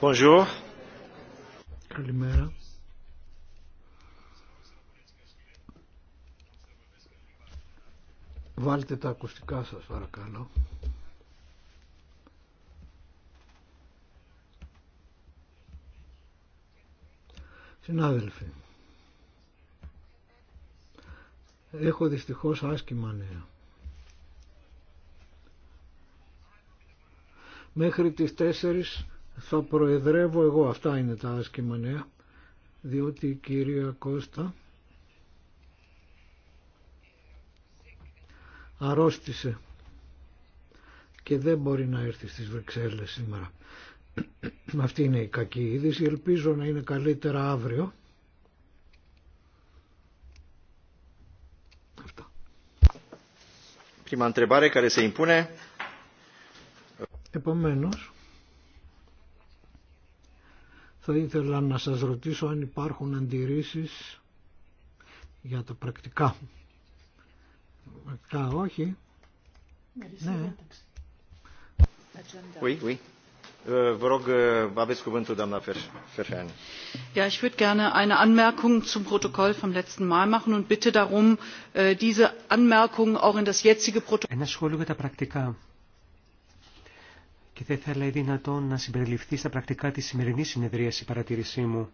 Bonjour. Καλημέρα. Βάλτε τα ακουστικά σας παρακαλώ. Συνάδελφοι, έχω δυστυχώς άσκημα νέα. Μέχρι τις 4 θα προεδρεύω εγώ. Αυτά είναι τα άσχημα νέα. Διότι η κυρία Κώστα αρρώστησε και δεν μπορεί να έρθει στις Βρυξέλλες σήμερα. Αυτή είναι η κακή είδηση. Ελπίζω να είναι καλύτερα αύριο. Αυτά. Επομένως, θα ήθελα να σας ρωτήσω αν υπάρχουν αντιρρήσεις για τα πρακτικά. Πρακτικά όχι. Ναι. Oui, oui. Vă rog, aveți cuvântul, doamna Ferheane. Ja, ich würde gerne eine Anmerkung zum Protokoll vom letzten Mal machen und bitte darum, diese Anmerkung auch in das jetzige Protokoll. Ένα σχόλιο για τα πρακτικά και θα ήθελα ή δυνατόν να συμπεριληφθεί στα πρακτικά της σημερινής συνεδρίας παρατήρησή μου.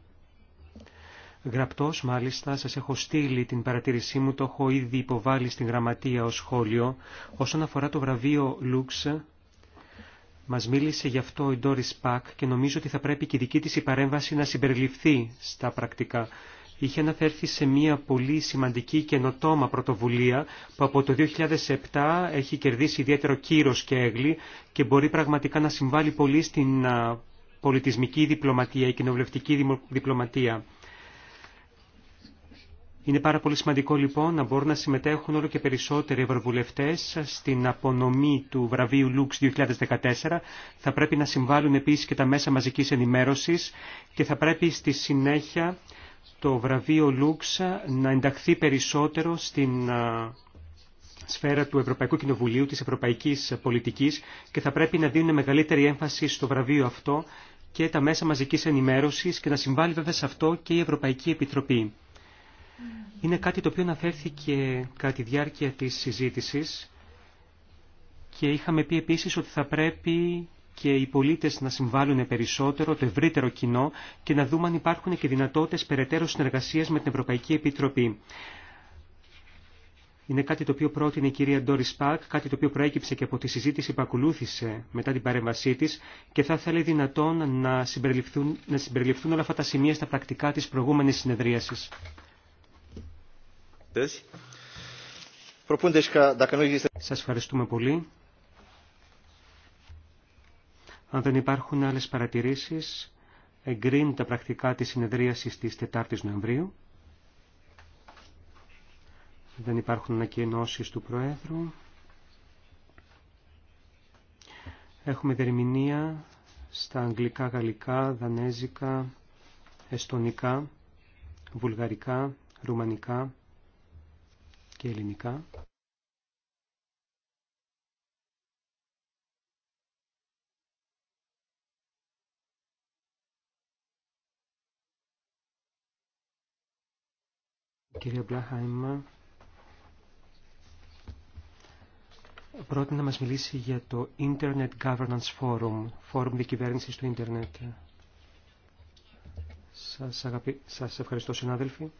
Γραπτός μάλιστα σας έχω στείλει την παρατήρησή μου, το έχω ήδη υποβάλει στην γραμματεία ως σχόλιο. Όσον αφορά το βραβείο Λούξ, μας μίλησε γι' αυτό η Doris Πακ και νομίζω ότι θα πρέπει και η δική της η παρέμβαση να συμπεριληφθεί στα πρακτικά είχε αναφέρθει σε μια πολύ σημαντική καινοτόμα πρωτοβουλία που από το 2007 έχει κερδίσει ιδιαίτερο κύρος και έγκλη και μπορεί πραγματικά να συμβάλλει πολύ στην πολιτισμική διπλωματία, η κοινοβουλευτική διπλωματία. Είναι πάρα πολύ σημαντικό λοιπόν να μπορούν να συμμετέχουν όλο και περισσότεροι ευρωβουλευτέ στην απονομή του βραβείου Λουξ 2014. Θα πρέπει να συμβάλλουν επίσης και τα μέσα μαζικής ενημέρωσης και θα πρέπει στη συνέχεια το βραβείο Λουξ να ενταχθεί περισσότερο στην σφαίρα του Ευρωπαϊκού Κοινοβουλίου, της Ευρωπαϊκής Πολιτικής και θα πρέπει να δίνουν μεγαλύτερη έμφαση στο βραβείο αυτό και τα μέσα μαζικής ενημέρωσης και να συμβάλλει βέβαια σε αυτό και η Ευρωπαϊκή Επιτροπή. Mm. Είναι κάτι το οποίο αναφέρθηκε κατά τη διάρκεια της συζήτησης και είχαμε πει επίσης ότι θα πρέπει και οι πολίτες να συμβάλλουν περισσότερο, το ευρύτερο κοινό και να δούμε αν υπάρχουν και δυνατότητες περαιτέρω συνεργασίας με την Ευρωπαϊκή Επιτροπή. Είναι κάτι το οποίο πρότεινε η κυρία Ντόρι Σπακ, κάτι το οποίο προέκυψε και από τη συζήτηση που ακολούθησε μετά την παρέμβασή τη και θα ήθελε δυνατόν να συμπεριληφθούν, να συμπεριληφθούν όλα αυτά τα σημεία στα πρακτικά τη προηγούμενη συνεδρίαση. Σα ευχαριστούμε πολύ. Αν δεν υπάρχουν άλλες παρατηρήσεις, εγκρίνει τα πρακτικά της συνεδρίασης της 4ης Νοεμβρίου. Δεν υπάρχουν ανακοινώσει του Προέδρου. Έχουμε δερμηνία στα αγγλικά, γαλλικά, δανέζικα, εστονικά, βουλγαρικά, ρουμανικά και ελληνικά. Κύριε Μπλάχαϊμα, πρότεινε να μας μιλήσει για το Internet Governance Forum, Φόρουμ Διακυβέρνησης του Ίντερνετ. Σας, ευχαριστώ συνάδελφοι.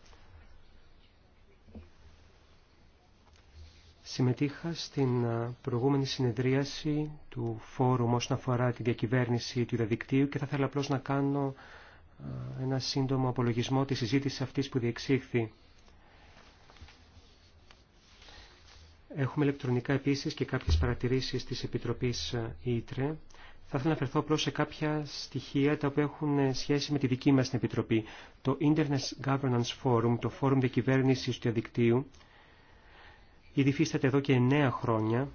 Συμμετείχα στην προηγούμενη συνεδρίαση του φόρουμ όσον αφορά τη διακυβέρνηση του διαδικτύου και θα ήθελα απλώς να κάνω ένα σύντομο απολογισμό της συζήτησης αυτής που διεξήχθη. Έχουμε ηλεκτρονικά επίσης και κάποιες παρατηρήσεις της Επιτροπής ΙΤΡΕ. Ε, Θα ήθελα να αφαιρθώ απλώς σε κάποια στοιχεία τα οποία έχουν ε, σχέση με τη δική μας την Επιτροπή. Το Internet Governance Forum, το Φόρουμ Διακυβέρνησης του Διαδικτύου, ήδη φύσταται εδώ και 9 χρόνια.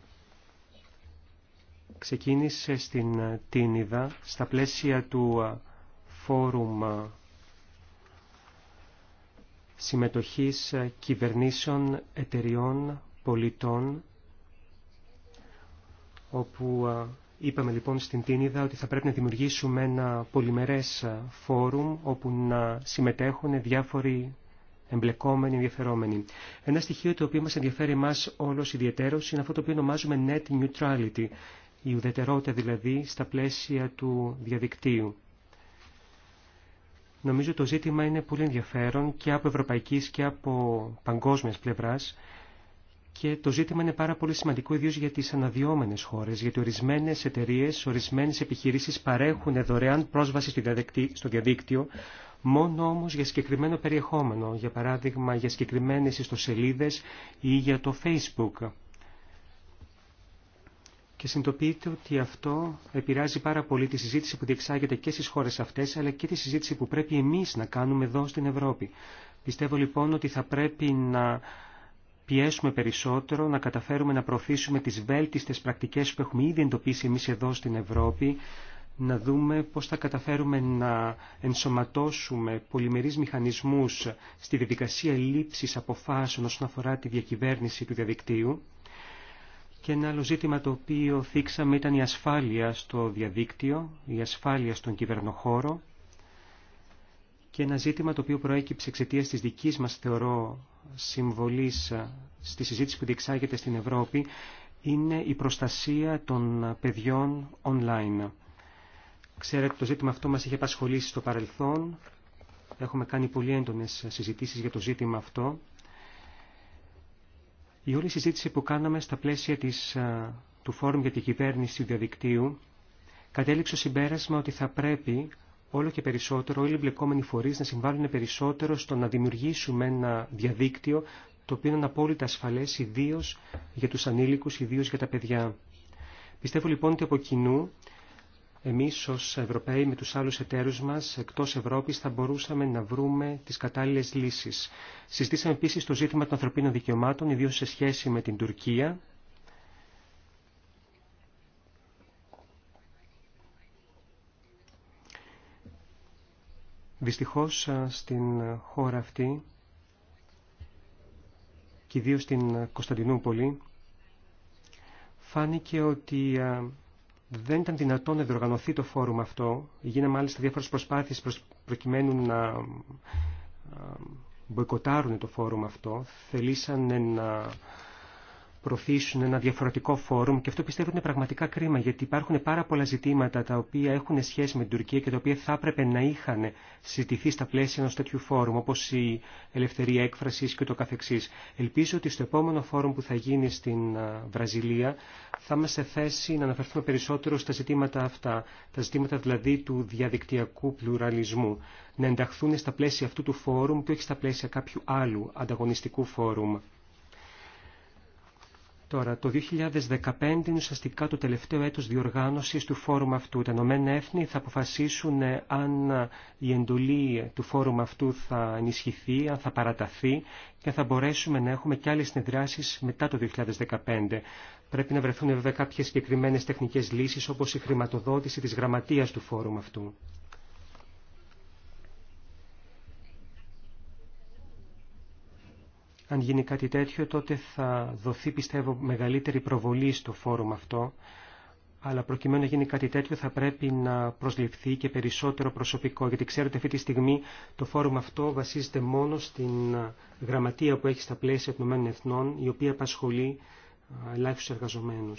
Ξεκίνησε στην ε, Τίνιδα, στα πλαίσια του Φόρουμ Συμμετοχής Κυβερνήσεων Εταιριών πολιτών, όπου είπαμε λοιπόν στην Τίνιδα ότι θα πρέπει να δημιουργήσουμε ένα πολυμερές φόρουμ όπου να συμμετέχουν διάφοροι εμπλεκόμενοι, ενδιαφερόμενοι. Ένα στοιχείο το οποίο μας ενδιαφέρει εμάς όλος ιδιαίτερος είναι αυτό το οποίο ονομάζουμε net neutrality, η ουδετερότητα δηλαδή στα πλαίσια του διαδικτύου. Νομίζω το ζήτημα είναι πολύ ενδιαφέρον και από ευρωπαϊκής και από παγκόσμιας πλευράς και το ζήτημα είναι πάρα πολύ σημαντικό ιδίω για τι αναδυόμενε χώρε, γιατί ορισμένε εταιρείε, ορισμένε επιχειρήσει παρέχουν δωρεάν πρόσβαση στο διαδίκτυο, μόνο όμω για συγκεκριμένο περιεχόμενο, για παράδειγμα για συγκεκριμένε ιστοσελίδε ή για το Facebook. Και συνειδητοποιείται ότι αυτό επηρεάζει πάρα πολύ τη συζήτηση που διεξάγεται και στι χώρε αυτέ, αλλά και τη συζήτηση που πρέπει εμεί να κάνουμε εδώ στην Ευρώπη. Πιστεύω λοιπόν ότι θα πρέπει να πιέσουμε περισσότερο, να καταφέρουμε να προωθήσουμε τις βέλτιστες πρακτικές που έχουμε ήδη εντοπίσει εμείς εδώ στην Ευρώπη, να δούμε πώς θα καταφέρουμε να ενσωματώσουμε πολυμερείς μηχανισμούς στη διαδικασία λήψης αποφάσεων όσον αφορά τη διακυβέρνηση του διαδικτύου. Και ένα άλλο ζήτημα το οποίο θίξαμε ήταν η ασφάλεια στο διαδίκτυο, η ασφάλεια στον κυβερνοχώρο και ένα ζήτημα το οποίο προέκυψε εξαιτία τη δική μα θεωρώ συμβολή ε, στη συζήτηση που διεξάγεται στην Ευρώπη είναι η προστασία των παιδιών online. Ξέρετε το ζήτημα αυτό μας είχε απασχολήσει στο παρελθόν. Έχουμε κάνει πολύ έντονες συζητήσεις για το ζήτημα αυτό. Η όλη συζήτηση που κάναμε στα πλαίσια της, ε, του Φόρουμ για την Κυβέρνηση του Διαδικτύου κατέληξε συμπέρασμα ότι θα πρέπει όλο και περισσότερο όλοι οι εμπλεκόμενοι φορείς να συμβάλλουν περισσότερο στο να δημιουργήσουμε ένα διαδίκτυο το οποίο είναι απόλυτα ασφαλές ιδίω για τους ανήλικους, ιδίω για τα παιδιά. Πιστεύω λοιπόν ότι από κοινού εμείς ως Ευρωπαίοι με τους άλλους εταίρους μας εκτός Ευρώπης θα μπορούσαμε να βρούμε τις κατάλληλες λύσεις. Συστήσαμε επίσης το ζήτημα των ανθρωπίνων δικαιωμάτων, ιδίως σε σχέση με την Τουρκία, Δυστυχώς στην χώρα αυτή και ιδίω στην Κωνσταντινούπολη φάνηκε ότι δεν ήταν δυνατόν να διοργανωθεί το φόρουμ αυτό. Γίνανε μάλιστα διάφορες προσπάθειες προκειμένου να μποϊκοτάρουν το φόρουμ αυτό. Θελήσανε να προωθήσουν ένα διαφορετικό φόρουμ και αυτό πιστεύω είναι πραγματικά κρίμα γιατί υπάρχουν πάρα πολλά ζητήματα τα οποία έχουν σχέση με την Τουρκία και τα οποία θα έπρεπε να είχαν συζητηθεί στα πλαίσια ενό τέτοιου φόρουμ όπω η ελευθερία έκφραση και το καθεξή. Ελπίζω ότι στο επόμενο φόρουμ που θα γίνει στην Βραζιλία θα είμαστε θέση να αναφερθούμε περισσότερο στα ζητήματα αυτά, τα ζητήματα δηλαδή του διαδικτυακού πλουραλισμού, να ενταχθούν στα πλαίσια αυτού του φόρουμ και όχι στα πλαίσια κάποιου άλλου ανταγωνιστικού φόρουμ. Τώρα, το 2015 είναι ουσιαστικά το τελευταίο έτος διοργάνωσης του φόρουμ αυτού. Τα Ηνωμένα Έθνη θα αποφασίσουν αν η εντολή του φόρουμ αυτού θα ενισχυθεί, αν θα παραταθεί και θα μπορέσουμε να έχουμε και άλλες συνεδράσεις μετά το 2015. Πρέπει να βρεθούν βέβαια κάποιες συγκεκριμένε τεχνικές λύσεις όπως η χρηματοδότηση της γραμματείας του φόρουμ αυτού. Αν γίνει κάτι τέτοιο, τότε θα δοθεί, πιστεύω, μεγαλύτερη προβολή στο φόρουμ αυτό, αλλά προκειμένου να γίνει κάτι τέτοιο θα πρέπει να προσληφθεί και περισσότερο προσωπικό, γιατί ξέρετε αυτή τη στιγμή το φόρουμ αυτό βασίζεται μόνο στην γραμματεία που έχει στα πλαίσια των Εθνών, η οποία απασχολεί ελάχιστου εργαζομένου.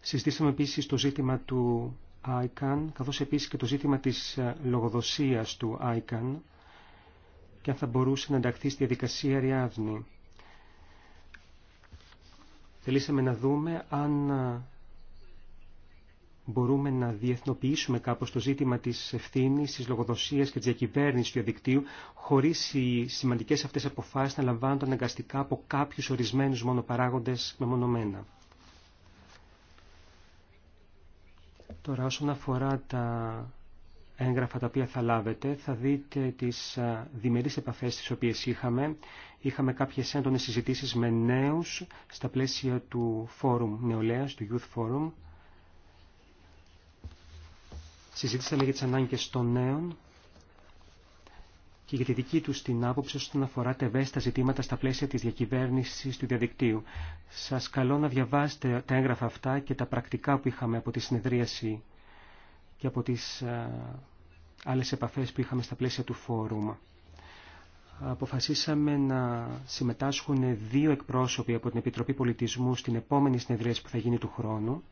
Συστήσαμε επίσης το ζήτημα του ICANN καθώς επίσης και το ζήτημα της ε, λογοδοσίας του ICAN, και αν θα μπορούσε να ενταχθεί στη διαδικασία Ριάδνη. Θελήσαμε να δούμε αν ε, μπορούμε να διεθνοποιήσουμε κάπως το ζήτημα της ευθύνη, της λογοδοσίας και της διακυβέρνησης του διαδικτύου, χωρίς οι σημαντικές αυτές αποφάσεις να λαμβάνονται αναγκαστικά από κάποιους ορισμένους μονοπαράγοντες μεμονωμένα. Τώρα όσον αφορά τα έγγραφα τα οποία θα λάβετε θα δείτε τις διμερείς επαφές τις οποίες είχαμε. Είχαμε κάποιες έντονες συζητήσεις με νέους στα πλαίσια του Φόρουμ Νεολαίας, του Youth Forum. Συζήτησαμε για τις ανάγκες των νέων και για τη δική του την άποψη όσον αφορά τα ευαίσθητα ζητήματα στα πλαίσια της διακυβέρνησης του διαδικτύου. Σας καλώ να διαβάσετε τα έγγραφα αυτά και τα πρακτικά που είχαμε από τη συνεδρίαση και από τις άλλες επαφές που είχαμε στα πλαίσια του φόρουμ. Αποφασίσαμε να συμμετάσχουν δύο εκπρόσωποι από την Επιτροπή Πολιτισμού στην επόμενη συνεδρίαση που θα γίνει του χρόνου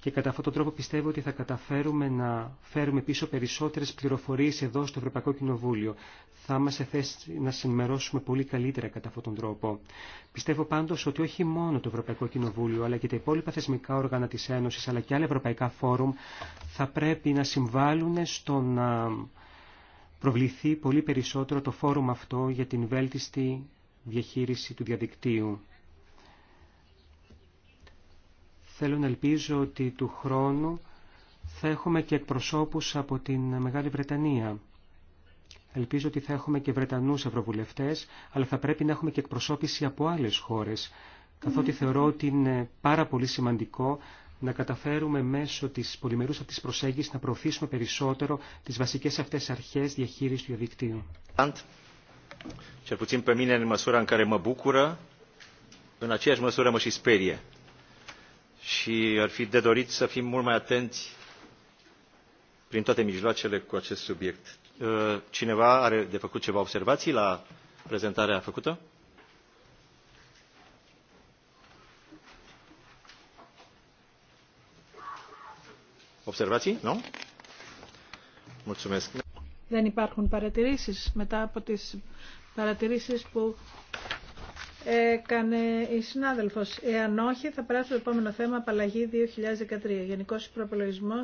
και κατά αυτόν τον τρόπο πιστεύω ότι θα καταφέρουμε να φέρουμε πίσω περισσότερες πληροφορίες εδώ στο Ευρωπαϊκό Κοινοβούλιο. Θα είμαστε θέσει να συνημερώσουμε πολύ καλύτερα κατά αυτόν τον τρόπο. Πιστεύω πάντως ότι όχι μόνο το Ευρωπαϊκό Κοινοβούλιο αλλά και τα υπόλοιπα θεσμικά όργανα της Ένωσης αλλά και άλλα ευρωπαϊκά φόρουμ θα πρέπει να συμβάλλουν στο να προβληθεί πολύ περισσότερο το φόρουμ αυτό για την βέλτιστη διαχείριση του διαδικτύου. Θέλω να ελπίζω ότι του χρόνου θα έχουμε και εκπροσώπους από την Μεγάλη Βρετανία. Ελπίζω ότι θα έχουμε και Βρετανούς ευρωβουλευτές, αλλά θα πρέπει να έχουμε και εκπροσώπηση από άλλες χώρες, καθότι θεωρώ ότι είναι πάρα πολύ σημαντικό να καταφέρουμε μέσω της πολυμερούς αυτής προσέγγισης να προωθήσουμε περισσότερο τις βασικές αυτές αρχές διαχείρισης του διαδικτύου și ar fi de dorit să fim mult mai atenți prin toate mijloacele cu acest subiect. Cineva are de făcut ceva observații la prezentarea făcută? Observații? Nu? Mulțumesc. Δεν υπάρχουν παρατηρήσεις μετά από τις παρατηρήσεις που έκανε η συνάδελφο. Εάν όχι, θα περάσω το επόμενο θέμα, απαλλαγή 2013, Γενικός προπολογισμό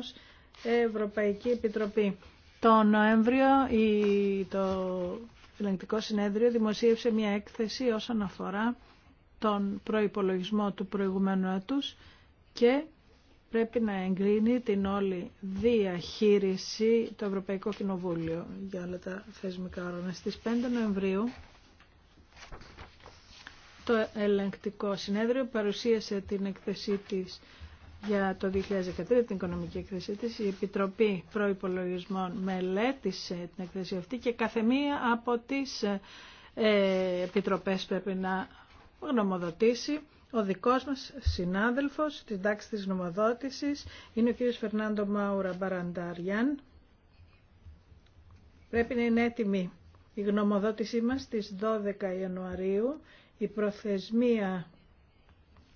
Ευρωπαϊκή Επιτροπή. Το Νοέμβριο η, το Ελεγκτικό Συνέδριο δημοσίευσε μια έκθεση όσον αφορά τον προϋπολογισμό του προηγουμένου έτους και πρέπει να εγκρίνει την όλη διαχείριση το Ευρωπαϊκό Κοινοβούλιο για όλα τα θεσμικά όργανα. Στις 5 Νοεμβρίου το ελεγκτικό συνέδριο παρουσίασε την εκθεσή της για το 2013, την οικονομική εκθεσή της. Η Επιτροπή Προϋπολογισμών μελέτησε την εκθεσή αυτή και κάθε μία από τις ε, επιτροπές πρέπει να γνωμοδοτήσει. Ο δικός μας συνάδελφος της τάξης της γνωμοδότησης είναι ο κύριος Φερνάντο Μάουρα Μπαρανταριάν. Πρέπει να είναι έτοιμη η γνωμοδότησή μας στις 12 Ιανουαρίου η προθεσμία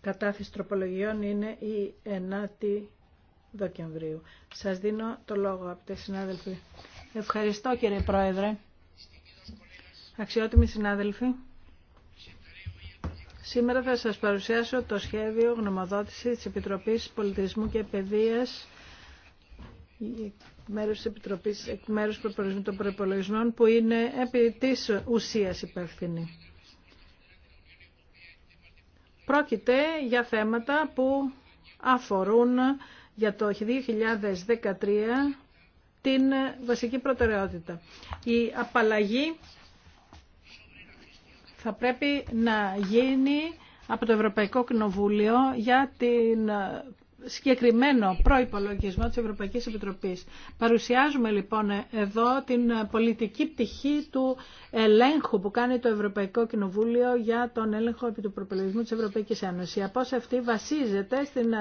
κατάθεση τροπολογιών είναι η 9η Δοκέμβριου. Σας δίνω το λόγο, αγαπητέ συνάδελφοι. Ευχαριστώ κύριε Πρόεδρε. Αξιότιμοι συνάδελφοι, σήμερα θα σας παρουσιάσω το σχέδιο γνωμοδότηση της Επιτροπής Πολιτισμού και Παιδείας μέρος της Επιτροπής εκ μέρους των προπολογισμών που είναι επί της ουσίας υπεύθυνη. Πρόκειται για θέματα που αφορούν για το 2013 την βασική προτεραιότητα. Η απαλλαγή θα πρέπει να γίνει από το Ευρωπαϊκό Κοινοβούλιο για την συγκεκριμένο προϋπολογισμό της Ευρωπαϊκής Επιτροπής. Παρουσιάζουμε λοιπόν εδώ την πολιτική πτυχή του ελέγχου που κάνει το Ευρωπαϊκό Κοινοβούλιο για τον έλεγχο επί του προπολογισμού της Ευρωπαϊκής Ένωσης. Η απόψη αυτή βασίζεται στην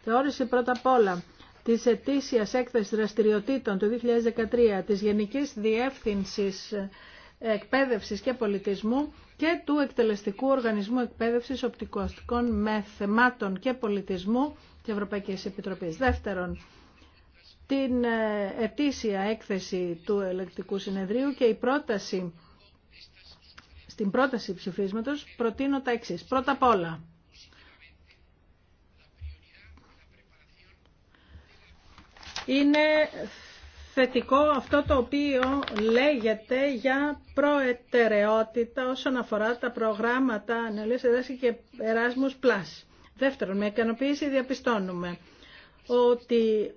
θεώρηση πρώτα απ' όλα της ετήσιας έκθεσης δραστηριοτήτων του 2013 της Γενικής Διεύθυνσης Εκπαίδευσης και Πολιτισμού και του Εκτελεστικού Οργανισμού Εκπαίδευσης Οπτικοαστικών Μεθεμάτων και Πολιτισμού της Ευρωπαϊκής Επιτροπής. Δεύτερον, την ε, ετήσια έκθεση του ελεκτικού συνεδρίου και η πρόταση, στην πρόταση ψηφίσματος προτείνω τα εξής. Πρώτα απ' όλα, είναι θετικό αυτό το οποίο λέγεται για προετεραιότητα όσον αφορά τα προγράμματα ανελίσσες και εράσμους Plus. Δεύτερον, με ικανοποίηση διαπιστώνουμε ότι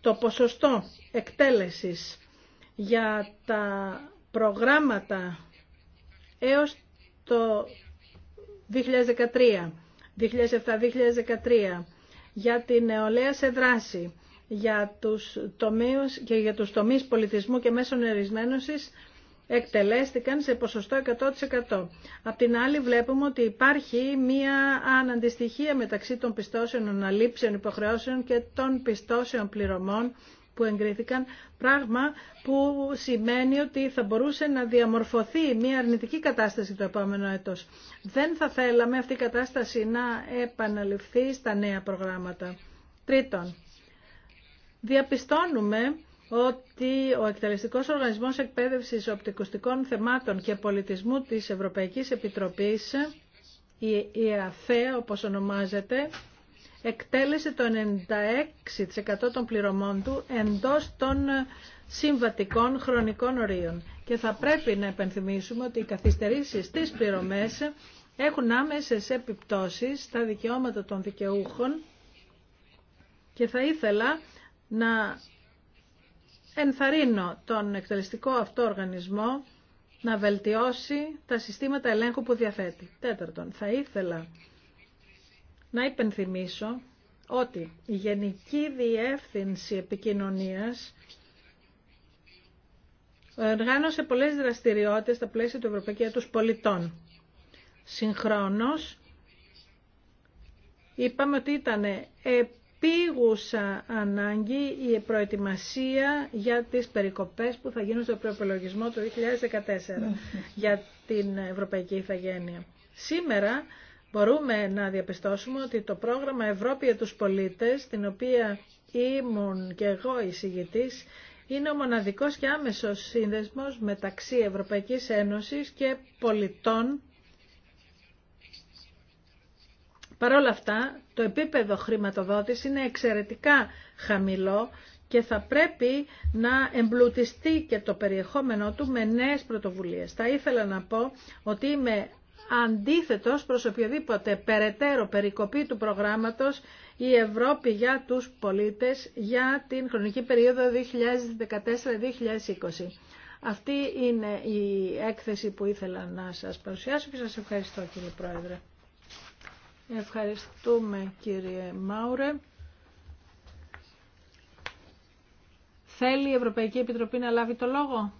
το ποσοστό εκτέλεσης για τα προγράμματα έως το 2013, 2007-2013, για την νεολαία σε δράση, για τους τομείς, και για τους τομείς πολιτισμού και μέσων ερισμένωσης εκτελέστηκαν σε ποσοστό 100%. Απ' την άλλη βλέπουμε ότι υπάρχει μία αναντιστοιχία μεταξύ των πιστώσεων αναλήψεων υποχρεώσεων και των πιστώσεων πληρωμών που εγκρίθηκαν, πράγμα που σημαίνει ότι θα μπορούσε να διαμορφωθεί μια αρνητική κατάσταση το επόμενο έτος. Δεν θα θέλαμε αυτή η κατάσταση να επαναληφθεί στα νέα προγράμματα. Τρίτον, διαπιστώνουμε ότι ο εκτελεστικός οργανισμός εκπαίδευσης οπτικουστικών θεμάτων και πολιτισμού της Ευρωπαϊκής Επιτροπής, η ΕΑΘΕ όπως ονομάζεται, εκτέλεσε το 96% των πληρωμών του εντός των συμβατικών χρονικών ορίων. Και θα πρέπει να επενθυμίσουμε ότι οι καθυστερήσεις στις πληρωμές έχουν άμεσες επιπτώσεις στα δικαιώματα των δικαιούχων και θα ήθελα να ενθαρρύνω τον εκτελεστικό αυτό οργανισμό να βελτιώσει τα συστήματα ελέγχου που διαθέτει. Τέταρτον, θα ήθελα να υπενθυμίσω ότι η Γενική Διεύθυνση Επικοινωνίας οργάνωσε πολλές δραστηριότητες στα πλαίσια του Ευρωπαϊκού Έτους Πολιτών. Συγχρόνως, είπαμε ότι ήταν επίγουσα ανάγκη η προετοιμασία για τις περικοπές που θα γίνουν στο προπολογισμό του 2014 ναι. για την Ευρωπαϊκή Ιθαγένεια. Σήμερα μπορούμε να διαπιστώσουμε ότι το πρόγραμμα Ευρώπη για τους πολίτες, την οποία ήμουν και εγώ εισηγητής, είναι ο μοναδικός και άμεσος σύνδεσμος μεταξύ Ευρωπαϊκής Ένωσης και πολιτών Παρ' όλα αυτά, το επίπεδο χρηματοδότηση είναι εξαιρετικά χαμηλό και θα πρέπει να εμπλουτιστεί και το περιεχόμενό του με νέες πρωτοβουλίες. Θα ήθελα να πω ότι είμαι αντίθετος προς οποιοδήποτε περαιτέρω περικοπή του προγράμματος η Ευρώπη για τους πολίτες για την χρονική περίοδο 2014-2020. Αυτή είναι η έκθεση που ήθελα να σας παρουσιάσω και σας ευχαριστώ κύριε Πρόεδρε. Ευχαριστούμε κύριε Μάουρε. Θέλει η Ευρωπαϊκή Επιτροπή να λάβει το λόγο.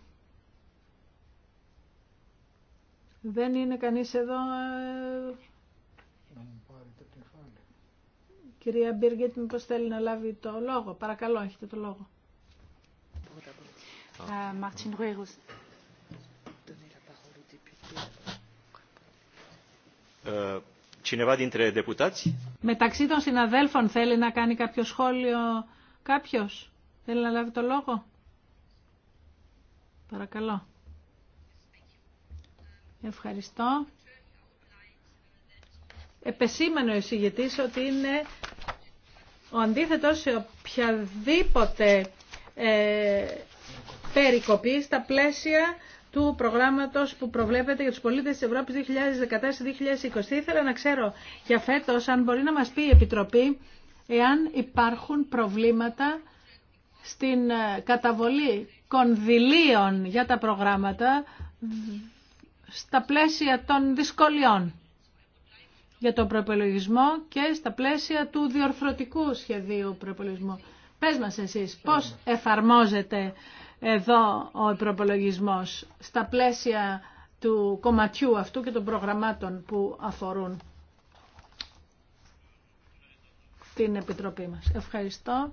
Δεν είναι κανείς εδώ. Ε, κυρία Μπίργκετ, μήπως θέλει να λάβει το λόγο. Παρακαλώ, έχετε το λόγο. Ε, Μαρτίν Cineva dintre deputați? Μεταξύ των συναδέλφων θέλει να κάνει κάποιο σχόλιο κάποιος. Θέλει να λάβει το λόγο. Παρακαλώ. Ευχαριστώ. Επεσήμενο ο εισηγητής ότι είναι ο αντίθετος σε οποιαδήποτε ε, περικοπή στα πλαίσια του προγράμματος που προβλέπεται για τους πολίτες τη Ευρώπη 2014 2014-2020. Ήθελα να ξέρω για φέτο, αν μπορεί να μας πει η Επιτροπή εάν υπάρχουν προβλήματα στην ε, καταβολή κονδυλίων για τα προγράμματα στα πλαίσια των δυσκολιών για τον προπολογισμό και στα πλαίσια του διορθωτικού σχεδίου προπολογισμού. Πες μας εσείς πώς εφαρμόζεται εδώ ο προπολογισμό στα πλαίσια του κομματιού αυτού και των προγραμμάτων που αφορούν την Επιτροπή μας. Ευχαριστώ.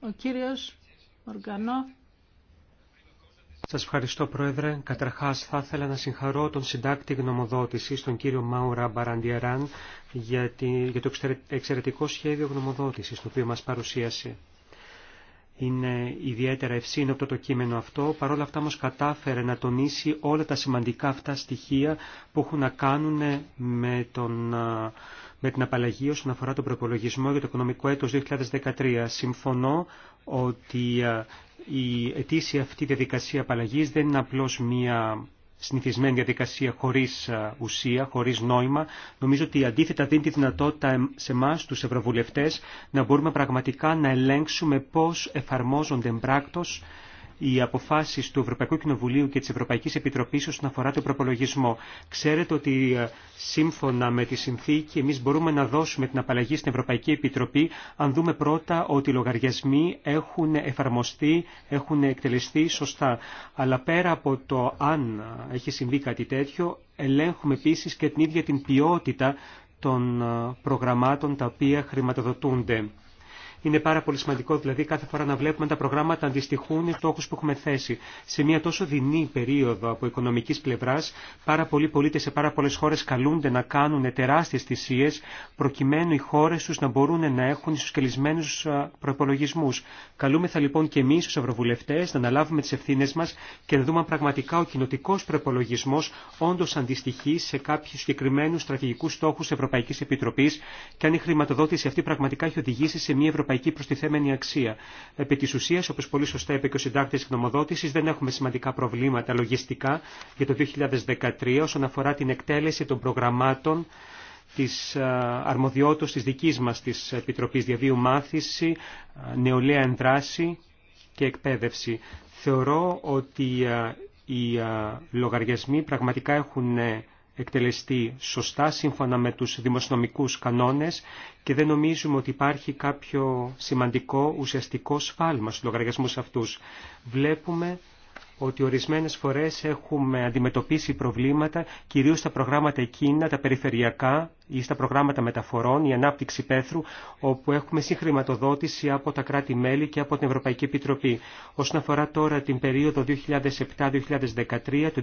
Ο κύριος Οργανό. Σας ευχαριστώ Πρόεδρε. Καταρχάς θα ήθελα να συγχαρώ τον συντάκτη γνωμοδότησης, τον κύριο Μάουρα Μπαραντιεράν, για το εξαιρετικό σχέδιο γνωμοδότησης το οποίο μας παρουσίασε είναι ιδιαίτερα ευσύνοπτο το κείμενο αυτό, παρόλα αυτά όμως κατάφερε να τονίσει όλα τα σημαντικά αυτά στοιχεία που έχουν να κάνουν με, τον, με την απαλλαγή όσον αφορά τον προπολογισμό για το οικονομικό έτος 2013. Συμφωνώ ότι η ετήσια αυτή διαδικασία απαλλαγής δεν είναι απλώς μία συνηθισμένη διαδικασία χωρίς ε, ουσία, χωρίς νόημα. Νομίζω ότι αντίθετα δίνει τη δυνατότητα σε εμά, τους ευρωβουλευτές, να μπορούμε πραγματικά να ελέγξουμε πώς εφαρμόζονται εμπράκτος οι αποφάσεις του Ευρωπαϊκού Κοινοβουλίου και της Ευρωπαϊκής Επιτροπής όσον αφορά το προπολογισμό. Ξέρετε ότι ε, σύμφωνα με τη συνθήκη εμείς μπορούμε να δώσουμε την απαλλαγή στην Ευρωπαϊκή Επιτροπή αν δούμε πρώτα ότι οι λογαριασμοί έχουν εφαρμοστεί, έχουν εκτελεστεί σωστά. Αλλά πέρα από το αν έχει συμβεί κάτι τέτοιο, ελέγχουμε επίσης και την ίδια την ποιότητα των ε, προγραμμάτων τα οποία χρηματοδοτούνται. Είναι πάρα πολύ σημαντικό δηλαδή κάθε φορά να βλέπουμε τα προγράμματα αντιστοιχούν οι στόχου που έχουμε θέσει. Σε μια τόσο δεινή περίοδο από οικονομική πλευρά, πάρα πολλοί πολίτε σε πάρα πολλέ χώρε καλούνται να κάνουν τεράστιε θυσίε προκειμένου οι χώρε του να μπορούν να έχουν ισοσκελισμένου προπολογισμού. Καλούμεθα λοιπόν και εμεί ω Ευρωβουλευτέ να αναλάβουμε τι ευθύνε μα και να δούμε αν πραγματικά ο κοινοτικό προπολογισμό όντω αντιστοιχεί σε κάποιου συγκεκριμένου στρατηγικού στόχου Ευρωπαϊκή Επιτροπή και αν η χρηματοδότηση αυτή πραγματικά έχει οδηγήσει σε μια ευρωπαϊκή ευρωπαϊκή προστιθέμενη αξία. Επί τη ουσία, όπω πολύ σωστά είπε και ο συντάκτη γνωμοδότηση, δεν έχουμε σημαντικά προβλήματα λογιστικά για το 2013 όσον αφορά την εκτέλεση των προγραμμάτων της αρμοδιότητας της δικής μας της Επιτροπής Διαβίου Μάθηση, Νεολαία Ενδράση και Εκπαίδευση. Θεωρώ ότι οι λογαριασμοί πραγματικά έχουν ε, εκτελεστεί σωστά σύμφωνα με τους δημοσιονομικούς κανόνες και δεν νομίζουμε ότι υπάρχει κάποιο σημαντικό ουσιαστικό σφάλμα στους λογαριασμούς αυτούς. Βλέπουμε ότι ορισμένες φορές έχουμε αντιμετωπίσει προβλήματα, κυρίως στα προγράμματα εκείνα, τα περιφερειακά ή στα προγράμματα μεταφορών, η ανάπτυξη πέθρου, όπου έχουμε συγχρηματοδότηση από τα κράτη-μέλη και από την Ευρωπαϊκή Επιτροπή. Όσον αφορά τώρα την περίοδο 2007-2013, το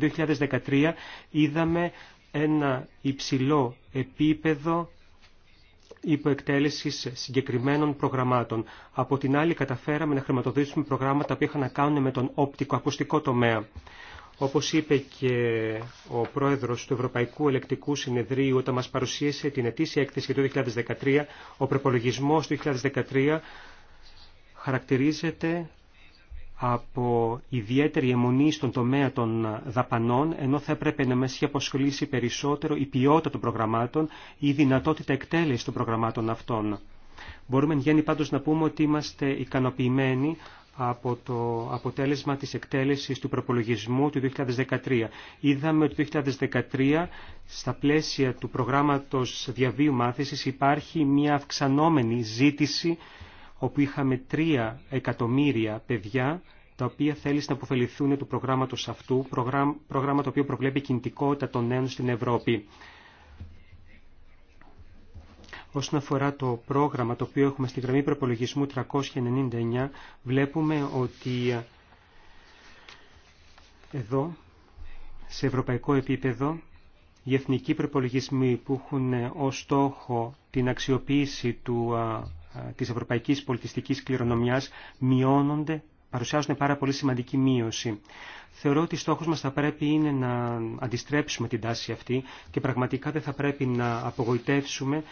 2013 είδαμε ένα υψηλό επίπεδο υποεκτέλεσης συγκεκριμένων προγραμμάτων. Από την άλλη καταφέραμε να χρηματοδοτήσουμε προγράμματα που είχαν να κάνουν με τον οπτικοακουστικό τομέα. Όπως είπε και ο πρόεδρος του Ευρωπαϊκού Ελεκτικού Συνεδρίου όταν μας παρουσίασε την ετήσια έκθεση του 2013, ο προπολογισμό του 2013 χαρακτηρίζεται από ιδιαίτερη αιμονή στον τομέα των δαπανών, ενώ θα έπρεπε να μας είχε αποσχολήσει περισσότερο η ποιότητα των προγραμμάτων ή η δυνατότητα εκτέλεση των προγραμμάτων αυτών. Μπορούμε εν γέννη πάντως να πούμε ότι είμαστε ικανοποιημένοι από το αποτέλεσμα της εκτέλεσης του προπολογισμού του 2013. Είδαμε ότι το 2013 στα πλαίσια του προγράμματος διαβίου μάθησης υπάρχει μια αυξανόμενη ζήτηση όπου είχαμε τρία εκατομμύρια παιδιά τα οποία θέλει να αποφεληθούν του προγράμματος αυτού, πρόγραμμα το οποίο προβλέπει κινητικότητα των νέων στην Ευρώπη. Όσον αφορά το πρόγραμμα το οποίο έχουμε στη γραμμή προπολογισμού 399, βλέπουμε ότι εδώ, σε ευρωπαϊκό επίπεδο, οι εθνικοί προπολογισμοί που έχουν ως στόχο την αξιοποίηση του της ευρωπαϊκής πολιτιστικής κληρονομιάς μειώνονται, παρουσιάζουν πάρα πολύ σημαντική μείωση. Θεωρώ ότι στόχος μας θα πρέπει είναι να αντιστρέψουμε την τάση αυτή και πραγματικά δεν θα πρέπει να απογοητεύσουμε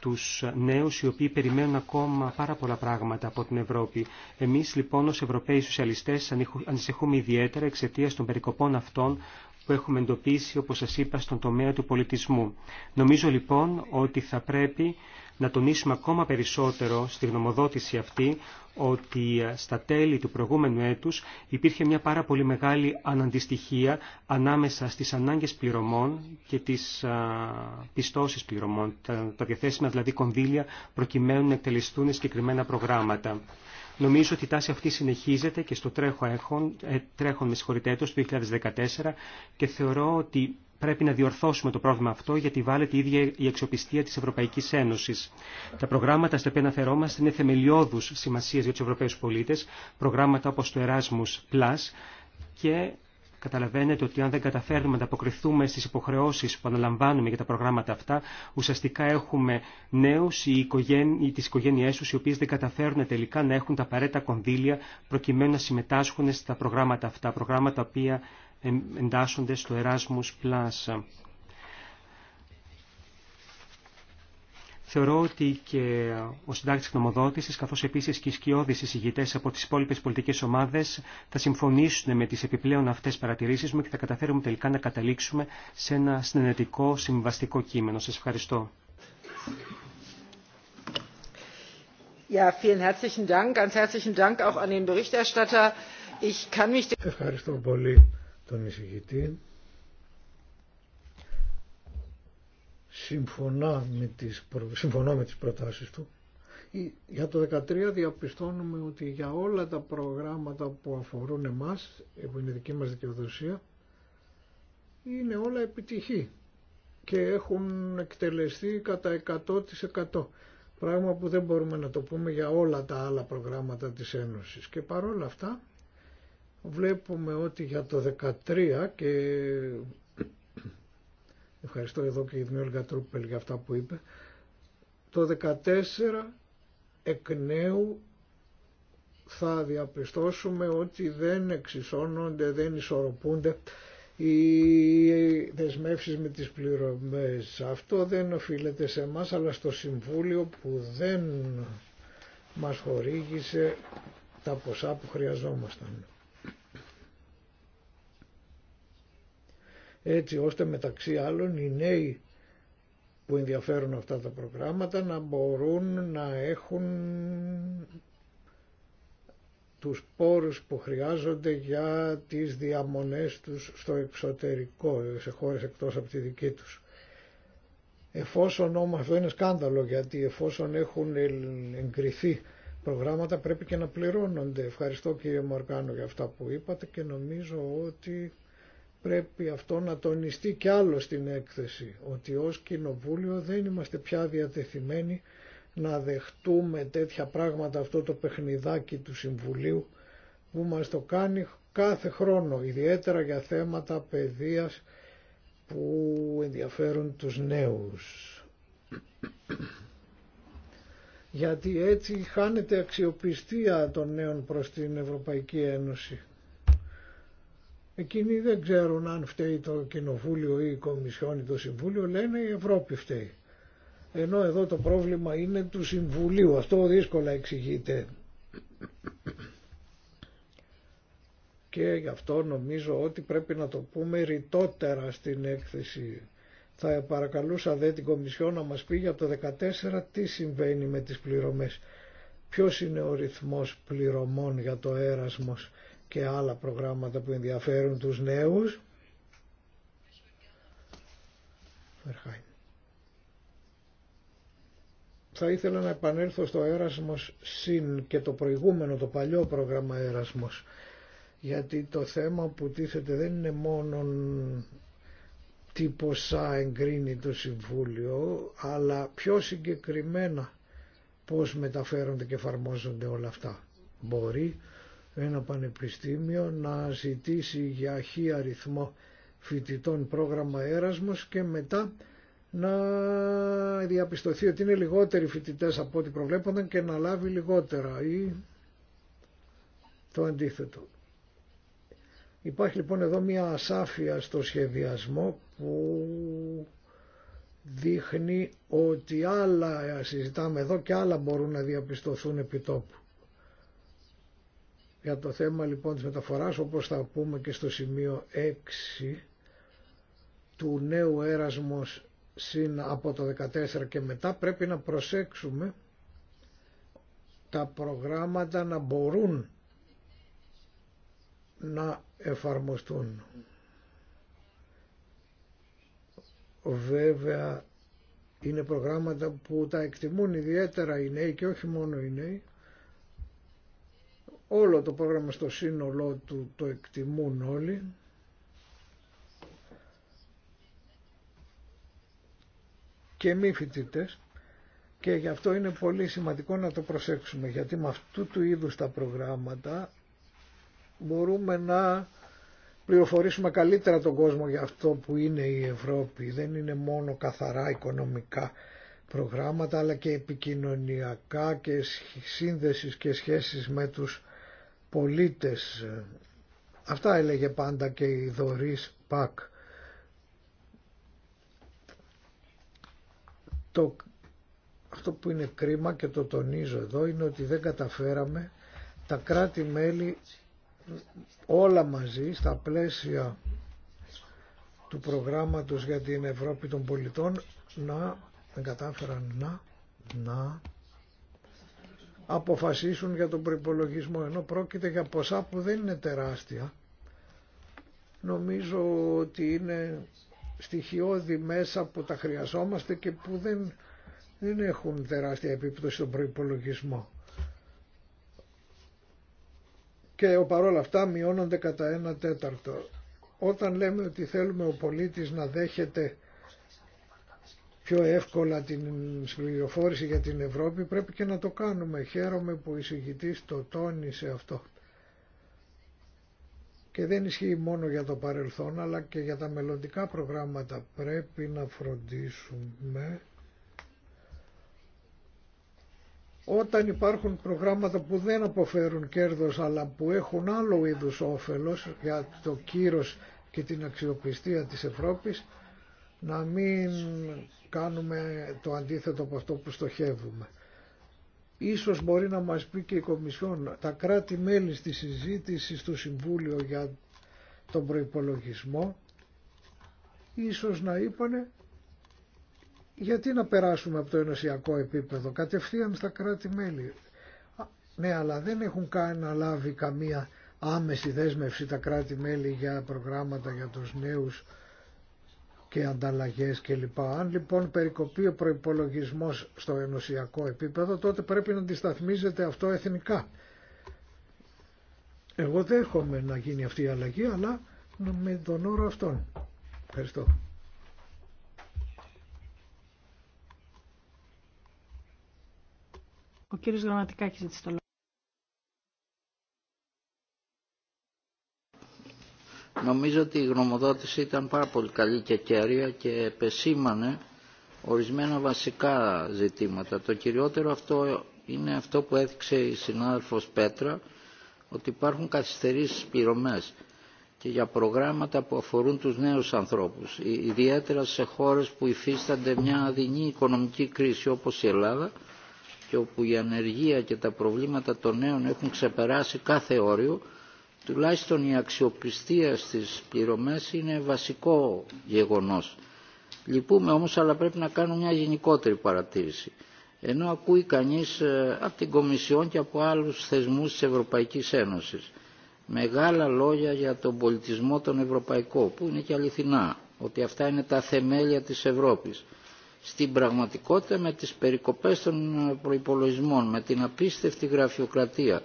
τους νέους οι οποίοι περιμένουν ακόμα πάρα πολλά πράγματα από την Ευρώπη. Εμείς λοιπόν ως Ευρωπαίοι Σοσιαλιστές ανησυχούμε ιδιαίτερα εξαιτία των περικοπών αυτών που έχουμε εντοπίσει όπως σας είπα στον τομέα του πολιτισμού. Νομίζω λοιπόν ότι θα πρέπει να τονίσουμε ακόμα περισσότερο στη γνωμοδότηση αυτή ότι ε, στα τέλη του προηγούμενου έτους υπήρχε μια πάρα πολύ μεγάλη αναντιστοιχία ανάμεσα στις ανάγκες πληρωμών και τις πιστώσεις πληρωμών, τα διαθέσιμα δηλαδή κονδύλια προκειμένου να εκτελεστούν συγκεκριμένα προγράμματα. Νομίζω ότι η τάση αυτή συνεχίζεται και στο τρέχον, ε, τρέχον με συγχωρητέτος του 2014 και θεωρώ ότι πρέπει να διορθώσουμε το πρόβλημα αυτό γιατί βάλεται η ίδια η αξιοπιστία της Ευρωπαϊκής Ένωσης. Τα προγράμματα στα οποία αναφερόμαστε είναι θεμελιώδους σημασίας για τους Ευρωπαίους πολίτες, προγράμματα όπως το Erasmus Plus και Καταλαβαίνετε ότι αν δεν καταφέρνουμε να αποκριθούμε στις υποχρεώσεις που αναλαμβάνουμε για τα προγράμματα αυτά, ουσιαστικά έχουμε νέους ή, οικογένει, τις οικογένειές τους οι οποίες δεν καταφέρνουν τελικά να έχουν τα απαραίτητα κονδύλια προκειμένου να συμμετάσχουν στα προγράμματα αυτά, προγράμματα τα οποία εντάσσονται στο Erasmus Plus. Θεωρώ ότι και ο συντάκτη γνωμοδότηση, καθώ επίση και οι σκιώδει εισηγητέ από τι υπόλοιπε πολιτικέ ομάδε, θα συμφωνήσουν με τι επιπλέον αυτέ παρατηρήσει μου και θα καταφέρουμε τελικά να καταλήξουμε σε ένα συνενετικό συμβαστικό κείμενο. Σα ευχαριστώ. Ευχαριστώ πολύ τον εισηγητή. Συμφωνώ με τις, προ... με τις προτάσεις του. Για το 2013 διαπιστώνουμε ότι για όλα τα προγράμματα που αφορούν εμάς, που είναι δική μας δικαιοδοσία, είναι όλα επιτυχή και έχουν εκτελεστεί κατά 100% πράγμα που δεν μπορούμε να το πούμε για όλα τα άλλα προγράμματα της Ένωσης. Και παρόλα αυτά βλέπουμε ότι για το 13 και ευχαριστώ εδώ και η Δημιόλγα Τρούπελ για αυτά που είπε το 14 εκ νέου θα διαπιστώσουμε ότι δεν εξισώνονται, δεν ισορροπούνται οι δεσμεύσεις με τις πληρωμές. Αυτό δεν οφείλεται σε εμά, αλλά στο Συμβούλιο που δεν μας χορήγησε τα ποσά που χρειαζόμασταν. έτσι ώστε μεταξύ άλλων οι νέοι που ενδιαφέρουν αυτά τα προγράμματα να μπορούν να έχουν τους πόρους που χρειάζονται για τις διαμονές τους στο εξωτερικό, σε χώρες εκτός από τη δική τους. Εφόσον όμως, αυτό είναι σκάνδαλο γιατί εφόσον έχουν εγκριθεί προγράμματα πρέπει και να πληρώνονται. Ευχαριστώ κύριε Μαρκάνο για αυτά που είπατε και νομίζω ότι πρέπει αυτό να τονιστεί κι άλλο στην έκθεση, ότι ως κοινοβούλιο δεν είμαστε πια διατεθειμένοι να δεχτούμε τέτοια πράγματα, αυτό το παιχνιδάκι του Συμβουλίου που μας το κάνει κάθε χρόνο, ιδιαίτερα για θέματα παιδείας που ενδιαφέρουν τους νέους. Γιατί έτσι χάνεται αξιοπιστία των νέων προς την Ευρωπαϊκή Ένωση. Εκείνοι δεν ξέρουν αν φταίει το Κοινοβούλιο ή η Κομισιόν ή το Συμβούλιο, λένε η Ευρώπη φταίει. Ενώ εδώ το πρόβλημα είναι του Συμβουλίου, αυτό δύσκολα εξηγείται. Και γι' αυτό νομίζω ότι πρέπει να το πούμε ρητότερα στην έκθεση. Θα παρακαλούσα δε την Κομισιόν να μας πει για το 14 τι συμβαίνει με τις πληρωμές. Ποιος είναι ο ρυθμός πληρωμών για το έρασμος και άλλα προγράμματα που ενδιαφέρουν τους νέους. Θα ήθελα να επανέλθω στο Έρασμος ΣΥΝ και το προηγούμενο, το παλιό πρόγραμμα Έρασμος. Γιατί το θέμα που τίθεται δεν είναι μόνο τι ποσά εγκρίνει το Συμβούλιο, αλλά πιο συγκεκριμένα πώς μεταφέρονται και εφαρμόζονται όλα αυτά. Μπορεί ένα πανεπιστήμιο να ζητήσει για χι αριθμό φοιτητών πρόγραμμα έρασμος και μετά να διαπιστωθεί ότι είναι λιγότεροι φοιτητές από ό,τι προβλέπονταν και να λάβει λιγότερα ή το αντίθετο. Υπάρχει λοιπόν εδώ μια ασάφεια στο σχεδιασμό που δείχνει ότι άλλα συζητάμε εδώ και άλλα μπορούν να διαπιστωθούν επί για το θέμα λοιπόν της μεταφοράς, όπως θα πούμε και στο σημείο 6 του νέου έρασμος συν από το 14 και μετά, πρέπει να προσέξουμε τα προγράμματα να μπορούν να εφαρμοστούν. Βέβαια είναι προγράμματα που τα εκτιμούν ιδιαίτερα οι νέοι και όχι μόνο οι νέοι όλο το πρόγραμμα στο σύνολό του το εκτιμούν όλοι. και μη φοιτητέ. Και γι' αυτό είναι πολύ σημαντικό να το προσέξουμε, γιατί με αυτού του είδους τα προγράμματα μπορούμε να πληροφορήσουμε καλύτερα τον κόσμο για αυτό που είναι η Ευρώπη. Δεν είναι μόνο καθαρά οικονομικά προγράμματα, αλλά και επικοινωνιακά και σύνδεσης και σχέσεις με τους πολίτες. Αυτά έλεγε πάντα και η Δωρής Πακ. αυτό που είναι κρίμα και το τονίζω εδώ είναι ότι δεν καταφέραμε τα κράτη-μέλη όλα μαζί στα πλαίσια του προγράμματος για την Ευρώπη των πολιτών να δεν κατάφεραν να, να αποφασίσουν για τον προπολογισμό ενώ πρόκειται για ποσά που δεν είναι τεράστια νομίζω ότι είναι στοιχειώδη μέσα που τα χρειαζόμαστε και που δεν, δεν έχουν τεράστια επίπτωση στον προπολογισμό. Και παρόλα αυτά μειώνονται κατά ένα τέταρτο. Όταν λέμε ότι θέλουμε ο πολίτης να δέχεται πιο εύκολα την πληροφόρηση για την Ευρώπη πρέπει και να το κάνουμε. Χαίρομαι που η συγκητής το τόνισε αυτό. Και δεν ισχύει μόνο για το παρελθόν αλλά και για τα μελλοντικά προγράμματα. Πρέπει να φροντίσουμε όταν υπάρχουν προγράμματα που δεν αποφέρουν κέρδος αλλά που έχουν άλλο είδους όφελος για το κύρος και την αξιοπιστία της Ευρώπης να μην κάνουμε το αντίθετο από αυτό που στοχεύουμε. Ίσως μπορεί να μας πει και η Κομισιόν τα κράτη-μέλη στη συζήτηση στο Συμβούλιο για τον προϋπολογισμό ίσως να είπανε γιατί να περάσουμε από το ενωσιακό επίπεδο κατευθείαν στα κράτη-μέλη. Ναι, αλλά δεν έχουν κανένα λάβει καμία άμεση δέσμευση τα κράτη-μέλη για προγράμματα για τους νέους και ανταλλαγές κλπ. Αν λοιπόν περικοπεί ο προϋπολογισμός στο ενωσιακό επίπεδο τότε πρέπει να αντισταθμίζεται αυτό εθνικά. Εγώ δέχομαι να γίνει αυτή η αλλαγή αλλά με τον όρο αυτόν. Ευχαριστώ. Ο κύριος το Νομίζω ότι η γνωμοδότηση ήταν πάρα πολύ καλή και κέρια και επεσήμανε ορισμένα βασικά ζητήματα. Το κυριότερο αυτό είναι αυτό που έδειξε η συνάδελφος Πέτρα, ότι υπάρχουν καθυστερήσεις πληρωμές και για προγράμματα που αφορούν τους νέους ανθρώπους, ιδιαίτερα σε χώρες που υφίστανται μια αδεινή οικονομική κρίση όπως η Ελλάδα και όπου η ανεργία και τα προβλήματα των νέων έχουν ξεπεράσει κάθε όριο τουλάχιστον η αξιοπιστία στις πληρωμές είναι βασικό γεγονός. Λυπούμε όμως αλλά πρέπει να κάνουμε μια γενικότερη παρατήρηση. Ενώ ακούει κανείς ε, από την Κομισιόν και από άλλους θεσμούς της Ευρωπαϊκής Ένωσης μεγάλα λόγια για τον πολιτισμό τον ευρωπαϊκό που είναι και αληθινά ότι αυτά είναι τα θεμέλια της Ευρώπης. Στην πραγματικότητα με τις περικοπές των προϋπολογισμών, με την απίστευτη γραφειοκρατία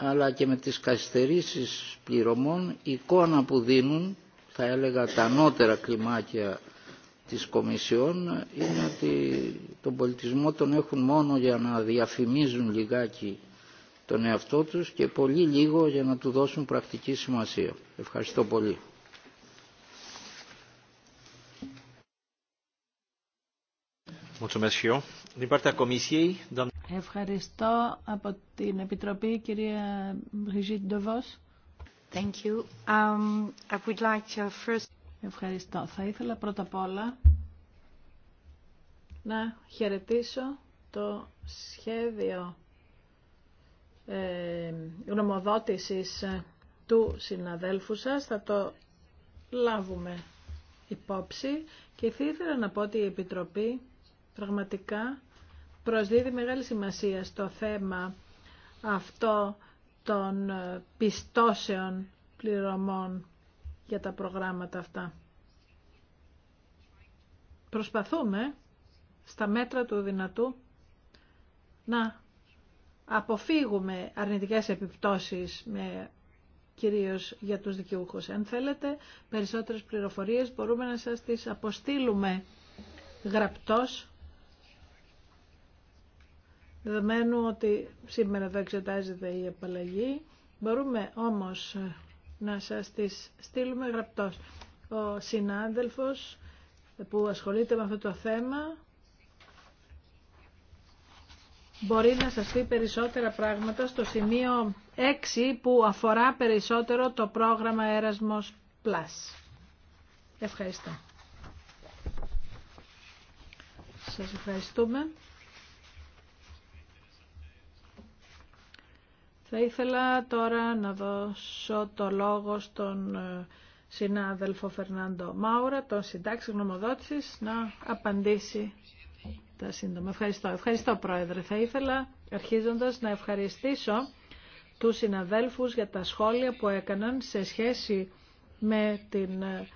αλλά και με τις καθυστερήσεις πληρωμών η εικόνα που δίνουν θα έλεγα τα ανώτερα κλιμάκια της Κομισιόν είναι ότι τον πολιτισμό τον έχουν μόνο για να διαφημίζουν λιγάκι τον εαυτό τους και πολύ λίγο για να του δώσουν πρακτική σημασία. Ευχαριστώ πολύ. Ευχαριστώ από την Επιτροπή, κυρία Μπριζίτ Ντοβός. Um, Ευχαριστώ. Θα ήθελα πρώτα απ' όλα να χαιρετήσω το σχέδιο ε, γνωμοδότησης ε, του συναδέλφου σας. Θα το λάβουμε υπόψη και θα ήθελα να πω ότι η Επιτροπή πραγματικά προσδίδει μεγάλη σημασία στο θέμα αυτό των ε, πιστώσεων πληρωμών για τα προγράμματα αυτά. Προσπαθούμε στα μέτρα του δυνατού να αποφύγουμε αρνητικές επιπτώσεις με κυρίως για τους δικαιούχους. Αν θέλετε περισσότερες πληροφορίες μπορούμε να σας τις αποστείλουμε γραπτός Δεδομένου ότι σήμερα δεν εξετάζεται η απαλλαγή, μπορούμε όμως να σας τις στείλουμε γραπτός. Ο συνάδελφος που ασχολείται με αυτό το θέμα μπορεί να σας πει περισσότερα πράγματα στο σημείο 6 που αφορά περισσότερο το πρόγραμμα Erasmus Plus. Ευχαριστώ. Σας ευχαριστούμε. Θα ήθελα τώρα να δώσω το λόγο στον ε, συνάδελφο Φερνάντο Μάουρα, τον συντάξη γνωμοδότησης, να απαντήσει τα σύντομα. Ευχαριστώ. Ευχαριστώ, Πρόεδρε. Θα ήθελα, αρχίζοντας, να ευχαριστήσω τους συναδέλφους για τα σχόλια που έκαναν σε σχέση με την ε,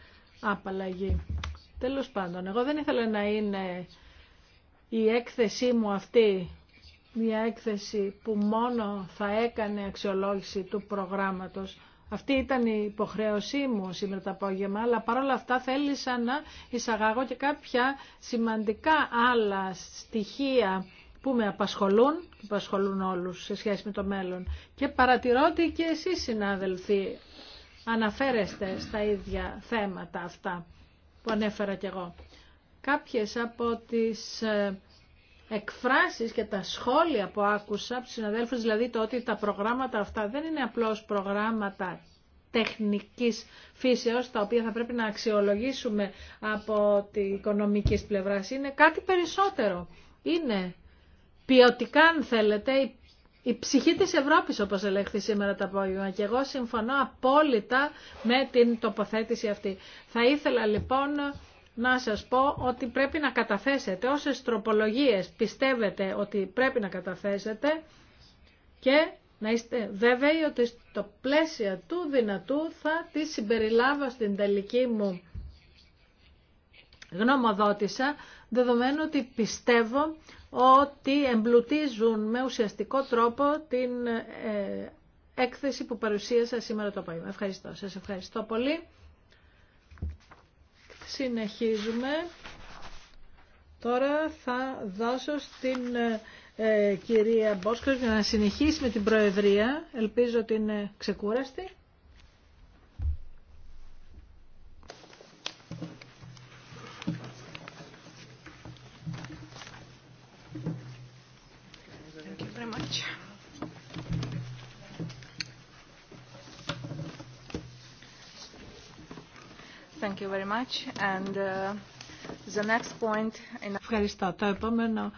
απαλλαγή. Τέλος πάντων, εγώ δεν ήθελα να είναι η έκθεσή μου αυτή μια έκθεση που μόνο θα έκανε αξιολόγηση του προγράμματος. Αυτή ήταν η υποχρέωσή μου σήμερα το απόγευμα, αλλά παρόλα αυτά θέλησα να εισαγάγω και κάποια σημαντικά άλλα στοιχεία που με απασχολούν που απασχολούν όλους σε σχέση με το μέλλον. Και παρατηρώ ότι και εσείς συνάδελφοι αναφέρεστε στα ίδια θέματα αυτά που ανέφερα κι εγώ. Κάποιες από τις ε, εκφράσεις και τα σχόλια που άκουσα από τους συναδέλφους, δηλαδή το ότι τα προγράμματα αυτά δεν είναι απλώς προγράμματα τεχνικής φύσεως, τα οποία θα πρέπει να αξιολογήσουμε από την οικονομική πλευρά. Είναι κάτι περισσότερο. Είναι ποιοτικά, αν θέλετε, η ψυχή της Ευρώπης, όπως ελέγχθη σήμερα το απόγευμα. Και εγώ συμφωνώ απόλυτα με την τοποθέτηση αυτή. Θα ήθελα λοιπόν να σας πω ότι πρέπει να καταθέσετε όσες τροπολογίες πιστεύετε ότι πρέπει να καταθέσετε και να είστε βέβαιοι ότι στο πλαίσιο του δυνατού θα τις συμπεριλάβω στην τελική μου γνωμοδότησα, δεδομένου ότι πιστεύω ότι εμπλουτίζουν με ουσιαστικό τρόπο την ε, έκθεση που παρουσίασα σήμερα το απόγευμα. Ευχαριστώ. Σας ευχαριστώ πολύ. Συνεχίζουμε. Τώρα θα δώσω στην ε, κυρία Μπόσκος για να συνεχίσει με την Προεδρία. Ελπίζω ότι είναι ξεκούραστη. Ευχαριστώ. Το επόμενο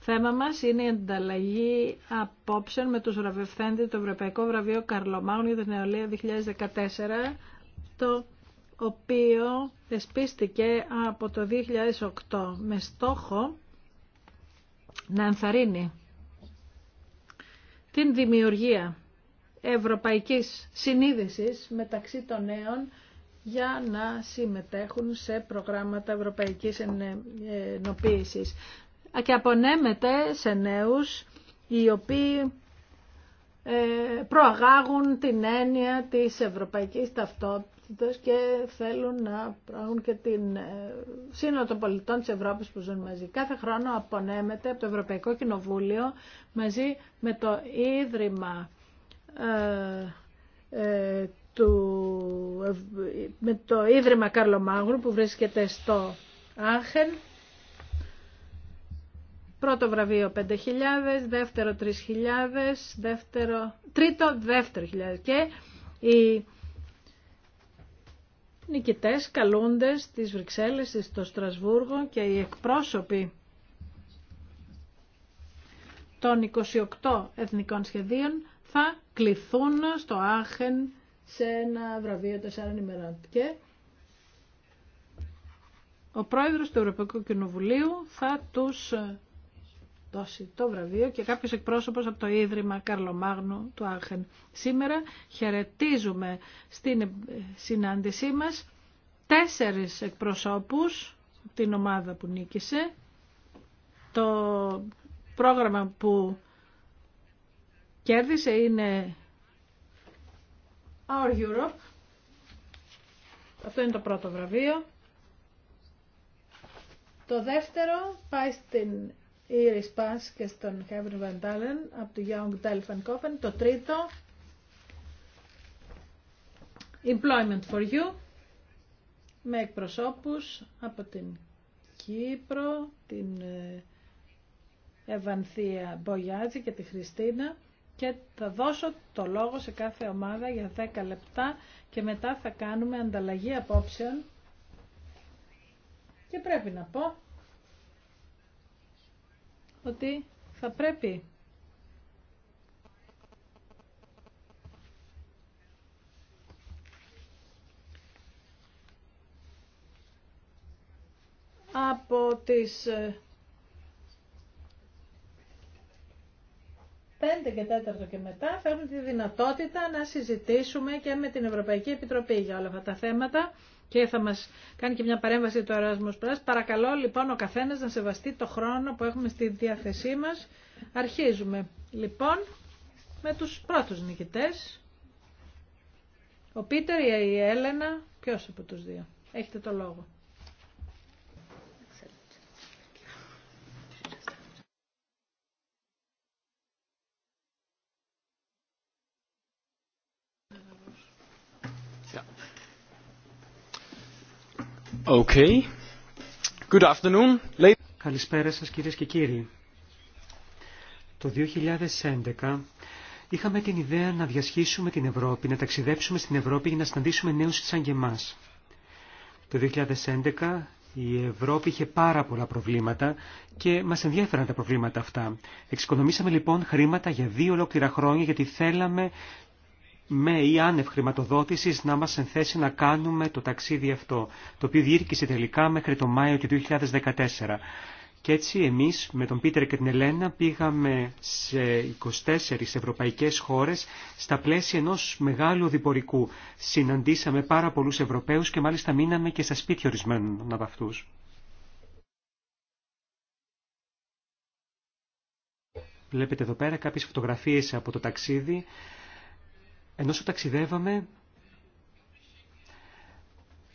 θέμα μας είναι η ανταλλαγή απόψεων με τους βραβευθέντες του ευρωπαϊκού βραβείου Καρλομάγνου για την νεολαία 2014, το οποίο εσπίστηκε από το 2008 με στόχο να ενθαρρύνει την δημιουργία ευρωπαϊκής συνείδησης μεταξύ των νέων για να συμμετέχουν σε προγράμματα ευρωπαϊκής ενοποίησης. Και απονέμεται σε νέους οι οποίοι ε, προαγάγουν την έννοια της ευρωπαϊκής ταυτότητας και θέλουν να προαγούν και την ε, σύνολο των πολιτών της Ευρώπης που ζουν μαζί. Κάθε χρόνο απονέμεται από το Ευρωπαϊκό Κοινοβούλιο μαζί με το Ίδρυμα ε, με το Ίδρυμα Κάρλο Μάγρου που βρίσκεται στο Άχεν. Πρώτο βραβείο 5.000, δεύτερο 3.000, δεύτερο, τρίτο δεύτερο και οι νικητές καλούνται στις Βρυξέλλες, στο Στρασβούργο και οι εκπρόσωποι των 28 εθνικών σχεδίων θα κληθούν στο Άχεν σε ένα βραβείο τεσσάρων ημερών. Και ο πρόεδρος του Ευρωπαϊκού Κοινοβουλίου θα τους ε, δώσει το βραβείο και κάποιος εκπρόσωπος από το Ίδρυμα Καρλομάγνου του Άχεν. Σήμερα χαιρετίζουμε στην ε, συνάντησή μας τέσσερις εκπροσώπους την ομάδα που νίκησε, το πρόγραμμα που κέρδισε είναι Our Europe. Αυτό είναι το πρώτο βραβείο. Το δεύτερο πάει στην Iris Pass και στον Kevin Van Dalen από το Young Telephone Coven. Το τρίτο, Employment for You, με εκπροσώπους από την Κύπρο, την ε, Ευανθία Μπογιάζη και τη Χριστίνα και θα δώσω το λόγο σε κάθε ομάδα για 10 λεπτά και μετά θα κάνουμε ανταλλαγή απόψεων και πρέπει να πω ότι θα πρέπει από τις ε, 5 και 4 και μετά θα έχουμε τη δυνατότητα να συζητήσουμε και με την Ευρωπαϊκή Επιτροπή για όλα αυτά τα θέματα και θα μας κάνει και μια παρέμβαση το Erasmus Plus. Παρακαλώ λοιπόν ο καθένας να σεβαστεί το χρόνο που έχουμε στη διάθεσή μας. Αρχίζουμε λοιπόν με τους πρώτους νικητές. Ο Πίτερ ή η Έλενα, ποιος από τους δύο. Έχετε το λόγο. Καλησπέρα σας κυρίες και κύριοι. Το 2011 είχαμε την ιδέα να διασχίσουμε την Ευρώπη, να ταξιδέψουμε στην Ευρώπη για να συναντήσουμε νέους σαν και εμάς. Το 2011 η Ευρώπη είχε πάρα πολλά προβλήματα και μας ενδιαφέραν τα προβλήματα αυτά. Εξοικονομήσαμε λοιπόν χρήματα για δύο ολόκληρα χρόνια γιατί θέλαμε με ή άνευ χρηματοδότηση να μας ενθέσει να κάνουμε το ταξίδι αυτό, το οποίο διήρκησε τελικά μέχρι το Μάιο του 2014. Και έτσι εμείς με τον Πίτερ και την Ελένα πήγαμε σε 24 ευρωπαϊκές χώρες στα πλαίσια ενός μεγάλου διπορικού. Συναντήσαμε πάρα πολλούς Ευρωπαίους και μάλιστα μείναμε και στα σπίτια ορισμένων από αυτούς. Βλέπετε εδώ πέρα κάποιες φωτογραφίες από το ταξίδι ενώ όσο ταξιδεύαμε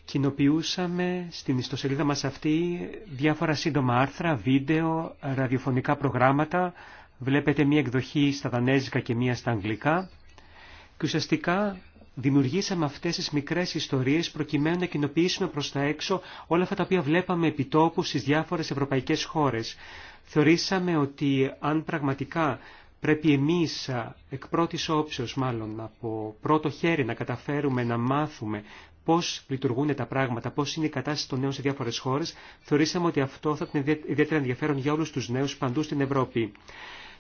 κοινοποιούσαμε στην ιστοσελίδα μας αυτή διάφορα σύντομα άρθρα, βίντεο, ραδιοφωνικά προγράμματα. Βλέπετε μία εκδοχή στα δανέζικα και μία στα αγγλικά. Και ουσιαστικά δημιουργήσαμε αυτές τις μικρές ιστορίες προκειμένου να κοινοποιήσουμε προς τα έξω όλα αυτά τα οποία βλέπαμε επιτόπου στις διάφορες ευρωπαϊκές χώρες. Θεωρήσαμε ότι αν πραγματικά πρέπει εμείς εκ πρώτης όψεως μάλλον από πρώτο χέρι να καταφέρουμε να μάθουμε πώς λειτουργούν τα πράγματα, πώς είναι η κατάσταση των νέων σε διάφορες χώρες, θεωρήσαμε ότι αυτό θα ήταν ιδιαίτερα ενδιαφέρον για όλους τους νέους παντού στην Ευρώπη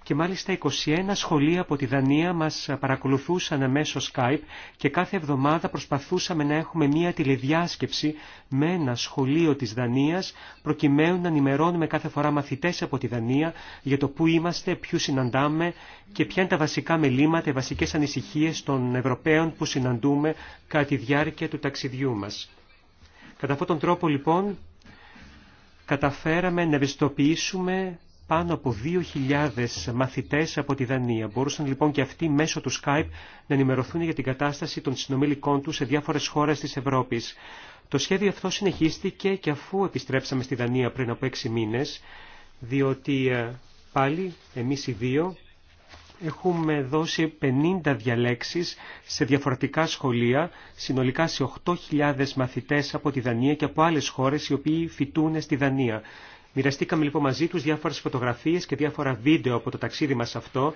και μάλιστα 21 σχολεία από τη Δανία μας παρακολουθούσαν μέσω Skype και κάθε εβδομάδα προσπαθούσαμε να έχουμε μία τηλεδιάσκεψη με ένα σχολείο της Δανίας προκειμένου να ενημερώνουμε κάθε φορά μαθητές από τη Δανία για το πού είμαστε, ποιους συναντάμε και ποια είναι τα βασικά μελήματα, οι βασικές ανησυχίες των Ευρωπαίων που συναντούμε κατά τη διάρκεια του ταξιδιού μας. Κατά αυτόν τον τρόπο λοιπόν καταφέραμε να ευαισθητοποιήσουμε πάνω από 2.000 μαθητές από τη Δανία. Μπορούσαν λοιπόν και αυτοί μέσω του Skype να ενημερωθούν για την κατάσταση των συνομιλικών τους σε διάφορες χώρες της Ευρώπης. Το σχέδιο αυτό συνεχίστηκε και αφού επιστρέψαμε στη Δανία πριν από 6 μήνες, διότι ε, πάλι εμείς οι δύο έχουμε δώσει 50 διαλέξεις σε διαφορετικά σχολεία, συνολικά σε 8.000 μαθητές από τη Δανία και από άλλες χώρες οι οποίοι φοιτούν στη Δανία. Μοιραστήκαμε λοιπόν μαζί τους διάφορες φωτογραφίες και διάφορα βίντεο από το ταξίδι μας αυτό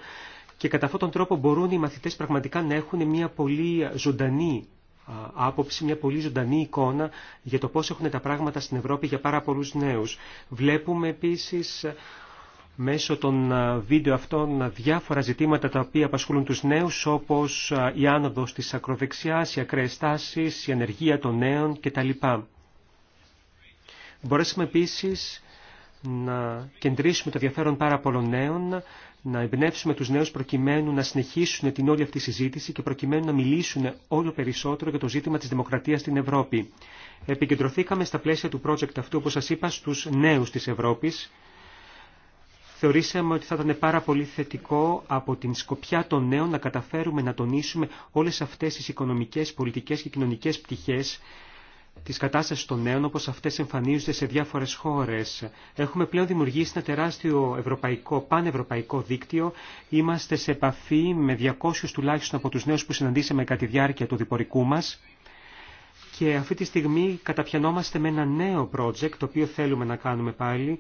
και κατά αυτόν τον τρόπο μπορούν οι μαθητές πραγματικά να έχουν μια πολύ ζωντανή άποψη, μια πολύ ζωντανή εικόνα για το πώς έχουν τα πράγματα στην Ευρώπη για πάρα πολλούς νέους. Βλέπουμε επίσης ε, μέσω των ε, βίντεο αυτών ε, διάφορα ζητήματα τα οποία απασχολούν τους νέους όπως η άνοδος της ακροδεξιάς, οι ακραίες τάσεις, η ανεργία των νέων κτλ. Μπορέσαμε επίσης να κεντρήσουμε το ενδιαφέρον πάρα πολλών νέων, να εμπνεύσουμε τους νέους προκειμένου να συνεχίσουν την όλη αυτή συζήτηση και προκειμένου να μιλήσουν όλο περισσότερο για το ζήτημα της δημοκρατίας στην Ευρώπη. Επικεντρωθήκαμε στα πλαίσια του project αυτού, όπως σας είπα, στους νέους της Ευρώπης. Θεωρήσαμε ότι θα ήταν πάρα πολύ θετικό από την σκοπιά των νέων να καταφέρουμε να τονίσουμε όλες αυτές τις οικονομικές, πολιτικές και κοινωνικές πτυχές της κατάστασης των νέων όπως αυτές εμφανίζονται σε διάφορες χώρες. Έχουμε πλέον δημιουργήσει ένα τεράστιο ευρωπαϊκό, πανευρωπαϊκό δίκτυο. Είμαστε σε επαφή με 200 τουλάχιστον από τους νέους που συναντήσαμε κατά τη διάρκεια του διπορικού μας. Και αυτή τη στιγμή καταπιανόμαστε με ένα νέο project, το οποίο θέλουμε να κάνουμε πάλι,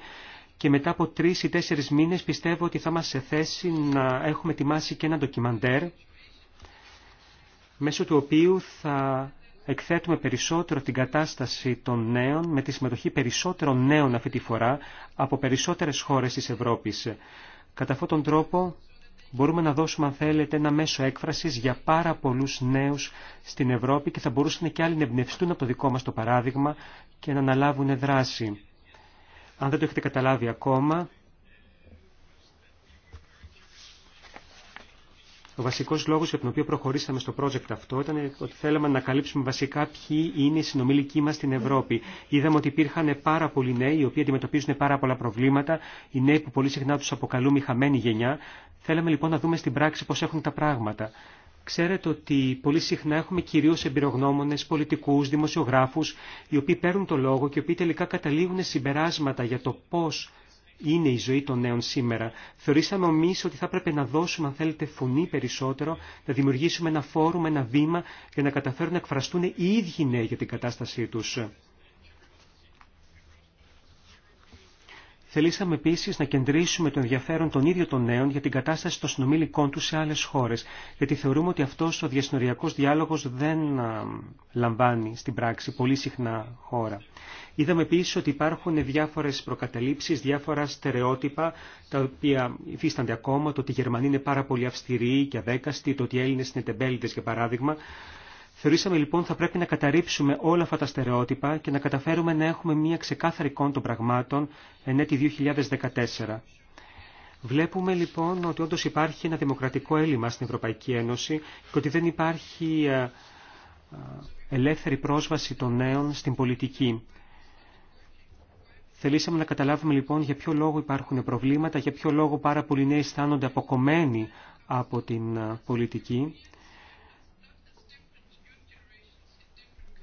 και μετά από τρεις ή τέσσερις μήνες πιστεύω ότι θα είμαστε σε θέση να έχουμε ετοιμάσει και ένα ντοκιμαντέρ μέσω του οποίου θα εκθέτουμε περισσότερο την κατάσταση των νέων με τη συμμετοχή περισσότερων νέων αυτή τη φορά από περισσότερες χώρες της Ευρώπης. Κατά αυτόν τον τρόπο μπορούμε να δώσουμε αν θέλετε ένα μέσο έκφρασης για πάρα πολλούς νέους στην Ευρώπη και θα μπορούσαν και άλλοι να εμπνευστούν από το δικό μας το παράδειγμα και να αναλάβουν δράση. Αν δεν το έχετε καταλάβει ακόμα, Ο βασικό λόγο για τον οποίο προχωρήσαμε στο project αυτό ήταν ότι θέλαμε να καλύψουμε βασικά ποιοι είναι οι συνομιλικοί μα στην Ευρώπη. Είδαμε ότι υπήρχαν πάρα πολλοί νέοι οι οποίοι αντιμετωπίζουν πάρα πολλά προβλήματα, οι νέοι που πολύ συχνά του αποκαλούμε η χαμένη γενιά. Θέλαμε λοιπόν να δούμε στην πράξη πώ έχουν τα πράγματα. Ξέρετε ότι πολύ συχνά έχουμε κυρίω εμπειρογνώμονε, πολιτικού, δημοσιογράφου, οι οποίοι παίρνουν το λόγο και οι οποίοι τελικά καταλήγουν συμπεράσματα για το πώ είναι η ζωή των νέων σήμερα. Θεωρήσαμε εμεί ότι θα έπρεπε να δώσουμε, αν θέλετε, φωνή περισσότερο, να δημιουργήσουμε ένα φόρουμ, ένα βήμα για να καταφέρουν να εκφραστούν οι ίδιοι νέοι για την κατάστασή του. Θελήσαμε επίση να κεντρήσουμε το ενδιαφέρον των ίδιων των νέων για την κατάσταση των συνομιλικών του σε άλλε χώρε, γιατί θεωρούμε ότι αυτό ο διασυνοριακό διάλογο δεν λαμβάνει στην πράξη πολύ συχνά χώρα. Είδαμε επίση ότι υπάρχουν διάφορες προκαταλήψεις, διάφορα στερεότυπα, τα οποία υφίστανται ακόμα, το ότι οι Γερμανοί είναι πάρα πολύ αυστηροί και αδέκαστοι, το ότι οι Έλληνες είναι τεμπέλητες για παράδειγμα. Θεωρήσαμε λοιπόν θα πρέπει να καταρρύψουμε όλα αυτά τα στερεότυπα και να καταφέρουμε να έχουμε μια ξεκάθαρη εικόνα των πραγμάτων εν έτη 2014. Βλέπουμε λοιπόν ότι όντω υπάρχει ένα δημοκρατικό έλλειμμα στην Ευρωπαϊκή Ένωση και ότι δεν υπάρχει ε, ε, ελεύθερη πρόσβαση των νέων στην πολιτική. Θελήσαμε να καταλάβουμε λοιπόν για ποιο λόγο υπάρχουν προβλήματα, για ποιο λόγο πάρα πολλοί νέοι αισθάνονται αποκομμένοι από την πολιτική.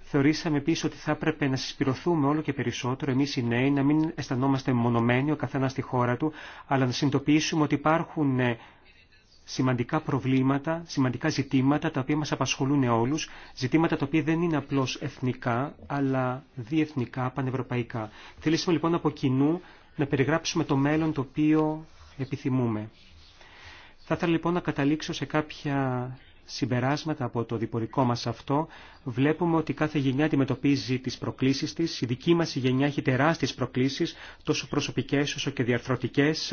Θεωρήσαμε επίση ότι θα έπρεπε να συσπηρωθούμε όλο και περισσότερο εμεί οι νέοι, να μην αισθανόμαστε μονομένοι ο καθένα στη χώρα του, αλλά να συνειδητοποιήσουμε ότι υπάρχουν ε, σημαντικά προβλήματα, σημαντικά ζητήματα τα οποία μας απασχολούν όλους, ζητήματα τα οποία δεν είναι απλώς εθνικά, αλλά διεθνικά, πανευρωπαϊκά. Θέλησαμε λοιπόν από κοινού να περιγράψουμε το μέλλον το οποίο επιθυμούμε. Θα ήθελα λοιπόν να καταλήξω σε κάποια συμπεράσματα από το διπορικό μας αυτό, βλέπουμε ότι κάθε γενιά αντιμετωπίζει τις προκλήσεις της. Η δική μας η γενιά έχει τεράστιες προκλήσεις, τόσο προσωπικές όσο και διαρθρωτικές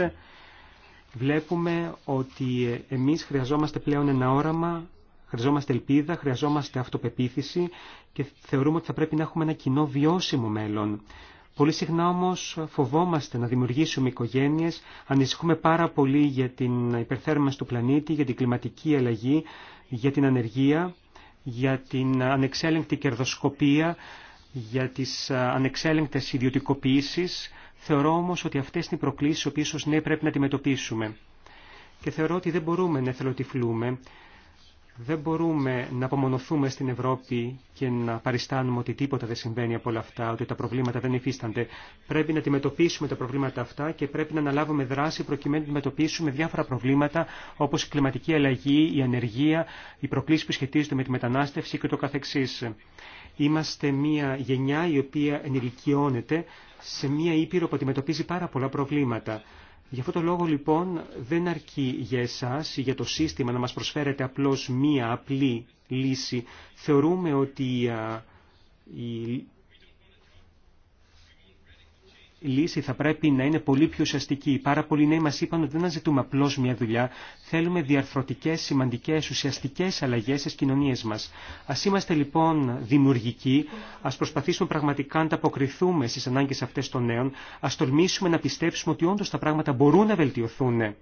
βλέπουμε ότι ε, εμείς χρειαζόμαστε πλέον ένα όραμα, χρειαζόμαστε ελπίδα, χρειαζόμαστε αυτοπεποίθηση και θεωρούμε ότι θα πρέπει να έχουμε ένα κοινό βιώσιμο μέλλον. Πολύ συχνά όμως φοβόμαστε να δημιουργήσουμε οικογένειες, ανησυχούμε πάρα πολύ για την υπερθέρμανση του πλανήτη, για την κλιματική αλλαγή, για την ανεργία, για την ανεξέλεγκτη κερδοσκοπία, για τις ε, ανεξέλεγκτες ιδιωτικοποιήσεις Θεωρώ όμω ότι αυτέ είναι οι προκλήσει οι οποίες ναι πρέπει να αντιμετωπίσουμε. Και θεωρώ ότι δεν μπορούμε να εθελοτυφλούμε, δεν μπορούμε να απομονωθούμε στην Ευρώπη και να παριστάνουμε ότι τίποτα δεν συμβαίνει από όλα αυτά, ότι τα προβλήματα δεν υφίστανται. Πρέπει να αντιμετωπίσουμε τα προβλήματα αυτά και πρέπει να αναλάβουμε δράση προκειμένου να αντιμετωπίσουμε διάφορα προβλήματα όπω η κλιματική αλλαγή, η ανεργία, οι προκλήσει που σχετίζονται με τη μετανάστευση και το καθεξής. Είμαστε μια γενιά η οποία ενηλικιώνεται σε μια ήπειρο που αντιμετωπίζει πάρα πολλά προβλήματα. Γι' αυτό το λόγο λοιπόν δεν αρκεί για εσάς ή για το σύστημα να μας προσφέρετε απλώς μία απλή λύση. Θεωρούμε ότι η λύση θα πρέπει να είναι πολύ πιο ουσιαστική. Πάρα πολλοί νέοι μας είπαν ότι δεν αναζητούμε απλώς μια δουλειά, θέλουμε διαρθρωτικές, σημαντικές, ουσιαστικές αλλαγές στις κοινωνίες μας. Ας είμαστε λοιπόν δημιουργικοί, ας προσπαθήσουμε πραγματικά να αποκριθούμε στις ανάγκες αυτές των νέων, ας τολμήσουμε να πιστέψουμε ότι όντως τα πράγματα μπορούν να βελτιωθούν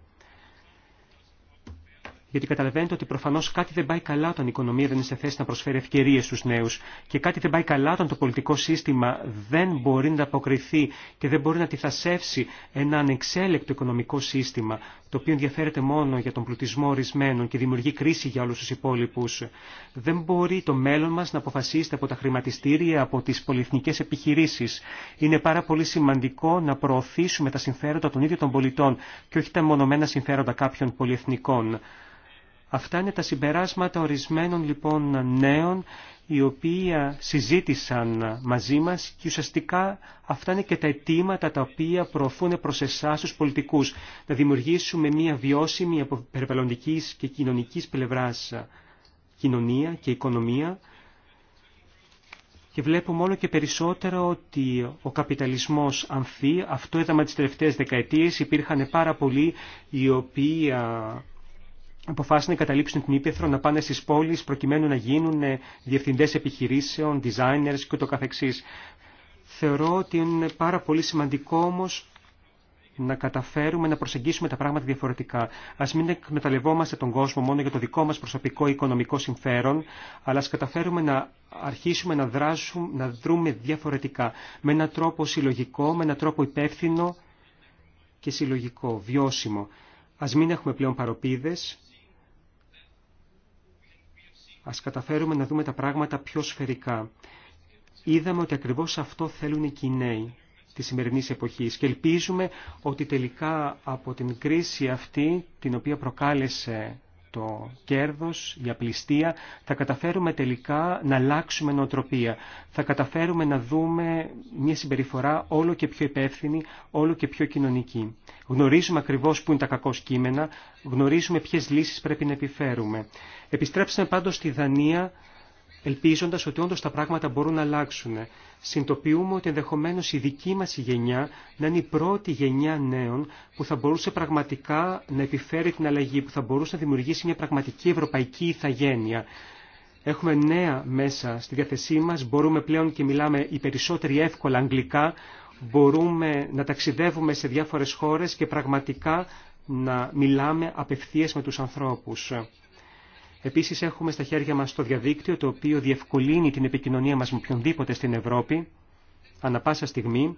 γιατί καταλαβαίνετε ότι προφανώ κάτι δεν πάει καλά όταν η οικονομία δεν είναι σε θέση να προσφέρει ευκαιρίε στου νέου και κάτι δεν πάει καλά όταν το πολιτικό σύστημα δεν μπορεί να αποκριθεί και δεν μπορεί να τηθασεύσει ένα ανεξέλεκτο οικονομικό σύστημα το οποίο ενδιαφέρεται μόνο για τον πλουτισμό ορισμένων και δημιουργεί κρίση για όλου του υπόλοιπου. Δεν μπορεί το μέλλον μα να αποφασίσετε από τα χρηματιστήρια, από τι πολυεθνικέ επιχειρήσει. Είναι πάρα πολύ σημαντικό να προωθήσουμε τα συμφέροντα των ίδιων των πολιτών και όχι τα μονομένα συμφέροντα κάποιων πολυεθνικών. Αυτά είναι τα συμπεράσματα ορισμένων λοιπόν νέων οι οποίοι συζήτησαν μαζί μας και ουσιαστικά αυτά είναι και τα αιτήματα τα οποία προωθούν προς εσάς τους πολιτικούς. Να δημιουργήσουμε μια βιώσιμη από περιβαλλοντικής και κοινωνικής πλευράς κοινωνία και οικονομία και βλέπουμε όλο και περισσότερο ότι ο καπιταλισμός ανθεί. Αυτό είδαμε τις τελευταίες δεκαετίες. Υπήρχαν πάρα πολλοί οι οποίοι αποφάσισαν να καταλήψουν την Ήπεθρο να πάνε στις πόλεις προκειμένου να γίνουν ε, διευθυντές επιχειρήσεων, designers και το καθεξής. Θεωρώ ότι είναι πάρα πολύ σημαντικό όμως να καταφέρουμε να προσεγγίσουμε τα πράγματα διαφορετικά. Ας μην εκμεταλλευόμαστε τον κόσμο μόνο για το δικό μας προσωπικό οικονομικό συμφέρον, αλλά ας καταφέρουμε να αρχίσουμε να, δράσουμε, να δρούμε διαφορετικά, με έναν τρόπο συλλογικό, με έναν τρόπο υπεύθυνο και συλλογικό, βιώσιμο. Ας μην έχουμε πλέον παροπίδες, Ας καταφέρουμε να δούμε τα πράγματα πιο σφαιρικά. Είδαμε ότι ακριβώς αυτό θέλουν οι Κινέοι της σημερινής εποχής και ελπίζουμε ότι τελικά από την κρίση αυτή την οποία προκάλεσε το κέρδος, η απληστία, θα καταφέρουμε τελικά να αλλάξουμε νοοτροπία. Θα καταφέρουμε να δούμε μια συμπεριφορά όλο και πιο υπεύθυνη, όλο και πιο κοινωνική. Γνωρίζουμε ακριβώς που είναι τα κακό κείμενα, γνωρίζουμε ποιες λύσεις πρέπει να επιφέρουμε. Επιστρέψαμε πάντως στη Δανία ελπίζοντα ότι όντω τα πράγματα μπορούν να αλλάξουν. Συντοποιούμε ότι ενδεχομένω η δική μα γενιά να είναι η πρώτη γενιά νέων που θα μπορούσε πραγματικά να επιφέρει την αλλαγή, που θα μπορούσε να δημιουργήσει μια πραγματική ευρωπαϊκή ηθαγένεια. Έχουμε νέα μέσα στη διάθεσή μα, μπορούμε πλέον και μιλάμε οι περισσότεροι εύκολα αγγλικά, μπορούμε να ταξιδεύουμε σε διάφορε χώρε και πραγματικά να μιλάμε απευθείας με τους ανθρώπους. Επίσης έχουμε στα χέρια μας το διαδίκτυο το οποίο διευκολύνει την επικοινωνία μας με οποιονδήποτε στην Ευρώπη, ανα πάσα στιγμή.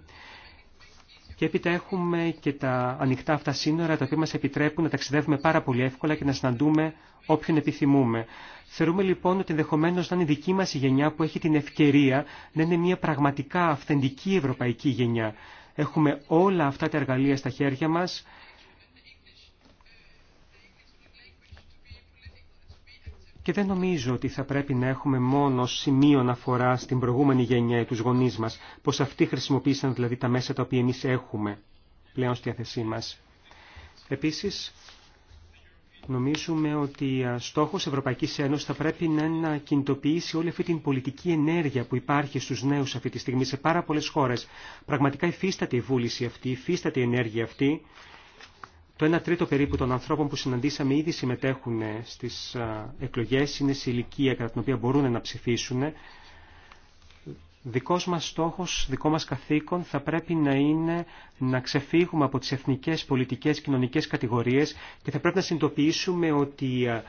Και έπειτα έχουμε και τα ανοιχτά αυτά σύνορα τα οποία μας επιτρέπουν να ταξιδεύουμε πάρα πολύ εύκολα και να συναντούμε όποιον επιθυμούμε. Θεωρούμε λοιπόν ότι ενδεχομένω να είναι η δική μας η γενιά που έχει την ευκαιρία να είναι μια πραγματικά αυθεντική ευρωπαϊκή γενιά. Έχουμε όλα αυτά τα εργαλεία στα χέρια μας Και δεν νομίζω ότι θα πρέπει να έχουμε μόνο σημείο αφορά στην προηγούμενη γενιά ή τους γονείς μας, πως αυτοί χρησιμοποίησαν δηλαδή τα μέσα τα οποία εμείς έχουμε πλέον στη διάθεσή μας. Επίσης, νομίζουμε ότι στόχος Ευρωπαϊκής Ένωσης θα πρέπει να είναι να κινητοποιήσει όλη αυτή την πολιτική ενέργεια που υπάρχει στους νέους αυτή τη στιγμή σε πάρα πολλές χώρες. Πραγματικά υφίσταται η βούληση αυτή, υφίσταται η ενέργεια αυτή το ένα τρίτο περίπου των ανθρώπων που συναντήσαμε ήδη συμμετέχουν ε, στις ε, εκλογές, είναι σε ηλικία κατά την οποία μπορούν να ψηφίσουν. Δικός μας στόχος, δικό μας καθήκον θα πρέπει να είναι να ξεφύγουμε από τις εθνικές, πολιτικές, κοινωνικές κατηγορίες και θα πρέπει να συνειδητοποιήσουμε ότι ε,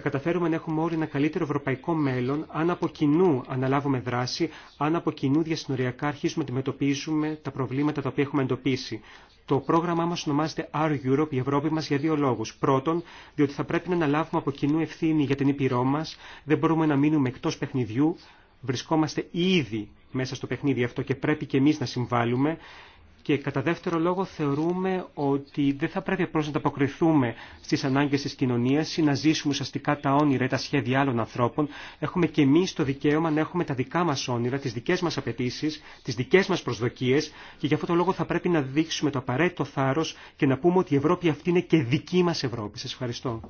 θα καταφέρουμε να έχουμε όλοι ένα καλύτερο ευρωπαϊκό μέλλον αν από κοινού αναλάβουμε δράση, αν από κοινού διασυνοριακά αρχίσουμε να αντιμετωπίζουμε τα προβλήματα τα οποία έχουμε εντοπίσει. Το πρόγραμμά μα ονομάζεται Our Europe, η Ευρώπη μα για δύο λόγου. Πρώτον, διότι θα πρέπει να αναλάβουμε από κοινού ευθύνη για την ήπειρό μα. δεν μπορούμε να μείνουμε εκτό παιχνιδιού, βρισκόμαστε ήδη μέσα στο παιχνίδι αυτό και πρέπει και εμεί να συμβάλλουμε και κατά δεύτερο λόγο θεωρούμε ότι δεν θα πρέπει απλώς να ανταποκριθούμε στις ανάγκες της κοινωνίας ή να ζήσουμε ουσιαστικά τα όνειρα ή τα σχέδια άλλων ανθρώπων. Έχουμε και εμείς το δικαίωμα να έχουμε τα δικά μας όνειρα, τις δικές μας απαιτήσει, τις δικές μας προσδοκίες και γι' αυτό το λόγο θα πρέπει να δείξουμε το απαραίτητο θάρρος και να πούμε ότι η Ευρώπη αυτή είναι και δική μας Ευρώπη. Σας ευχαριστώ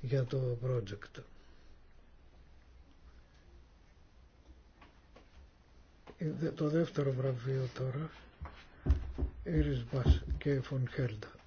για το project. Ε, το δεύτερο βραβείο τώρα, Iris Bass και Von Helda.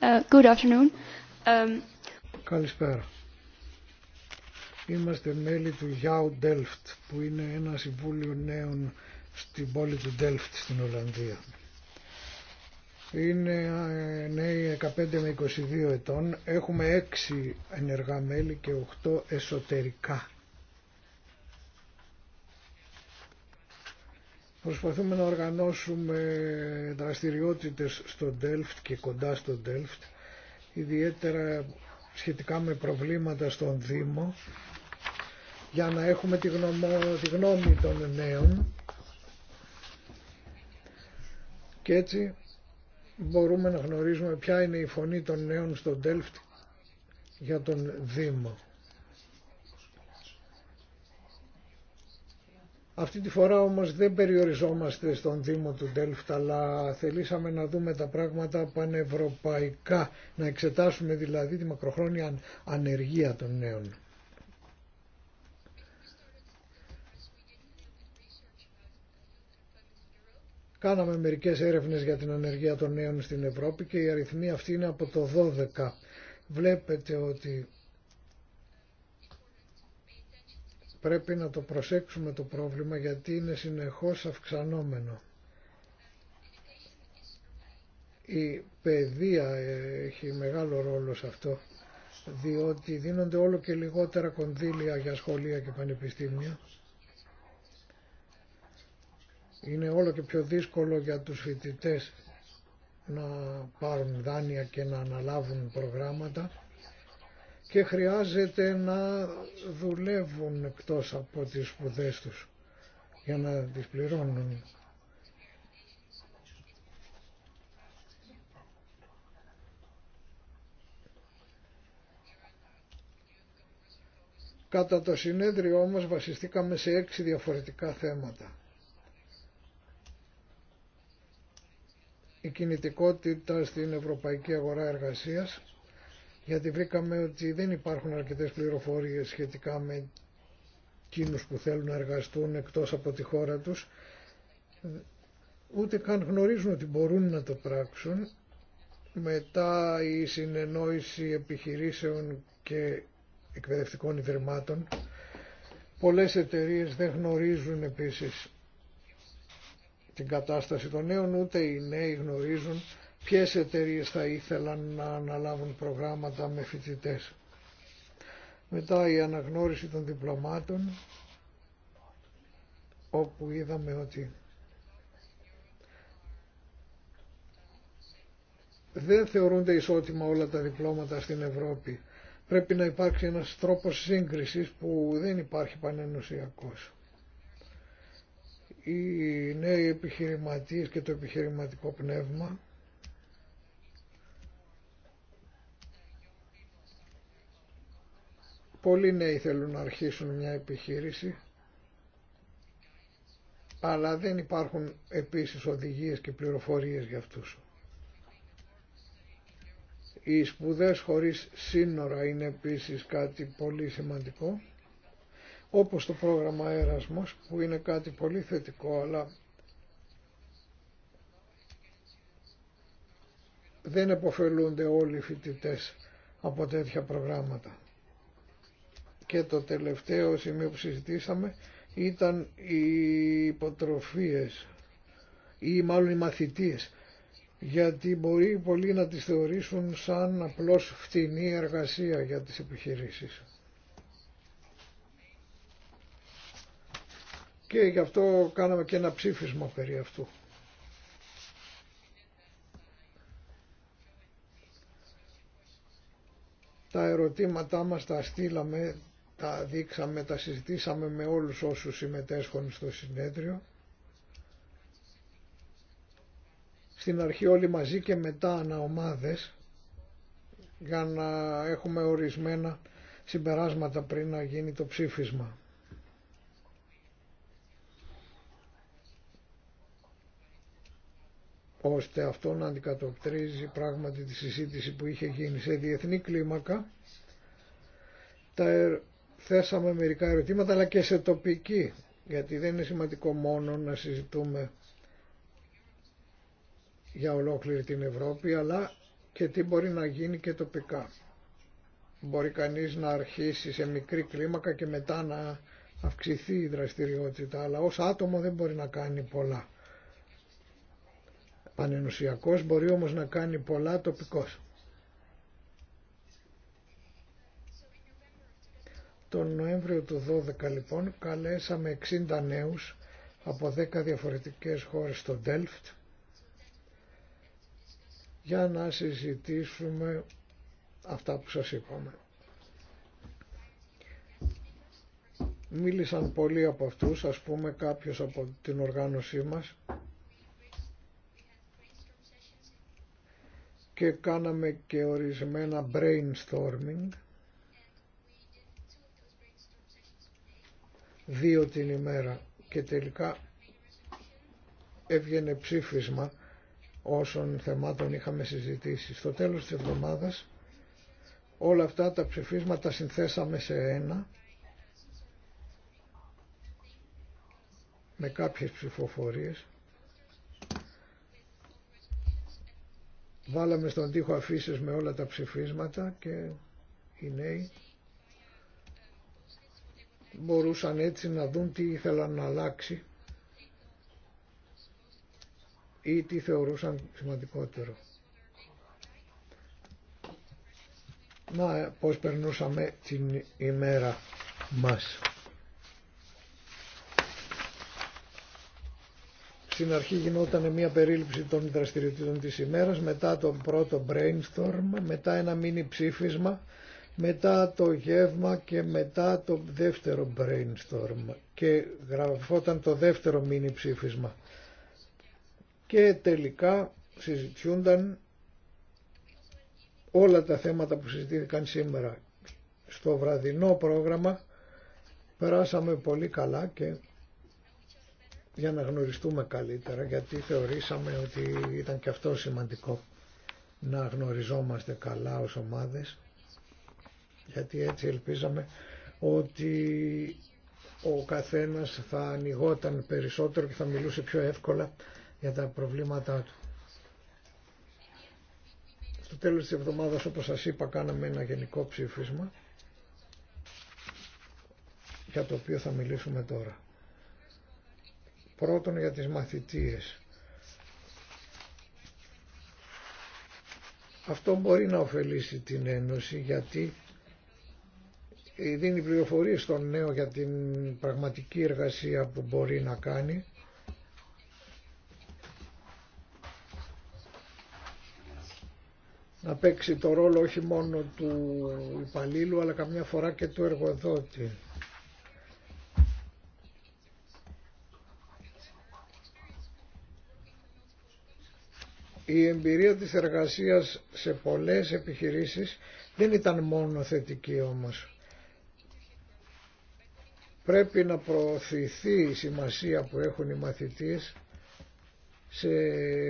Ε, good afternoon. Ε, Καλησπέρα. Είμαστε μέλη του Γιάου Delft που είναι ένα συμβούλιο νέων στην πόλη του Delft στην Ολλανδία. Είναι ε, νέοι 15 με 22 ετών. Έχουμε 6 ενεργά μέλη και 8 εσωτερικά Προσπαθούμε να οργανώσουμε δραστηριότητες στο Delft και κοντά στο Delft, ιδιαίτερα σχετικά με προβλήματα στον Δήμο, για να έχουμε τη, τη γνώμη των νέων και έτσι μπορούμε να γνωρίζουμε ποια είναι η φωνή των νέων στο Delft για τον Δήμο. Αυτή τη φορά όμως δεν περιοριζόμαστε στον Δήμο του Ντέλφτα αλλά θελήσαμε να δούμε τα πράγματα πανευρωπαϊκά, να εξετάσουμε δηλαδή τη μακροχρόνια ανεργία των νέων. Κάναμε μερικές έρευνες για την ανεργία των νέων στην Ευρώπη και η αριθμή αυτή είναι από το 12. Βλέπετε ότι πρέπει να το προσέξουμε το πρόβλημα γιατί είναι συνεχώς αυξανόμενο. Η παιδεία έχει μεγάλο ρόλο σε αυτό, διότι δίνονται όλο και λιγότερα κονδύλια για σχολεία και πανεπιστήμια. Είναι όλο και πιο δύσκολο για τους φοιτητές να πάρουν δάνεια και να αναλάβουν προγράμματα και χρειάζεται να δουλεύουν εκτός από τις σπουδέ τους για να τις πληρώνουν. Κατά το συνέδριό όμως βασιστήκαμε σε έξι διαφορετικά θέματα. Η κινητικότητα στην ευρωπαϊκή αγορά εργασίας, γιατί βρήκαμε ότι δεν υπάρχουν αρκετές πληροφορίες σχετικά με εκείνους που θέλουν να εργαστούν εκτός από τη χώρα τους ούτε καν γνωρίζουν ότι μπορούν να το πράξουν μετά η συνεννόηση επιχειρήσεων και εκπαιδευτικών ιδρυμάτων πολλές εταιρείες δεν γνωρίζουν επίσης την κατάσταση των νέων ούτε οι νέοι γνωρίζουν ποιες εταιρείε θα ήθελαν να αναλάβουν προγράμματα με φοιτητέ. Μετά η αναγνώριση των διπλωμάτων, όπου είδαμε ότι δεν θεωρούνται ισότιμα όλα τα διπλώματα στην Ευρώπη. Πρέπει να υπάρξει ένας τρόπος σύγκρισης που δεν υπάρχει πανενουσιακός. Οι νέοι επιχειρηματίες και το επιχειρηματικό πνεύμα Πολλοί νέοι θέλουν να αρχίσουν μια επιχείρηση, αλλά δεν υπάρχουν επίσης οδηγίες και πληροφορίες για αυτούς. Οι σπουδές χωρίς σύνορα είναι επίσης κάτι πολύ σημαντικό, όπως το πρόγραμμα Έρασμος που είναι κάτι πολύ θετικό, αλλά δεν επωφελούνται όλοι οι φοιτητές από τέτοια προγράμματα και το τελευταίο σημείο που συζητήσαμε ήταν οι υποτροφίες ή μάλλον οι μαθητείες γιατί μπορεί πολλοί να τις θεωρήσουν σαν απλώς φτηνή εργασία για τις επιχειρήσεις. Και γι' αυτό κάναμε και ένα ψήφισμα περί αυτού. Τα ερωτήματά μας τα στείλαμε τα δείξαμε, τα συζητήσαμε με όλους όσους συμμετέσχουν στο συνέδριο. Στην αρχή όλοι μαζί και μετά αναομάδες για να έχουμε ορισμένα συμπεράσματα πριν να γίνει το ψήφισμα. ώστε αυτό να αντικατοπτρίζει πράγματι τη συζήτηση που είχε γίνει σε διεθνή κλίμακα. Τα θέσαμε μερικά ερωτήματα αλλά και σε τοπική γιατί δεν είναι σημαντικό μόνο να συζητούμε για ολόκληρη την Ευρώπη αλλά και τι μπορεί να γίνει και τοπικά. Μπορεί κανείς να αρχίσει σε μικρή κλίμακα και μετά να αυξηθεί η δραστηριότητα αλλά ως άτομο δεν μπορεί να κάνει πολλά. Πανενουσιακός μπορεί όμως να κάνει πολλά τοπικός. Τον Νοέμβριο του 12 λοιπόν καλέσαμε 60 νέους από 10 διαφορετικές χώρες στο Ντέλφτ για να συζητήσουμε αυτά που σας είπαμε. Μίλησαν πολλοί από αυτούς, ας πούμε κάποιος από την οργάνωσή μας και κάναμε και ορισμένα brainstorming δύο την ημέρα και τελικά έβγαινε ψήφισμα όσων θεμάτων είχαμε συζητήσει. Στο τέλος της εβδομάδας όλα αυτά τα ψηφίσματα συνθέσαμε σε ένα με κάποιες ψηφοφορίες. Βάλαμε στον τοίχο αφήσει με όλα τα ψηφίσματα και οι νέοι μπορούσαν έτσι να δουν τι ήθελαν να αλλάξει ή τι θεωρούσαν σημαντικότερο. Να πώς περνούσαμε την ημέρα μας. Στην αρχή γινόταν μια περίληψη των δραστηριοτήτων της ημέρας, μετά τον πρώτο brainstorm, μετά ένα μίνι ψήφισμα μετά το γεύμα και μετά το δεύτερο brainstorm και γραφόταν το δεύτερο μήνυ ψήφισμα. Και τελικά συζητιούνταν όλα τα θέματα που συζητήθηκαν σήμερα. Στο βραδινό πρόγραμμα περάσαμε πολύ καλά και για να γνωριστούμε καλύτερα γιατί θεωρήσαμε ότι ήταν και αυτό σημαντικό να γνωριζόμαστε καλά ως ομάδες γιατί έτσι ελπίζαμε ότι ο καθένας θα ανοιγόταν περισσότερο και θα μιλούσε πιο εύκολα για τα προβλήματά του. Στο τέλος της εβδομάδας, όπως σας είπα, κάναμε ένα γενικό ψήφισμα για το οποίο θα μιλήσουμε τώρα. Πρώτον για τις μαθητιές. Αυτό μπορεί να ωφελήσει την Ένωση γιατί ε, δίνει πληροφορίες στον νέο για την πραγματική εργασία που μπορεί να κάνει να παίξει το ρόλο όχι μόνο του υπαλλήλου αλλά καμιά φορά και του εργοδότη. Η εμπειρία της εργασίας σε πολλές επιχειρήσεις δεν ήταν μόνο θετική όμως πρέπει να προωθηθεί η σημασία που έχουν οι μαθητές σε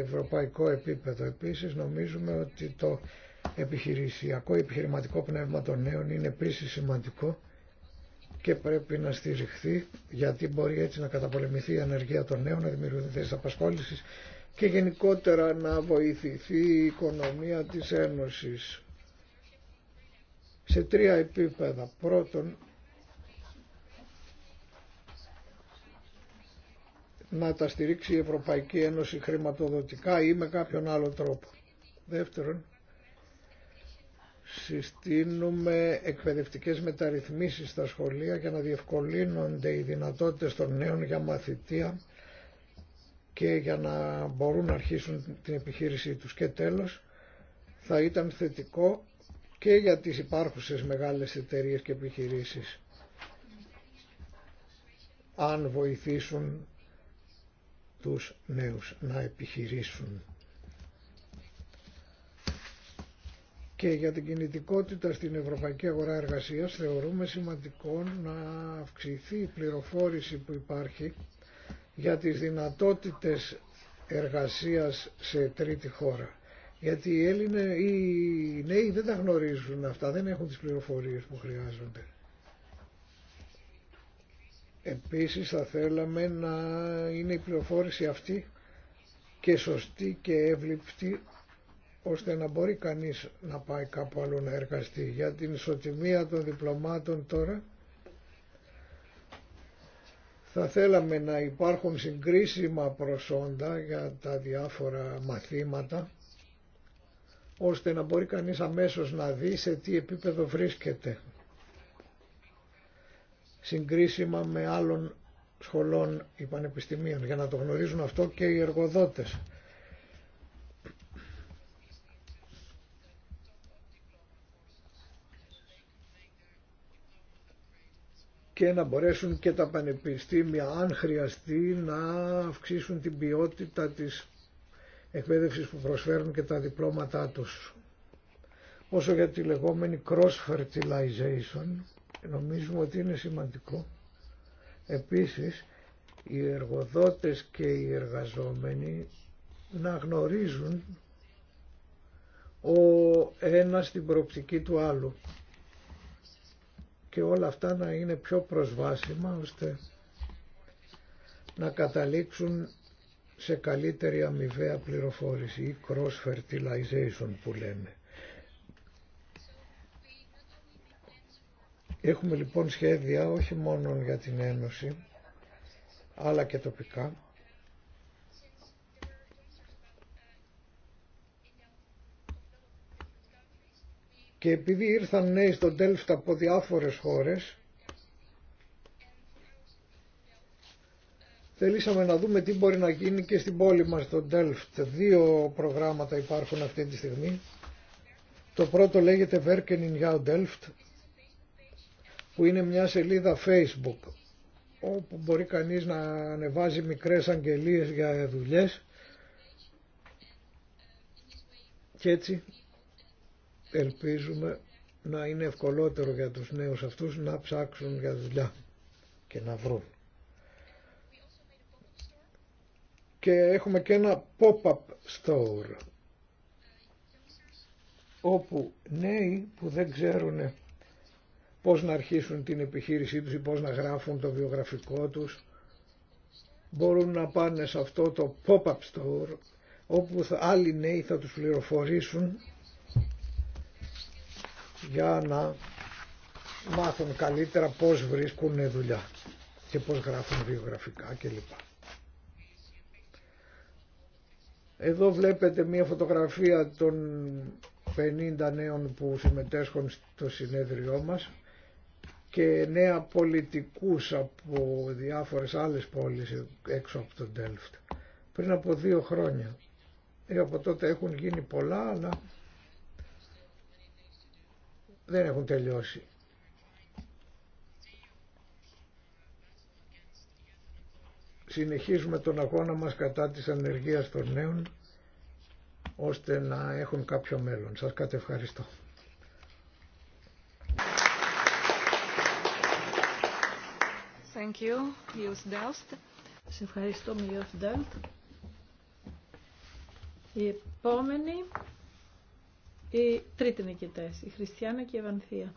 ευρωπαϊκό επίπεδο. Επίσης νομίζουμε ότι το επιχειρησιακό επιχειρηματικό πνεύμα των νέων είναι επίσης σημαντικό και πρέπει να στηριχθεί γιατί μπορεί έτσι να καταπολεμηθεί η ανεργία των νέων, να δημιουργηθεί θέσεις απασχόληση και γενικότερα να βοηθηθεί η οικονομία της Ένωσης σε τρία επίπεδα. Πρώτον, να τα στηρίξει η Ευρωπαϊκή Ένωση χρηματοδοτικά ή με κάποιον άλλο τρόπο. Δεύτερον, συστήνουμε εκπαιδευτικές μεταρρυθμίσεις στα σχολεία για να διευκολύνονται οι δυνατότητες των νέων για μαθητεία και για να μπορούν να αρχίσουν την επιχείρησή τους. Και τέλος, θα ήταν θετικό και για τις υπάρχουσες μεγάλες εταιρείες και επιχειρήσεις αν βοηθήσουν τους νέους να επιχειρήσουν. Και για την κινητικότητα στην Ευρωπαϊκή Αγορά Εργασίας θεωρούμε σημαντικό να αυξηθεί η πληροφόρηση που υπάρχει για τις δυνατότητες εργασίας σε τρίτη χώρα. Γιατί οι Έλληνες, οι νέοι δεν τα γνωρίζουν αυτά, δεν έχουν τις πληροφορίες που χρειάζονται. Επίσης θα θέλαμε να είναι η πληροφόρηση αυτή και σωστή και εύληπτη ώστε να μπορεί κανείς να πάει κάπου αλλού να εργαστεί. Για την ισοτιμία των διπλωμάτων τώρα θα θέλαμε να υπάρχουν συγκρίσιμα προσόντα για τα διάφορα μαθήματα ώστε να μπορεί κανείς αμέσως να δει σε τι επίπεδο βρίσκεται συγκρίσιμα με άλλων σχολών ή πανεπιστημίων για να το γνωρίζουν αυτό και οι εργοδότες. και να μπορέσουν και τα πανεπιστήμια αν χρειαστεί να αυξήσουν την ποιότητα της εκπαίδευσης που προσφέρουν και τα διπλώματά τους. Όσο για τη λεγόμενη cross-fertilization, Νομίζουμε ότι είναι σημαντικό. Επίσης, οι εργοδότες και οι εργαζόμενοι να γνωρίζουν ο ένας την προοπτική του άλλου και όλα αυτά να είναι πιο προσβάσιμα ώστε να καταλήξουν σε καλύτερη αμοιβαία πληροφόρηση ή cross-fertilization που λέμε. Έχουμε λοιπόν σχέδια όχι μόνο για την Ένωση, αλλά και τοπικά. Και επειδή ήρθαν νέοι στο Τέλφτα από διάφορες χώρες, Θέλησαμε να δούμε τι μπορεί να γίνει και στην πόλη μας, στο Delft. Δύο προγράμματα υπάρχουν αυτή τη στιγμή. Το πρώτο λέγεται Werken in Delft που είναι μια σελίδα facebook όπου μπορεί κανείς να ανεβάζει μικρές αγγελίες για δουλειές και έτσι ελπίζουμε να είναι ευκολότερο για τους νέους αυτούς να ψάξουν για δουλειά και να βρουν. Και έχουμε και ένα pop-up store όπου νέοι που δεν ξέρουν πώς να αρχίσουν την επιχείρησή τους ή πώς να γράφουν το βιογραφικό τους. Μπορούν να πάνε σε αυτό το pop-up store όπου θα, άλλοι νέοι θα τους πληροφορήσουν για να μάθουν καλύτερα πώς βρίσκουν δουλειά και πώς γράφουν βιογραφικά κλπ. Εδώ βλέπετε μία φωτογραφία των 50 νέων που συμμετέσχουν στο συνέδριό μας και νέα πολιτικούς από διάφορες άλλες πόλεις έξω από τον Τέλφτ πριν από δύο χρόνια. Ε, από τότε έχουν γίνει πολλά αλλά δεν έχουν τελειώσει. Συνεχίζουμε τον αγώνα μας κατά της ανεργίας των νέων ώστε να έχουν κάποιο μέλλον. Σας κατευχαριστώ. Thank you, Σε ευχαριστώ, Η επόμενη, η τρίτη νικητές, η Χριστιανά και η Ευανθία.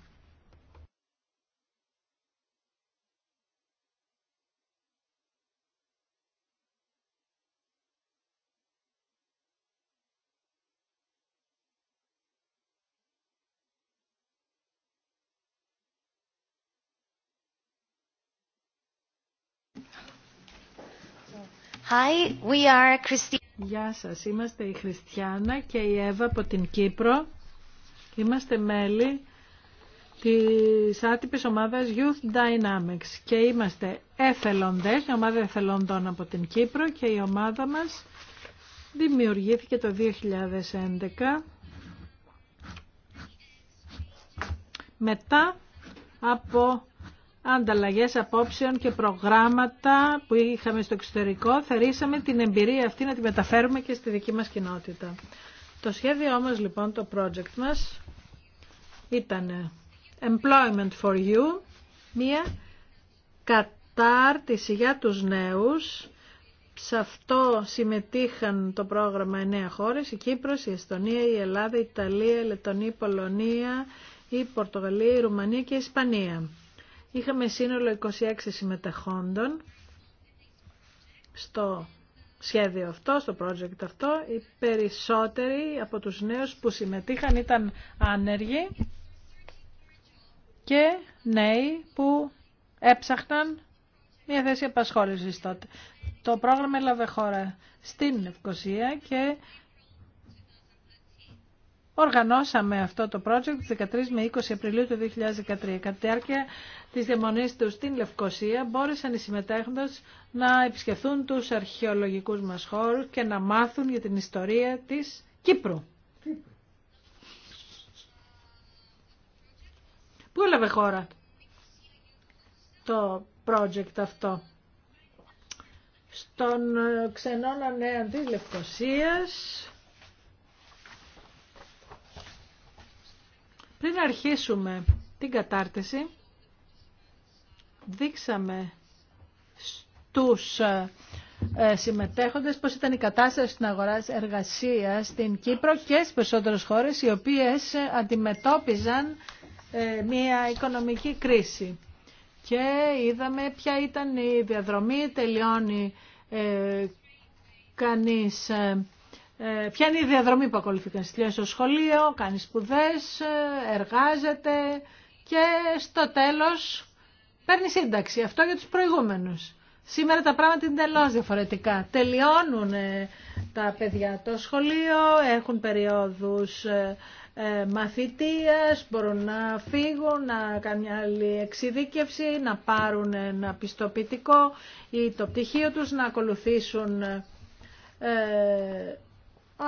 Hi, we Γεια σας, είμαστε η Χριστιανά και η Εύα από την Κύπρο. Είμαστε μέλη της άτυπης ομάδας Youth Dynamics και είμαστε εθελοντές, η ομάδα εθελοντών από την Κύπρο και η ομάδα μας δημιουργήθηκε το 2011 μετά από ανταλλαγές απόψεων και προγράμματα που είχαμε στο εξωτερικό, θερήσαμε την εμπειρία αυτή να τη μεταφέρουμε και στη δική μας κοινότητα. Το σχέδιο όμως λοιπόν, το project μας ήταν Employment for You, μία κατάρτιση για τους νέους. Σε αυτό συμμετείχαν το πρόγραμμα εννέα χώρες, η Κύπρος, η Εστονία, η Ελλάδα, η Ιταλία, η Λετωνία, η Πολωνία, η Πορτογαλία, η Ρουμανία και η Ισπανία. Είχαμε σύνολο 26 συμμετεχόντων στο σχέδιο αυτό, στο project αυτό. Οι περισσότεροι από τους νέους που συμμετείχαν ήταν άνεργοι και νέοι που έψαχναν μια θέση απασχόλησης τότε. Το πρόγραμμα έλαβε χώρα στην Ευκοσία και Οργανώσαμε αυτό το project 13 με 20 Απριλίου του 2013. Κατά τη διάρκεια της διαμονής του στην Λευκοσία μπόρεσαν οι συμμετέχοντες να επισκεφθούν τους αρχαιολογικούς μας χώρους και να μάθουν για την ιστορία της Κύπρου. Πού έλαβε χώρα το project αυτό. Στον ε, ξενώνα νέα της Λευκοσίας Πριν αρχίσουμε την κατάρτιση, δείξαμε στους ε, συμμετέχοντες πώς ήταν η κατάσταση στην αγορά εργασίας στην Κύπρο και στις περισσότερες χώρες οι οποίες αντιμετώπιζαν ε, μια οικονομική κρίση. Και είδαμε ποια ήταν η διαδρομή, τελειώνει ε, κανείς ε, ποια είναι η διαδρομή που ακολουθεί κανείς. Τελειώσει στο σχολείο, κάνει σπουδές, ε, εργάζεται και στο τέλος παίρνει σύνταξη. Αυτό για τους προηγούμενους. Σήμερα τα πράγματα είναι τελώ διαφορετικά. Τελειώνουν ε, τα παιδιά το σχολείο, έχουν περιόδους μαθητείας, μπορούν να φύγουν, να κάνουν μια άλλη εξειδίκευση, να πάρουν ένα πιστοποιητικό ή το πτυχίο τους, να ακολουθήσουν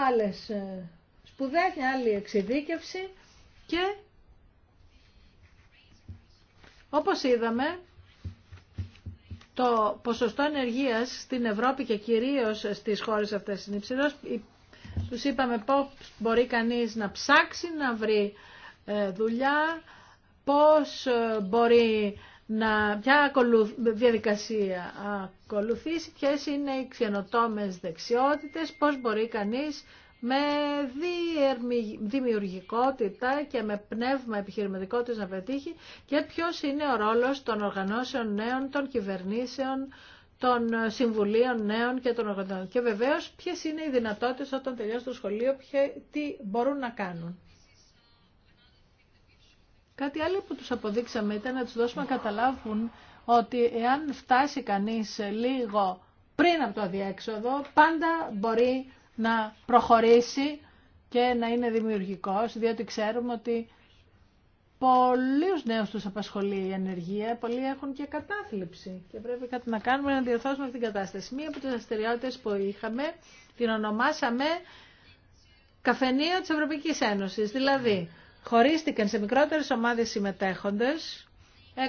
άλλες ε, σπουδές, άλλη εξειδίκευση και όπως είδαμε το ποσοστό ενεργείας στην Ευρώπη και κυρίως στις χώρες αυτές είναι Τους είπαμε πώς μπορεί κανείς να ψάξει, να βρει ε, δουλειά, πώς ε, μπορεί να, ποια διαδικασία ακολουθήσει, ποιε είναι οι ξενοτόμες δεξιότητες, πώς μπορεί κανείς με δημιουργικότητα και με πνεύμα επιχειρηματικότητας να πετύχει και ποιος είναι ο ρόλος των οργανώσεων νέων, των κυβερνήσεων, των συμβουλίων νέων και των οργανώσεων. Και βεβαίως ποιες είναι οι δυνατότητες όταν τελειώσει το σχολείο, τι μπορούν να κάνουν. Κάτι άλλο που τους αποδείξαμε ήταν να τους δώσουμε να καταλάβουν ότι εάν φτάσει κανείς λίγο πριν από το διέξοδο, πάντα μπορεί να προχωρήσει και να είναι δημιουργικός, διότι ξέρουμε ότι πολλούς νέους τους απασχολεί η ενεργεία, πολλοί έχουν και κατάθλιψη και πρέπει κάτι να κάνουμε να διορθώσουμε αυτή την κατάσταση. Μία από τις δραστηριότητε που είχαμε την ονομάσαμε Καφενείο της Ευρωπαϊκής Ένωσης, δηλαδή χωρίστηκαν σε μικρότερες ομάδες συμμετέχοντες,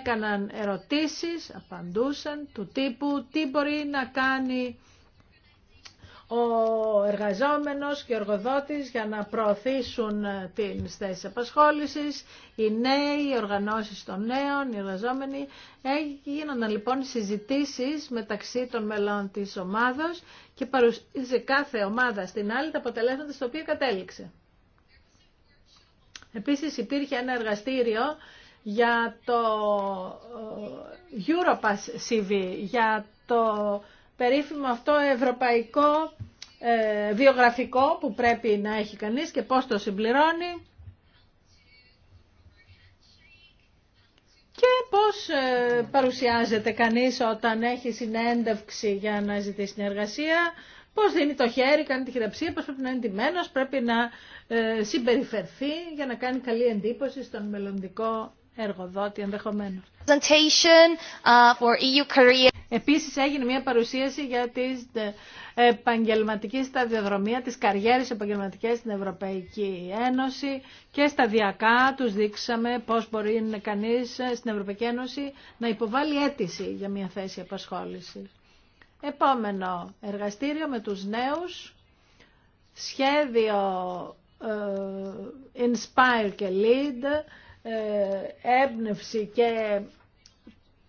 έκαναν ερωτήσεις, απαντούσαν του τύπου τι μπορεί να κάνει ο εργαζόμενος και ο εργοδότης για να προωθήσουν την θέση απασχόλησης, οι νέοι, οι οργανώσεις των νέων, οι εργαζόμενοι. Έγιναν λοιπόν συζητήσεις μεταξύ των μελών της ομάδος και παρουσίαζε κάθε ομάδα στην άλλη τα αποτελέσματα στο οποίο κατέληξε. Επίσης υπήρχε ένα εργαστήριο για το ε, Europass CV, για το περίφημο αυτό ευρωπαϊκό ε, βιογραφικό που πρέπει να έχει κανείς και πώς το συμπληρώνει. Και πώς ε, παρουσιάζεται κανείς όταν έχει συνέντευξη για να ζητήσει συνεργασία, Πώς δίνει το χέρι, κάνει τη χειραψία, πώς πρέπει να είναι ντυμένος, πρέπει να ε, συμπεριφερθεί για να κάνει καλή εντύπωση στον μελλοντικό εργοδότη ενδεχομένω. Uh, e Επίσης έγινε μια παρουσίαση για την ε, επαγγελματική σταδιοδρομία, της καριέρας επαγγελματικές στην Ευρωπαϊκή Ένωση και σταδιακά τους δείξαμε πώς μπορεί κανείς ε, στην Ευρωπαϊκή Ένωση να υποβάλει αίτηση για μια θέση απασχόλησης. Επόμενο εργαστήριο με τους νέους, σχέδιο ε, Inspire και Lead, ε, έμπνευση και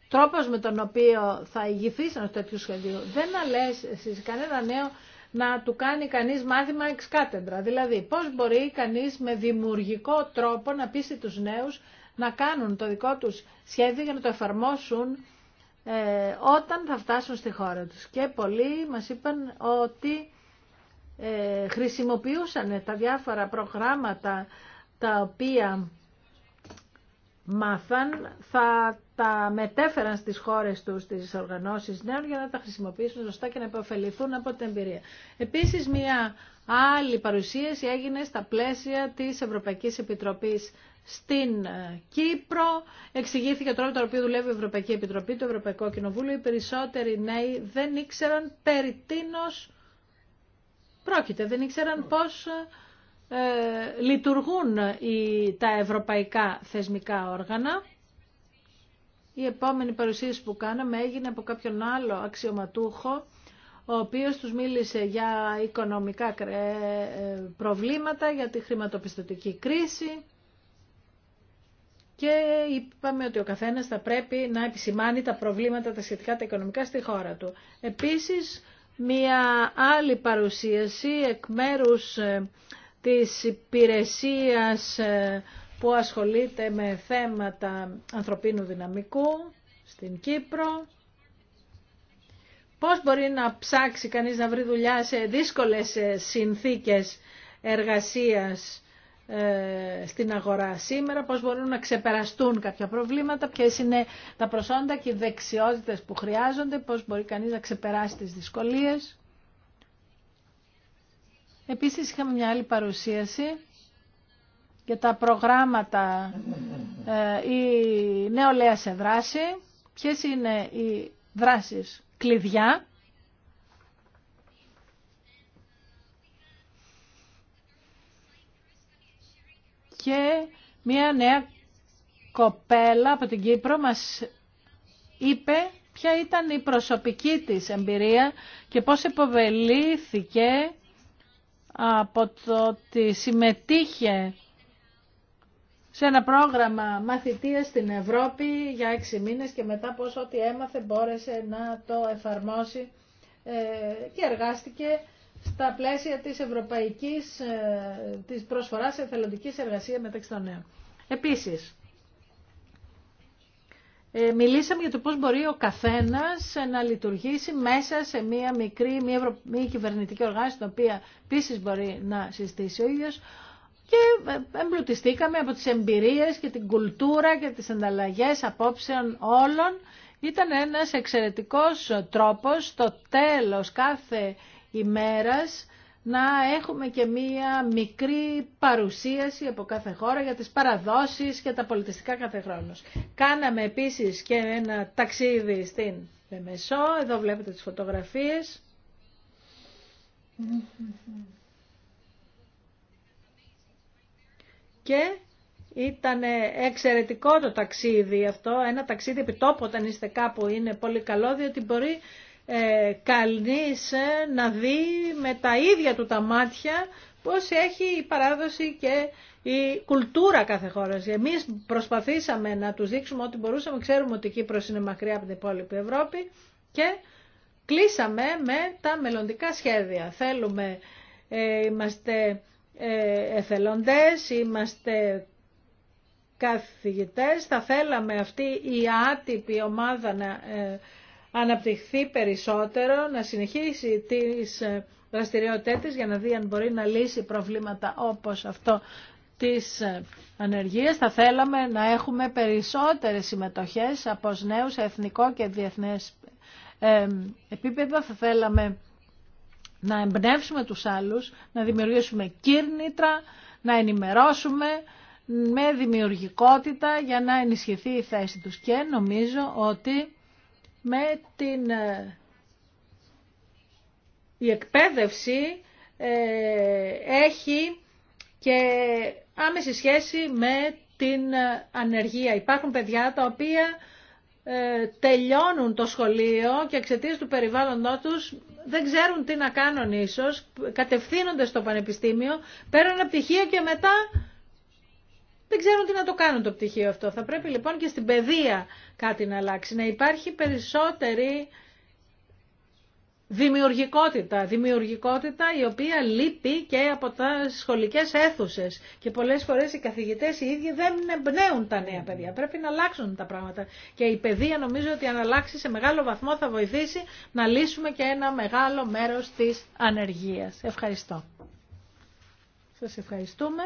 τρόπος με τον οποίο θα ηγηθείς ένα τέτοιο σχέδιο. Δεν να λες κανένα νέο να του κάνει κανείς μάθημα εξ κάτεντρα. Δηλαδή πώς μπορεί κανείς με δημιουργικό τρόπο να πείσει τους νέους να κάνουν το δικό τους σχέδιο για να το εφαρμόσουν ε, όταν θα φτάσουν στη χώρα τους. Και πολλοί μας είπαν ότι ε, χρησιμοποιούσαν τα διάφορα προγράμματα τα οποία μάθαν, θα τα μετέφεραν στις χώρες τους, στις οργανώσεις νέων για να τα χρησιμοποιήσουν σωστά και να επωφεληθούν από την εμπειρία. Επίσης, μια άλλη παρουσίαση έγινε στα πλαίσια της Ευρωπαϊκής Επιτροπής στην ε, Κύπρο. Εξηγήθηκε τώρα το οποίο δουλεύει η Ευρωπαϊκή Επιτροπή, το Ευρωπαϊκό Κοινοβούλιο. Οι περισσότεροι νέοι δεν ήξεραν περί τίνος πρόκειται. Δεν ήξεραν πώς ε, ε, λειτουργούν οι, τα ευρωπαϊκά θεσμικά όργανα. Η επόμενη παρουσίαση που κάναμε έγινε από κάποιον άλλο αξιωματούχο, ο οποίος τους μίλησε για οικονομικά προβλήματα, για τη χρηματοπιστωτική κρίση και είπαμε ότι ο καθένας θα πρέπει να επισημάνει τα προβλήματα τα σχετικά τα οικονομικά στη χώρα του. Επίσης, μια άλλη παρουσίαση εκ μέρους ε, της υπηρεσίας ε, που ασχολείται με θέματα ανθρωπίνου δυναμικού στην Κύπρο. Πώς μπορεί να ψάξει κανείς να βρει δουλειά σε δύσκολες ε, συνθήκες εργασίας ε, στην αγορά σήμερα, πώς μπορούν να ξεπεραστούν κάποια προβλήματα, ποιε είναι τα προσόντα και οι δεξιότητες που χρειάζονται, πώς μπορεί κανείς να ξεπεράσει τις δυσκολίες. Επίσης είχαμε μια άλλη παρουσίαση για τα προγράμματα ε, η νεολαία σε δράση, ποιες είναι οι δράσεις κλειδιά και μία νέα κοπέλα από την Κύπρο μας είπε ποια ήταν η προσωπική της εμπειρία και πώς υποβελήθηκε από το ότι συμμετείχε σε ένα πρόγραμμα μαθητείας στην Ευρώπη για έξι μήνες και μετά πώς ό,τι έμαθε μπόρεσε να το εφαρμόσει ε, και εργάστηκε στα πλαίσια της ευρωπαϊκής ε, της προσφοράς εθελοντικής εργασίας μεταξύ των νέων. Επίσης, ε, μιλήσαμε για το πώς μπορεί ο καθένας να λειτουργήσει μέσα σε μία μικρή, μία, ευρω... κυβερνητική οργάνωση, την οποία επίση μπορεί να συστήσει ο ίδιος, και ε, εμπλουτιστήκαμε από τις εμπειρίες και την κουλτούρα και τις ανταλλαγές απόψεων όλων. Ήταν ένας εξαιρετικός τρόπος στο τέλος κάθε ημέρας να έχουμε και μία μικρή παρουσίαση από κάθε χώρα για τις παραδόσεις και τα πολιτιστικά κάθε χρόνος. Κάναμε επίσης και ένα ταξίδι στην Μεσό, εδώ βλέπετε τις φωτογραφίες. Και ήταν εξαιρετικό το ταξίδι αυτό, ένα ταξίδι επιτόπου όταν είστε κάπου είναι πολύ καλό διότι μπορεί ε, ε, να δει με τα ίδια του τα μάτια πώς έχει η παράδοση και η κουλτούρα κάθε χώρα. Εμείς προσπαθήσαμε να τους δείξουμε ό,τι μπορούσαμε, ξέρουμε ότι η Κύπρος είναι μακριά από την υπόλοιπη Ευρώπη και κλείσαμε με τα μελλοντικά σχέδια. Θέλουμε, ε, είμαστε ε, εθελοντές, είμαστε καθηγητές, θα θέλαμε αυτή η άτυπη ομάδα να... Ε, αναπτυχθεί περισσότερο, να συνεχίσει τις δραστηριότητες για να δει αν μπορεί να λύσει προβλήματα όπως αυτό της ανεργίας. Θα θέλαμε να έχουμε περισσότερες συμμετοχές από νέους σε εθνικό και διεθνές ε, επίπεδο. Θα θέλαμε να εμπνεύσουμε τους άλλους, να δημιουργήσουμε κύρνητρα, να ενημερώσουμε με δημιουργικότητα για να ενισχυθεί η θέση τους. Και νομίζω ότι με την ε, η εκπαίδευση ε, έχει και άμεση σχέση με την ε, ανεργία. Υπάρχουν παιδιά τα οποία τελειώνουν το σχολείο και εξαιτία του περιβάλλοντό τους δεν ξέρουν τι να κάνουν ίσως, κατευθύνονται στο πανεπιστήμιο, παίρνουν ένα πτυχίο και μετά δεν ξέρουν τι να το κάνουν το πτυχίο αυτό. Θα πρέπει λοιπόν και στην παιδεία κάτι να αλλάξει, να υπάρχει περισσότερη δημιουργικότητα, δημιουργικότητα η οποία λείπει και από τα σχολικές αίθουσες και πολλές φορές οι καθηγητές οι ίδιοι δεν εμπνέουν τα νέα παιδιά, πρέπει να αλλάξουν τα πράγματα και η παιδεία νομίζω ότι αν αλλάξει σε μεγάλο βαθμό θα βοηθήσει να λύσουμε και ένα μεγάλο μέρος της ανεργίας. Ευχαριστώ. Σας ευχαριστούμε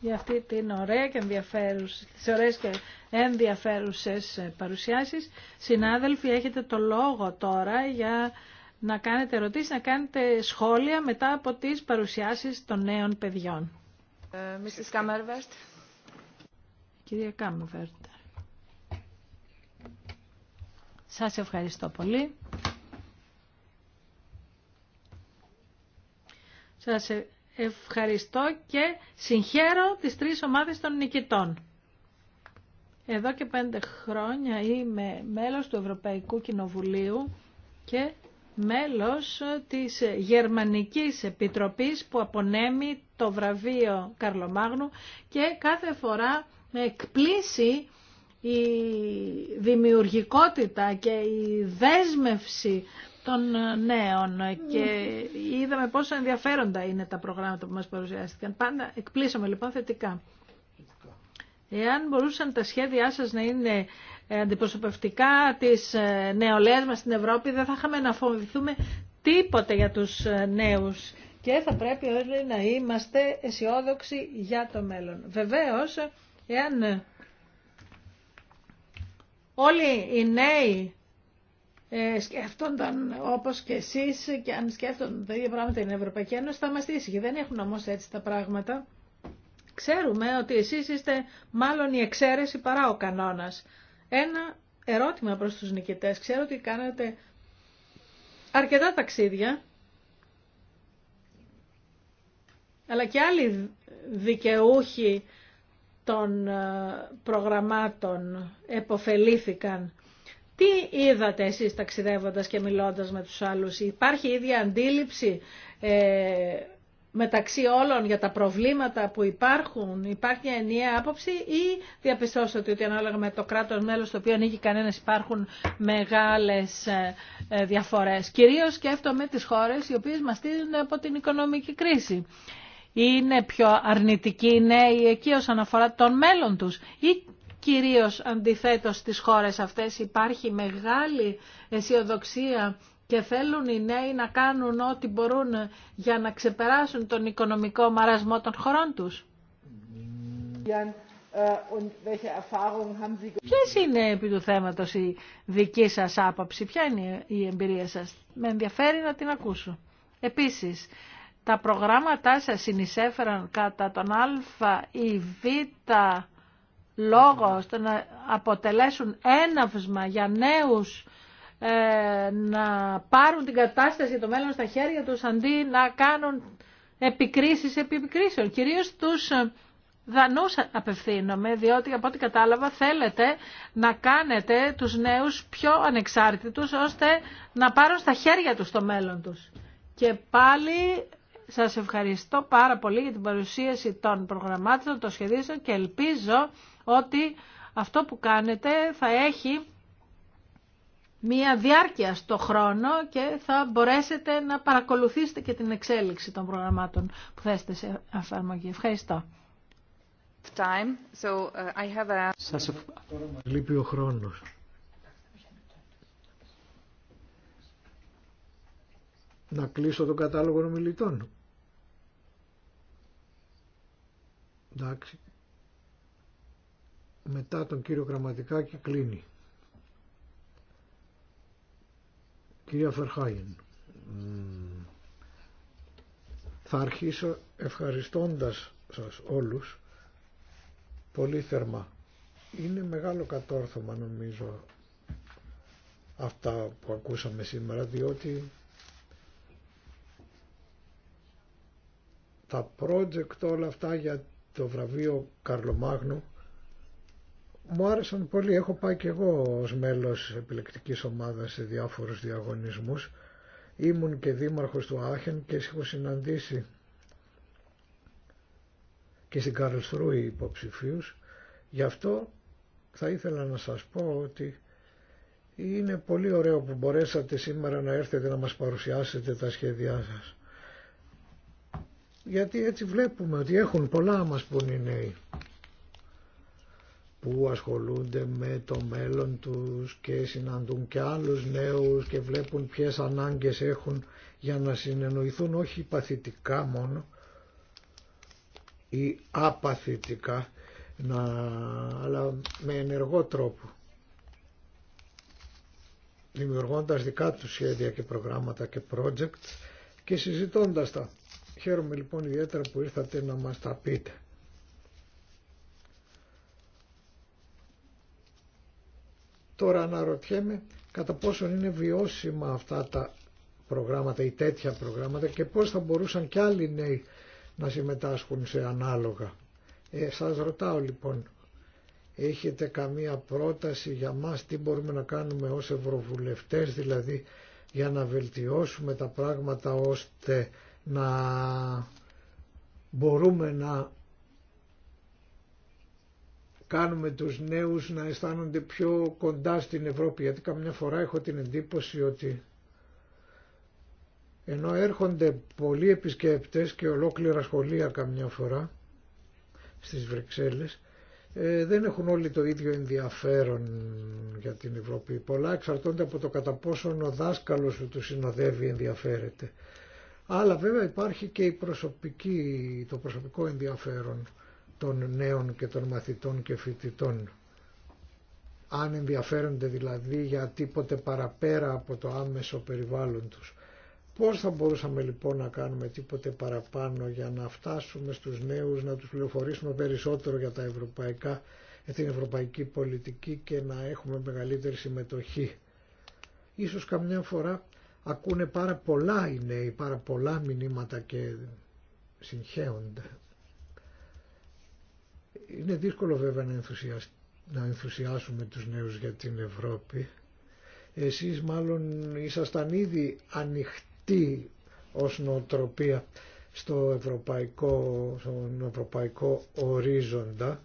για αυτή την ωραία και ενδιαφέρουσα, τις ωραίες και ενδιαφέρουσες παρουσιάσεις. Συνάδελφοι, έχετε το λόγο τώρα για να κάνετε ερωτήσεις, να κάνετε σχόλια μετά από τις παρουσιάσεις των νέων παιδιών. Ε, Mrs. Κυρία Κάμερβερτ. Σας ευχαριστώ πολύ. Σας ευχαριστώ και συγχαίρω τις τρεις ομάδες των νικητών. Εδώ και πέντε χρόνια είμαι μέλος του Ευρωπαϊκού Κοινοβουλίου και μέλος της Γερμανικής Επιτροπής που απονέμει το βραβείο Καρλομάγνου και κάθε φορά με εκπλήσει η δημιουργικότητα και η δέσμευση των ε, νέων και είδαμε πόσο ενδιαφέροντα είναι τα προγράμματα που μας παρουσιάστηκαν. Πάντα εκπλήσαμε λοιπόν θετικά. Εάν μπορούσαν τα σχέδιά σας να είναι ε, αντιπροσωπευτικά της ε, νεολαίας μας στην Ευρώπη, δεν θα είχαμε να φοβηθούμε τίποτε για τους νέους και θα πρέπει όλοι να είμαστε αισιόδοξοι για το μέλλον. Βεβαίως, εάν όλοι οι νέοι ε, σκέφτονταν όπως και εσείς και αν σκέφτονταν τα ίδια πράγματα την Ευρωπαϊκή Ένωση θα είμαστε ήσυχοι. Δεν έχουν όμως έτσι τα πράγματα. Ξέρουμε ότι εσείς είστε μάλλον η εξαίρεση παρά ο κανόνας. Ένα ερώτημα προς τους νικητές. Ξέρω ότι κάνατε αρκετά ταξίδια, αλλά και άλλοι δικαιούχοι των ε, προγραμμάτων εποφελήθηκαν τι είδατε εσείς ταξιδεύοντας και μιλώντας με τους άλλους. Υπάρχει ίδια αντίληψη ε, μεταξύ όλων για τα προβλήματα που υπάρχουν. Υπάρχει μια ενιαία άποψη ή διαπιστώσατε ότι ανάλογα με το κράτος μέλος το οποίο ανήκει κανένας υπάρχουν μεγάλες ε, ε, διαφορές. Κυρίως σκέφτομαι τις χώρες οι οποίες μας στείλουν από την οικονομική κρίση είναι πιο αρνητικοί οι νέοι εκεί όσον αφορά τον μέλλον τους ή Κυρίως αντιθέτως στις χώρες αυτές υπάρχει μεγάλη αισιοδοξία και θέλουν οι νέοι να κάνουν ό,τι μπορούν για να ξεπεράσουν τον οικονομικό μαρασμό των χωρών τους. Äh, Ποιε είναι επί του θέματος η δική σας άποψη, ποια είναι η εμπειρία σας. Με ενδιαφέρει να την ακούσω. Επίσης, τα προγράμματά σας συνεισέφεραν κατά τον α ή β λόγο ώστε να αποτελέσουν έναυσμα για νέους ε, να πάρουν την κατάσταση για το μέλλον στα χέρια τους αντί να κάνουν επικρίσεις επί επικρίσεων. Κυρίως τους ε, δανούς απευθύνομαι, διότι από ό,τι κατάλαβα θέλετε να κάνετε τους νέους πιο ανεξάρτητους ώστε να πάρουν στα χέρια τους το μέλλον τους. Και πάλι σας ευχαριστώ πάρα πολύ για την παρουσίαση των προγραμμάτων, των σχεδίσεων και ελπίζω ότι αυτό που κάνετε θα έχει μία διάρκεια στο χρόνο και θα μπορέσετε να παρακολουθήσετε και την εξέλιξη των προγραμμάτων που θέσετε σε εφαρμογή. Ευχαριστώ. Time, so uh, I have λείπει ο χρόνος. Να κλείσω τον κατάλογο των μιλητών. Εντάξει μετά τον κύριο Γραμματικά και κλείνει. Κυρία Φερχάιν. θα αρχίσω ευχαριστώντας σας όλους πολύ θερμά. Είναι μεγάλο κατόρθωμα νομίζω αυτά που ακούσαμε σήμερα διότι τα project όλα αυτά για το βραβείο Καρλομάγνου μου άρεσαν πολύ. Έχω πάει και εγώ ως μέλος επιλεκτικής ομάδας σε διάφορους διαγωνισμούς. Ήμουν και δήμαρχος του Άχεν και έχω συναντήσει και στην οι υποψηφίους. Γι' αυτό θα ήθελα να σας πω ότι είναι πολύ ωραίο που μπορέσατε σήμερα να έρθετε να μας παρουσιάσετε τα σχέδιά σας. Γιατί έτσι βλέπουμε ότι έχουν πολλά μας πούν οι νέοι που ασχολούνται με το μέλλον τους και συναντούν και άλλους νέους και βλέπουν ποιες ανάγκες έχουν για να συνεννοηθούν όχι παθητικά μόνο ή απαθητικά να, αλλά με ενεργό τρόπο δημιουργώντας δικά τους σχέδια και προγράμματα και projects και συζητώντας τα. Χαίρομαι λοιπόν ιδιαίτερα που ήρθατε να μας τα πείτε. Τώρα αναρωτιέμαι κατά πόσον είναι βιώσιμα αυτά τα προγράμματα ή τέτοια προγράμματα και πώς θα μπορούσαν κι άλλοι νέοι να συμμετάσχουν σε ανάλογα. Ε, σας ρωτάω λοιπόν, έχετε καμία πρόταση για μας τι μπορούμε να κάνουμε ως ευρωβουλευτές δηλαδή για να βελτιώσουμε τα πράγματα ώστε να μπορούμε να κάνουμε τους νέους να αισθάνονται πιο κοντά στην Ευρώπη γιατί καμιά φορά έχω την εντύπωση ότι ενώ έρχονται πολλοί επισκέπτες και ολόκληρα σχολεία καμιά φορά στις Βρυξέλλες ε, δεν έχουν όλοι το ίδιο ενδιαφέρον για την Ευρώπη. Πολλά εξαρτώνται από το κατά πόσον ο δάσκαλος που του συνοδεύει ενδιαφέρεται. Αλλά βέβαια υπάρχει και η προσωπική, το προσωπικό ενδιαφέρον των νέων και των μαθητών και φοιτητών. Αν ενδιαφέρονται δηλαδή για τίποτε παραπέρα από το άμεσο περιβάλλον τους. Πώς θα μπορούσαμε λοιπόν να κάνουμε τίποτε παραπάνω για να φτάσουμε στους νέους, να τους πληροφορήσουμε περισσότερο για τα ευρωπαϊκά, την ευρωπαϊκή πολιτική και να έχουμε μεγαλύτερη συμμετοχή. Ίσως καμιά φορά ακούνε πάρα πολλά οι νέοι, πάρα πολλά μηνύματα και συγχέονται. Είναι δύσκολο βέβαια να, να ενθουσιάσουμε τους νέους για την Ευρώπη. Εσείς μάλλον ήσασταν ήδη ανοιχτοί ως νοοτροπία στο ευρωπαϊκό, στον ευρωπαϊκό ορίζοντα.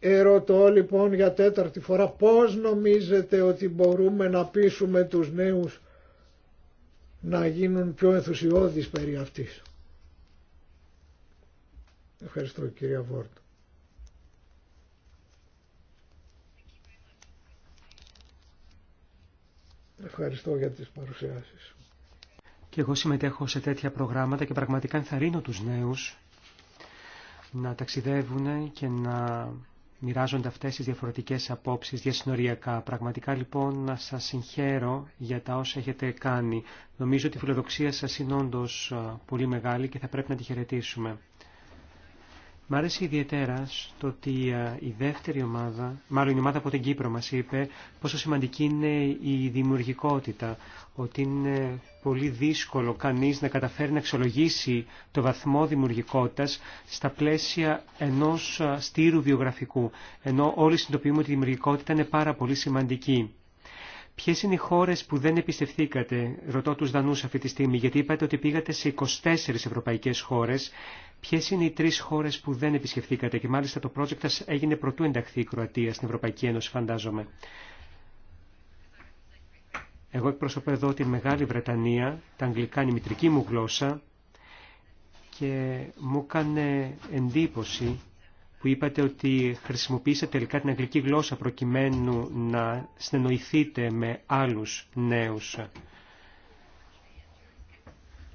Ερωτώ λοιπόν για τέταρτη φορά πώς νομίζετε ότι μπορούμε να πείσουμε τους νέους να γίνουν πιο ενθουσιώδεις περί αυτής. Ευχαριστώ κυρία Βόρτ. Ευχαριστώ για τις παρουσιάσεις. Και εγώ συμμετέχω σε τέτοια προγράμματα και πραγματικά ενθαρρύνω τους νέους να ταξιδεύουν και να μοιράζονται αυτές τις διαφορετικές απόψεις διασυνοριακά. Πραγματικά λοιπόν να σας συγχαίρω για τα όσα έχετε κάνει. Νομίζω ότι η φιλοδοξία σας είναι όντω πολύ μεγάλη και θα πρέπει να τη χαιρετήσουμε. Μ' άρεσε ιδιαίτερα το ότι η δεύτερη ομάδα, μάλλον η ομάδα από την Κύπρο μας είπε πόσο σημαντική είναι η δημιουργικότητα, ότι είναι πολύ δύσκολο κανείς να καταφέρει να αξιολογήσει το βαθμό δημιουργικότητας στα πλαίσια ενός στήρου βιογραφικού, ενώ όλοι συνειδητοποιούμε ότι η δημιουργικότητα είναι πάρα πολύ σημαντική. Ποιε είναι οι χώρε που δεν επισκεφθήκατε, ρωτώ του Δανού αυτή τη στιγμή, γιατί είπατε ότι πήγατε σε 24 ευρωπαϊκέ χώρε. Ποιε είναι οι τρει χώρε που δεν επισκεφθήκατε, και μάλιστα το project σα έγινε πρωτού ενταχθεί η Κροατία στην Ευρωπαϊκή Ένωση, φαντάζομαι. Εγώ εκπροσωπώ εδώ τη Μεγάλη Βρετανία, τα αγγλικά είναι η μητρική μου γλώσσα και μου έκανε εντύπωση που είπατε ότι χρησιμοποίησατε τελικά την αγγλική γλώσσα προκειμένου να συνεννοηθείτε με άλλους νέους.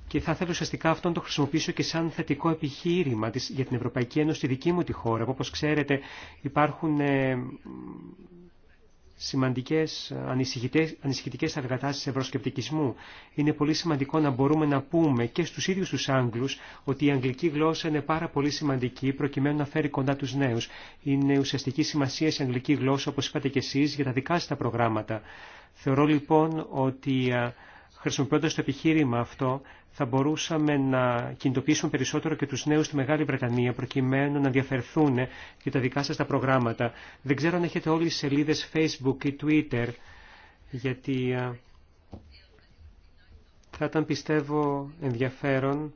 Και θα θέλω ουσιαστικά αυτό να το χρησιμοποιήσω και σαν θετικό επιχείρημα για την Ευρωπαϊκή Ένωση στη δική μου τη χώρα. Όπως ξέρετε υπάρχουν ε, σημαντικές ανησυχητικές αργατάσεις ευρωσκεπτικισμού. Είναι πολύ σημαντικό να μπορούμε να πούμε και στους ίδιους τους Άγγλους ότι η αγγλική γλώσσα είναι πάρα πολύ σημαντική προκειμένου να φέρει κοντά τους νέους. Είναι ουσιαστική σημασία η αγγλική γλώσσα, όπως είπατε και εσείς, για τα δικά σας τα προγράμματα. Θεωρώ λοιπόν ότι χρησιμοποιώντας το επιχείρημα αυτό θα μπορούσαμε να κινητοποιήσουμε περισσότερο και τους νέους στη Μεγάλη Βρετανία προκειμένου να διαφερθούν και τα δικά σας τα προγράμματα. Δεν ξέρω αν έχετε τις σελίδες Facebook ή Twitter γιατί θα ήταν πιστεύω ενδιαφέρον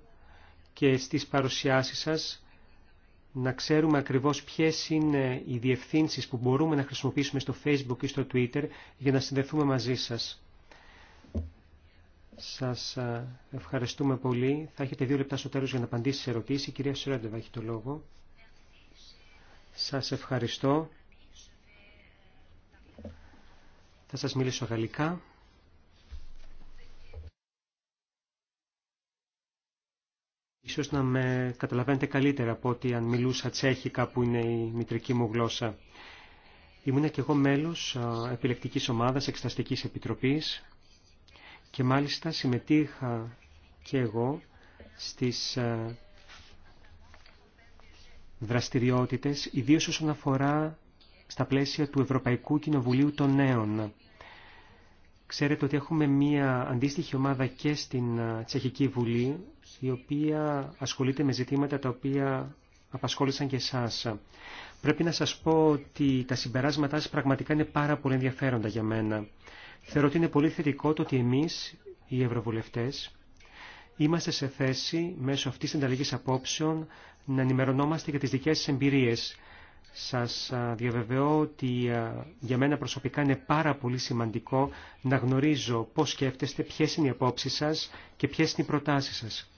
και στις παρουσιάσεις σας να ξέρουμε ακριβώς ποιες είναι οι διευθύνσεις που μπορούμε να χρησιμοποιήσουμε στο Facebook ή στο Twitter για να συνδεθούμε μαζί σας. Σας ε, ευχαριστούμε πολύ. Θα έχετε δύο λεπτά στο τέλος για να απαντήσετε σε ερωτήσεις. Η κυρία Σρέντεβα έχει το λόγο. Σας ευχαριστώ. Θα σας μιλήσω γαλλικά. Ίσως να με καταλαβαίνετε καλύτερα από ότι αν μιλούσα τσέχικα που είναι η μητρική μου γλώσσα. Ήμουν και εγώ μέλος ε, επιλεκτικής ομάδας Εξεταστικής Επιτροπής και μάλιστα συμμετείχα και εγώ στις ε, δραστηριότητες, ιδίως όσον αφορά στα πλαίσια του Ευρωπαϊκού Κοινοβουλίου των Νέων. Ξέρετε ότι έχουμε μία αντίστοιχη ομάδα και στην ε, Τσεχική Βουλή, η οποία ασχολείται με ζητήματα τα οποία απασχόλησαν και εσά. Πρέπει να σας πω ότι τα συμπεράσματά σας πραγματικά είναι πάρα πολύ ενδιαφέροντα για μένα. Θεωρώ ότι είναι πολύ θετικό το ότι εμείς, οι Ευρωβουλευτές, είμαστε σε θέση μέσω αυτής της ανταλλαγής απόψεων να ενημερωνόμαστε για τις δικές σας εμπειρίες. Σας διαβεβαιώ ότι για μένα προσωπικά είναι πάρα πολύ σημαντικό να γνωρίζω πώς σκέφτεστε, ποιες είναι οι απόψεις σας και ποιες είναι οι προτάσεις σα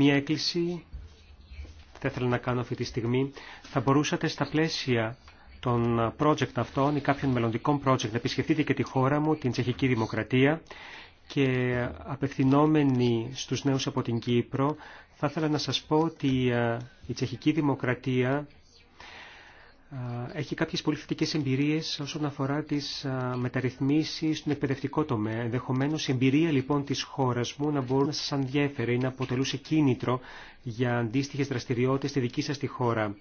Μία έκκληση θα ήθελα να κάνω αυτή τη στιγμή, θα μπορούσατε στα πλαίσια των project αυτών ή κάποιων μελλοντικών project να επισκεφτείτε και τη χώρα μου, την Τσεχική Δημοκρατία και απευθυνόμενοι στους νέους από την Κύπρο θα ήθελα να σας πω ότι ε, η Τσεχική Δημοκρατία έχει κάποιες πολύ θετικές εμπειρίες όσον αφορά τις μεταρρυθμίσεις στον εκπαιδευτικό τομέα. Ενδεχομένως η εμπειρία λοιπόν της χώρας μου να μπορούσε να σας ενδιέφερε ή να αποτελούσε κίνητρο για αντίστοιχε δραστηριότητες στη δική σας τη χώρα.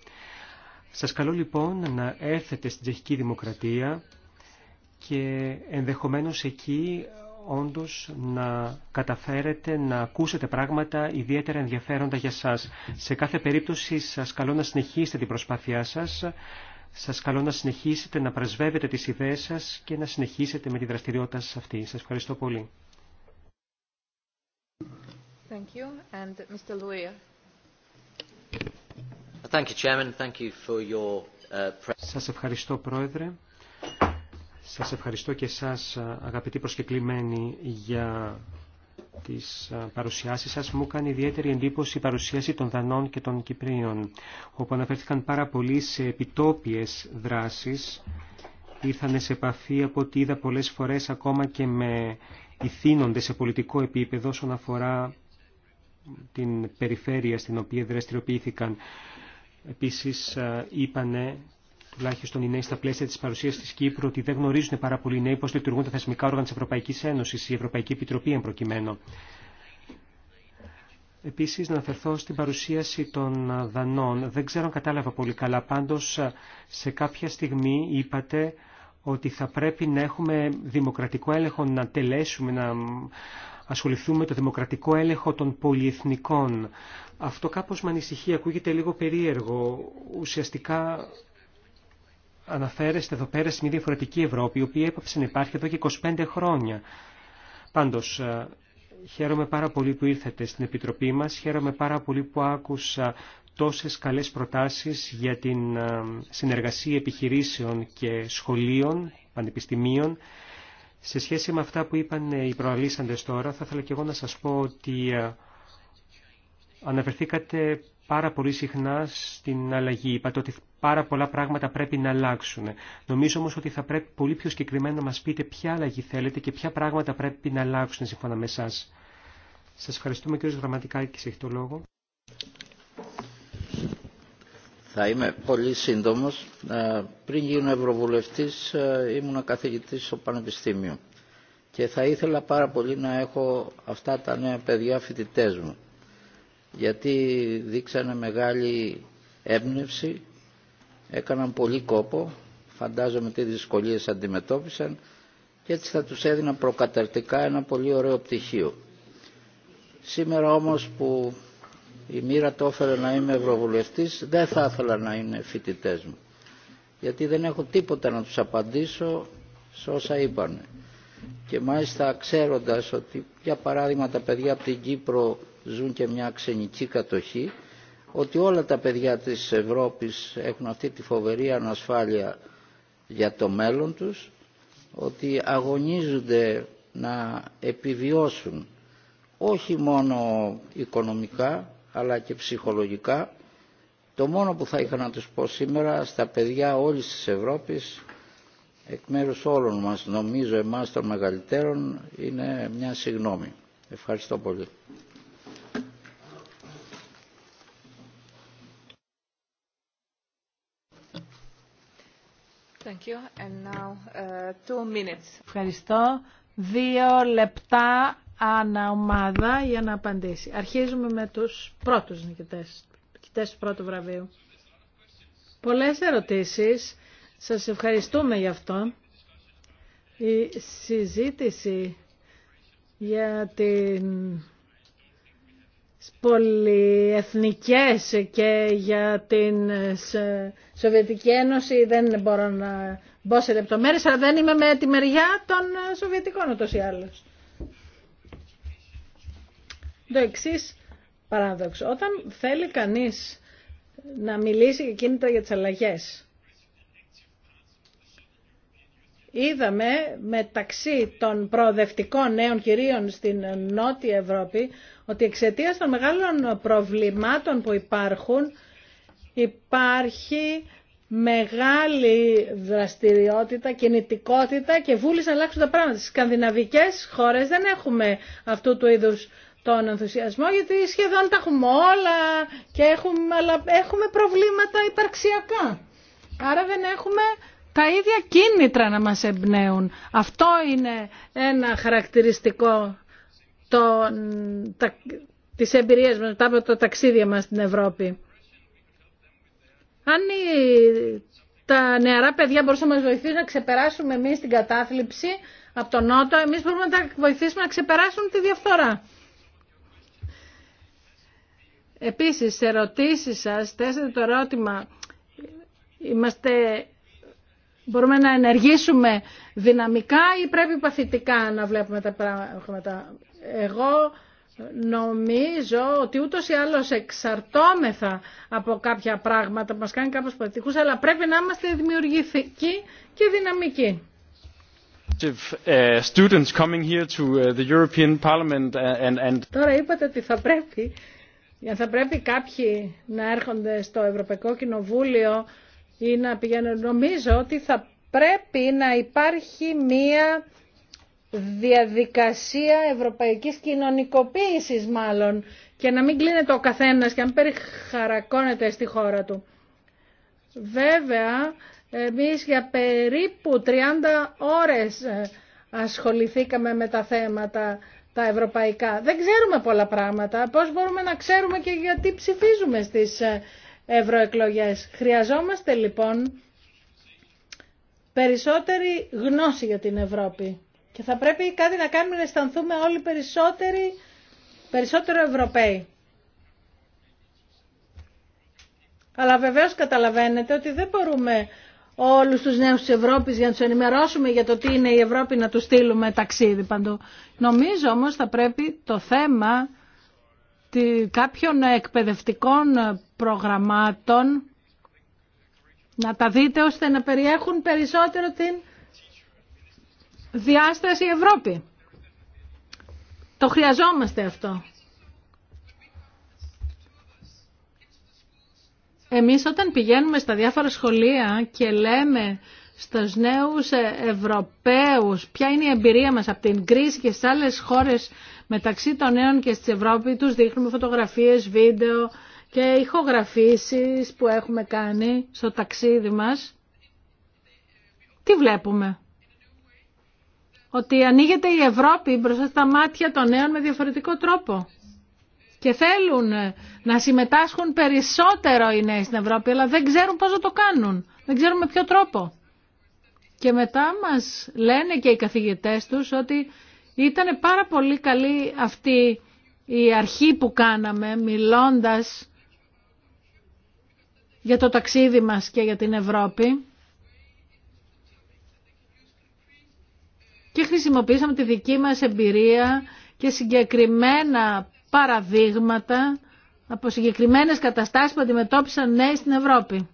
Σας καλώ λοιπόν να έρθετε στην Τσεχική Δημοκρατία και ενδεχομένως εκεί όντως να καταφέρετε να ακούσετε πράγματα ιδιαίτερα ενδιαφέροντα για σας. Σε κάθε περίπτωση σας καλώ να συνεχίσετε την προσπάθειά σας, σας καλώ να συνεχίσετε να πρεσβεύετε τις ιδέες σας και να συνεχίσετε με τη δραστηριότητα σας αυτή. Σας ευχαριστώ πολύ. Thank you. And Mr. Uh, σας ευχαριστώ, Πρόεδρε. Σας ευχαριστώ και εσάς αγαπητοί προσκεκλημένοι για τις παρουσιάσεις σας. Μου κάνει ιδιαίτερη εντύπωση η παρουσίαση των Δανών και των Κυπρίων, όπου αναφέρθηκαν πάρα πολύ σε επιτόπιες δράσεις. Ήρθανε σε επαφή από ό,τι είδα πολλές φορές ακόμα και με ηθήνονται σε πολιτικό επίπεδο όσον αφορά την περιφέρεια στην οποία δραστηριοποιήθηκαν. Επίσης είπανε τουλάχιστον οι νέοι στα πλαίσια τη παρουσία τη Κύπρου, ότι δεν γνωρίζουν πάρα πολύ νέοι πώ λειτουργούν τα θεσμικά όργανα τη Ευρωπαϊκή Ένωση, η Ευρωπαϊκή Επιτροπή εν προκειμένου. Επίσης, να αναφερθώ στην παρουσίαση των Δανών. Δεν ξέρω αν κατάλαβα πολύ καλά. Πάντως, σε κάποια στιγμή είπατε ότι θα πρέπει να έχουμε δημοκρατικό έλεγχο, να τελέσουμε, να ασχοληθούμε με το δημοκρατικό έλεγχο των πολυεθνικών. Αυτό κάπως με ανησυχεί, ακούγεται λίγο περίεργο. Ουσιαστικά αναφέρεστε εδώ πέρα σε μια διαφορετική Ευρώπη, η οποία έπαψε να υπάρχει εδώ και 25 χρόνια. Πάντως, ε, χαίρομαι πάρα πολύ που ήρθατε στην Επιτροπή μας, χαίρομαι πάρα πολύ που άκουσα τόσες καλές προτάσεις για την ε, συνεργασία επιχειρήσεων και σχολείων, πανεπιστημίων. Σε σχέση με αυτά που είπαν οι προαλήσαντες τώρα, θα ήθελα και εγώ να σας πω ότι ε, αναφερθήκατε πάρα πολύ συχνά στην αλλαγή. Είπατε ότι πάρα πολλά πράγματα πρέπει να αλλάξουν. Νομίζω όμω ότι θα πρέπει πολύ πιο συγκεκριμένα να μα πείτε ποια αλλαγή θέλετε και ποια πράγματα πρέπει να αλλάξουν σύμφωνα με εσά. Σας ευχαριστούμε και Γραμματικάκης, έχει το λόγο. Θα είμαι πολύ σύντομο. Ε, πριν γίνω ευρωβουλευτή, ε, ήμουν καθηγητή στο Πανεπιστήμιο και θα ήθελα πάρα πολύ να έχω αυτά τα νέα παιδιά φοιτητέ μου γιατί δείξανε μεγάλη έμπνευση, έκαναν πολύ κόπο, φαντάζομαι τι δυσκολίες αντιμετώπισαν και έτσι θα τους έδινα προκαταρτικά ένα πολύ ωραίο πτυχίο. Σήμερα όμως που η μοίρα το έφερε να είμαι ευρωβουλευτής, δεν θα ήθελα να είναι φοιτητέ μου. Γιατί δεν έχω τίποτα να τους απαντήσω σε όσα είπανε. Και μάλιστα ξέροντας ότι, για παράδειγμα, τα παιδιά από την Κύπρο ζουν και μια ξενική κατοχή, ότι όλα τα παιδιά της Ευρώπης έχουν αυτή τη φοβερή ανασφάλεια για το μέλλον τους, ότι αγωνίζονται να επιβιώσουν όχι μόνο οικονομικά αλλά και ψυχολογικά. Το μόνο που θα είχα να τους πω σήμερα στα παιδιά όλης της Ευρώπης εκ μέρους όλων μας νομίζω εμάς των μεγαλύτερων είναι μια συγνώμη. Ευχαριστώ πολύ. Uh, Ευχαριστώ. Δύο λεπτά ομάδα για να απαντήσει. Αρχίζουμε με τους πρώτους νικητές, νικητές του πρώτου βραβείου. Πολλές ερωτήσεις. Σας ευχαριστούμε γι' αυτό. Η συζήτηση για την πολυεθνικές και για την Σοβιετική Ένωση δεν μπορώ να μπω σε λεπτομέρειες, αλλά δεν είμαι με τη μεριά των ε, Σοβιετικών ούτως ή άλλως. Το εξή παράδοξο. Όταν θέλει κανείς να μιλήσει και κίνητα για τις αλλαγές, Είδαμε μεταξύ των προοδευτικών νέων κυρίων στην Νότια Ευρώπη ότι εξαιτία των μεγάλων προβλημάτων που υπάρχουν υπάρχει μεγάλη δραστηριότητα, κινητικότητα και βούληση να αλλάξουν τα πράγματα. Στις σκανδιναβικές χώρες δεν έχουμε αυτού του είδους τον ενθουσιασμό γιατί σχεδόν τα έχουμε όλα και έχουμε, αλλά έχουμε προβλήματα υπαρξιακά. Άρα δεν έχουμε τα ίδια κίνητρα να μας εμπνέουν. Αυτό είναι ένα χαρακτηριστικό των, τα, της εμπειρίας μας μετά από το ταξίδι μας στην Ευρώπη. Αν τα νεαρά παιδιά μπορούσαν να μας βοηθήσουν να ξεπεράσουμε εμείς την κατάθλιψη από τον Νότο, εμείς μπορούμε να τα βοηθήσουμε να ξεπεράσουν τη διαφθορά. Επίσης, σε ερωτήσεις σας, θέσατε το ερώτημα, είμαστε Μπορούμε να ενεργήσουμε δυναμικά ή πρέπει παθητικά να βλέπουμε τα πράγματα. Εγώ νομίζω ότι ούτως ή άλλως εξαρτώμεθα από κάποια πράγματα που μας κάνει κάπως παθητικούς, αλλά πρέπει να είμαστε δημιουργητικοί και δυναμικοί. Τώρα είπατε ότι θα πρέπει, θα πρέπει κάποιοι να έρχονται στο Ευρωπαϊκό Κοινοβούλιο ή να Νομίζω ότι θα πρέπει να υπάρχει μία διαδικασία ευρωπαϊκής κοινωνικοποίησης μάλλον και να μην κλείνεται ο καθένας και να μην περιχαρακώνεται στη χώρα του. Βέβαια, εμείς για περίπου 30 ώρες ε, ασχοληθήκαμε με τα θέματα τα ευρωπαϊκά. Δεν ξέρουμε πολλά πράγματα. Πώς μπορούμε να ξέρουμε και γιατί ψηφίζουμε στις ε, ευρωεκλογέ. Χρειαζόμαστε λοιπόν περισσότερη γνώση για την Ευρώπη. Και θα πρέπει κάτι να κάνουμε να αισθανθούμε όλοι περισσότεροι, περισσότερο Ευρωπαίοι. Αλλά βεβαίως καταλαβαίνετε ότι δεν μπορούμε όλους τους νέους της Ευρώπης για να τους ενημερώσουμε για το τι είναι η Ευρώπη να τους στείλουμε ταξίδι παντού. Νομίζω όμως θα πρέπει το θέμα κάποιων εκπαιδευτικών προγραμμάτων να τα δείτε ώστε να περιέχουν περισσότερο την διάσταση Ευρώπη. Το χρειαζόμαστε αυτό. Εμείς όταν πηγαίνουμε στα διάφορα σχολεία και λέμε στους νέους Ευρωπαίους ποια είναι η εμπειρία μας από την κρίση και στις άλλες χώρες μεταξύ των νέων και στην Ευρώπη τους δείχνουμε φωτογραφίες, βίντεο, και ηχογραφήσεις που έχουμε κάνει στο ταξίδι μας, τι βλέπουμε. Ότι ανοίγεται η Ευρώπη μπροστά στα μάτια των νέων με διαφορετικό τρόπο. Και θέλουν ε, να συμμετάσχουν περισσότερο οι νέοι στην Ευρώπη, αλλά δεν ξέρουν πώς να το κάνουν. Δεν ξέρουν με ποιο τρόπο. Και μετά μας λένε και οι καθηγητές τους ότι ήταν πάρα πολύ καλή αυτή η αρχή που κάναμε μιλώντας για το ταξίδι μας και για την Ευρώπη. Και χρησιμοποίησαμε τη δική μας εμπειρία και συγκεκριμένα παραδείγματα από συγκεκριμένες καταστάσεις που αντιμετώπισαν νέοι στην Ευρώπη.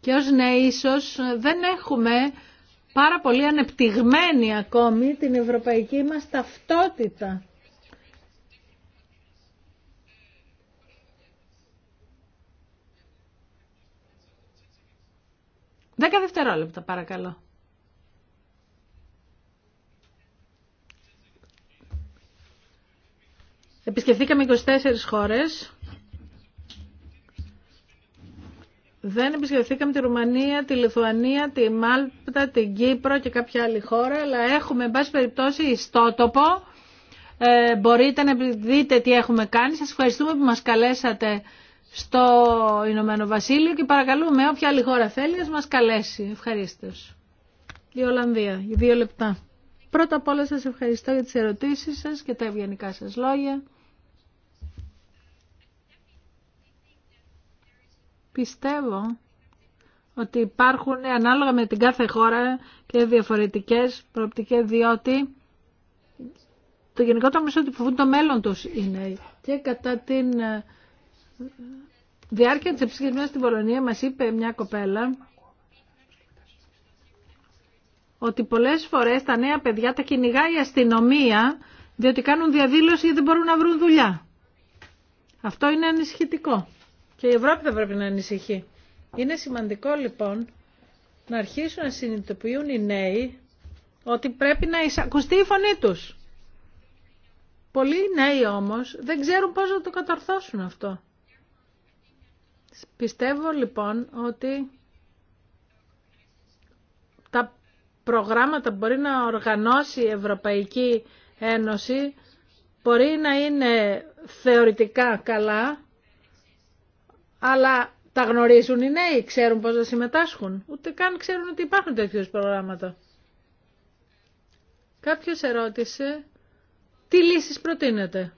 Και ως νέοι ίσως δεν έχουμε πάρα πολύ ανεπτυγμένη ακόμη την ευρωπαϊκή μας ταυτότητα Δέκα δευτερόλεπτα παρακαλώ. Επισκεφθήκαμε 24 χώρες. Δεν επισκεφθήκαμε τη Ρουμανία, τη Λιθουανία, τη Μάλτα, την Κύπρο και κάποια άλλη χώρα, αλλά έχουμε, εν πάση περιπτώσει, ιστότοπο. Ε, μπορείτε να δείτε τι έχουμε κάνει. Σας ευχαριστούμε που μας καλέσατε στο Ηνωμένο Βασίλειο και παρακαλούμε όποια άλλη χώρα θέλει να μας καλέσει. Ευχαριστώ. Η Ολλανδία, για δύο λεπτά. Πρώτα απ' όλα σας ευχαριστώ για τις ερωτήσεις σας και τα ευγενικά σας λόγια. Πιστεύω ότι υπάρχουν ανάλογα με την κάθε χώρα και διαφορετικές προοπτικές διότι το γενικό το μισό ότι φοβούν το μέλλον τους είναι και κατά την ε, διάρκεια της επισκευμένης στην Πολωνία μας είπε μια κοπέλα ότι πολλές φορές τα νέα παιδιά τα κυνηγάει η αστυνομία διότι κάνουν διαδήλωση ή δεν μπορούν να βρουν δουλειά. Αυτό είναι ανησυχητικό. Και η Ευρώπη δεν πρέπει να ανησυχεί. Είναι σημαντικό λοιπόν να αρχίσουν να συνειδητοποιούν οι νέοι ότι πρέπει να εισακουστεί η φωνή τους. Πολλοί νέοι όμως δεν ξέρουν πώς να το καταρθώσουν αυτό. Πιστεύω λοιπόν ότι τα προγράμματα που μπορεί να οργανώσει η Ευρωπαϊκή Ένωση μπορεί να είναι θεωρητικά καλά, αλλά τα γνωρίζουν οι νέοι, ξέρουν πώς να συμμετάσχουν. Ούτε καν ξέρουν ότι υπάρχουν τέτοιες προγράμματα. Κάποιος ερώτησε τι λύσεις προτείνεται.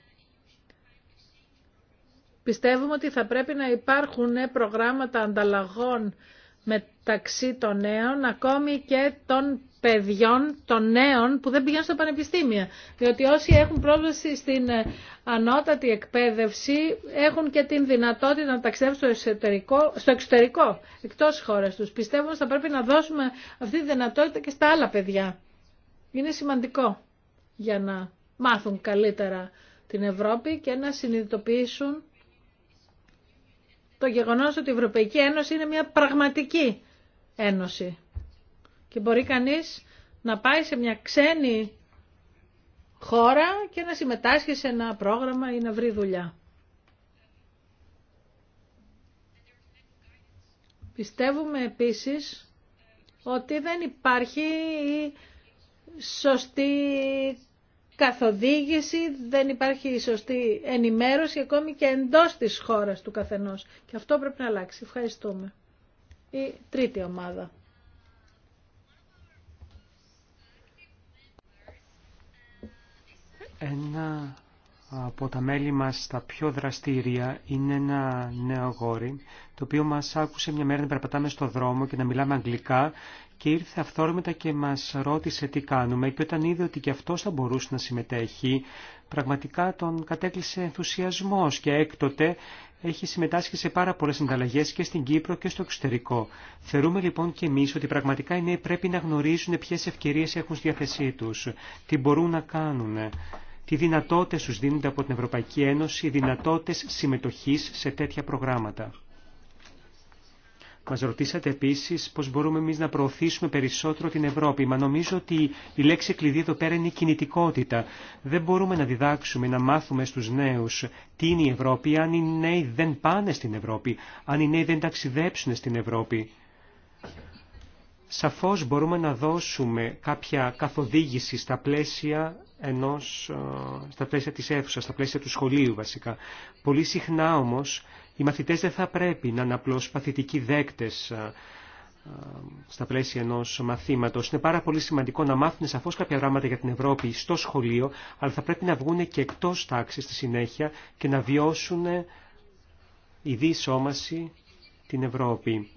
Πιστεύουμε ότι θα πρέπει να υπάρχουν προγράμματα ανταλλαγών μεταξύ των νέων, ακόμη και των παιδιών, των νέων που δεν πηγαίνουν στα πανεπιστήμια. Διότι όσοι έχουν πρόσβαση στην ε, ανώτατη εκπαίδευση έχουν και την δυνατότητα να ταξιδεύουν στο, εξωτερικό, στο εξωτερικό, εκτός χώρας τους. Πιστεύω ότι θα πρέπει να δώσουμε αυτή τη δυνατότητα και στα άλλα παιδιά. Είναι σημαντικό για να μάθουν καλύτερα την Ευρώπη και να συνειδητοποιήσουν το γεγονός ότι η Ευρωπαϊκή Ένωση είναι μια πραγματική ένωση. Και μπορεί κανείς να πάει σε μια ξένη χώρα και να συμμετάσχει σε ένα πρόγραμμα ή να βρει δουλειά. Πιστεύουμε επίσης ότι δεν υπάρχει σωστή καθοδήγηση, δεν υπάρχει σωστή ενημέρωση ακόμη και εντός της χώρας του καθενός. Και αυτό πρέπει να αλλάξει. Ευχαριστούμε. Η τρίτη ομάδα. Ένα από τα μέλη μας τα πιο δραστήρια είναι ένα νέο γόρι, το οποίο μας άκουσε μια μέρα να περπατάμε στο δρόμο και να μιλάμε αγγλικά και ήρθε αυθόρμητα και μας ρώτησε τι κάνουμε και όταν είδε ότι και αυτός θα μπορούσε να συμμετέχει, πραγματικά τον κατέκλυσε ενθουσιασμός και έκτοτε έχει συμμετάσχει σε πάρα πολλές συνταλλαγές και στην Κύπρο και στο εξωτερικό. Θεωρούμε λοιπόν και εμείς ότι πραγματικά οι νέοι πρέπει να γνωρίζουν ποιες ευκαιρίες έχουν στη διάθεσή τους, τι μπορούν να κάνουν. Τι δυνατότητες τους δίνονται από την Ευρωπαϊκή Ένωση, δυνατότητες συμμετοχής σε τέτοια προγράμματα. Μας ρωτήσατε επίσης πώς μπορούμε εμείς να προωθήσουμε περισσότερο την Ευρώπη. Μα νομίζω ότι η λέξη κλειδί εδώ πέρα είναι η κινητικότητα. Δεν μπορούμε να διδάξουμε, να μάθουμε στους νέους τι είναι η Ευρώπη αν οι νέοι δεν πάνε στην Ευρώπη, αν οι νέοι δεν ταξιδέψουν στην Ευρώπη. Σαφώς μπορούμε να δώσουμε κάποια καθοδήγηση στα πλαίσια ενός, ε, στα πλαίσια της αίθουσα, στα πλαίσια του σχολείου βασικά. Πολύ συχνά όμως οι μαθητές δεν θα πρέπει να είναι απλώς παθητικοί δέκτες στα πλαίσια ενός μαθήματος. Είναι πάρα πολύ σημαντικό να μάθουν σαφώ κάποια πράγματα για την Ευρώπη στο σχολείο, αλλά θα πρέπει να βγουν και εκτό τάξη στη συνέχεια και να βιώσουν η δίσόμαση την Ευρώπη.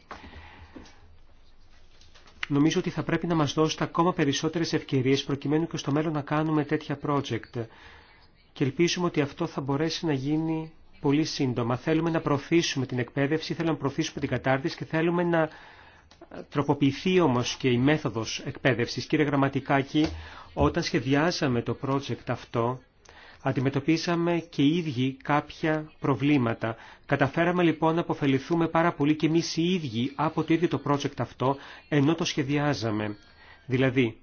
Νομίζω ότι θα πρέπει να μας δώσετε ακόμα περισσότερες ευκαιρίες προκειμένου και στο μέλλον να κάνουμε τέτοια project και ελπίζουμε ότι αυτό θα μπορέσει να γίνει πολύ σύντομα. Θέλουμε να προωθήσουμε την εκπαίδευση, θέλουμε να προωθήσουμε την κατάρτιση και θέλουμε να τροποποιηθεί όμως και η μέθοδος εκπαίδευσης. Κύριε Γραμματικάκη, όταν σχεδιάσαμε το project αυτό, αντιμετωπίσαμε και οι ίδιοι κάποια προβλήματα. Καταφέραμε λοιπόν να αποφεληθούμε πάρα πολύ και εμεί οι ίδιοι από το ίδιο το project αυτό, ενώ το σχεδιάζαμε. Δηλαδή,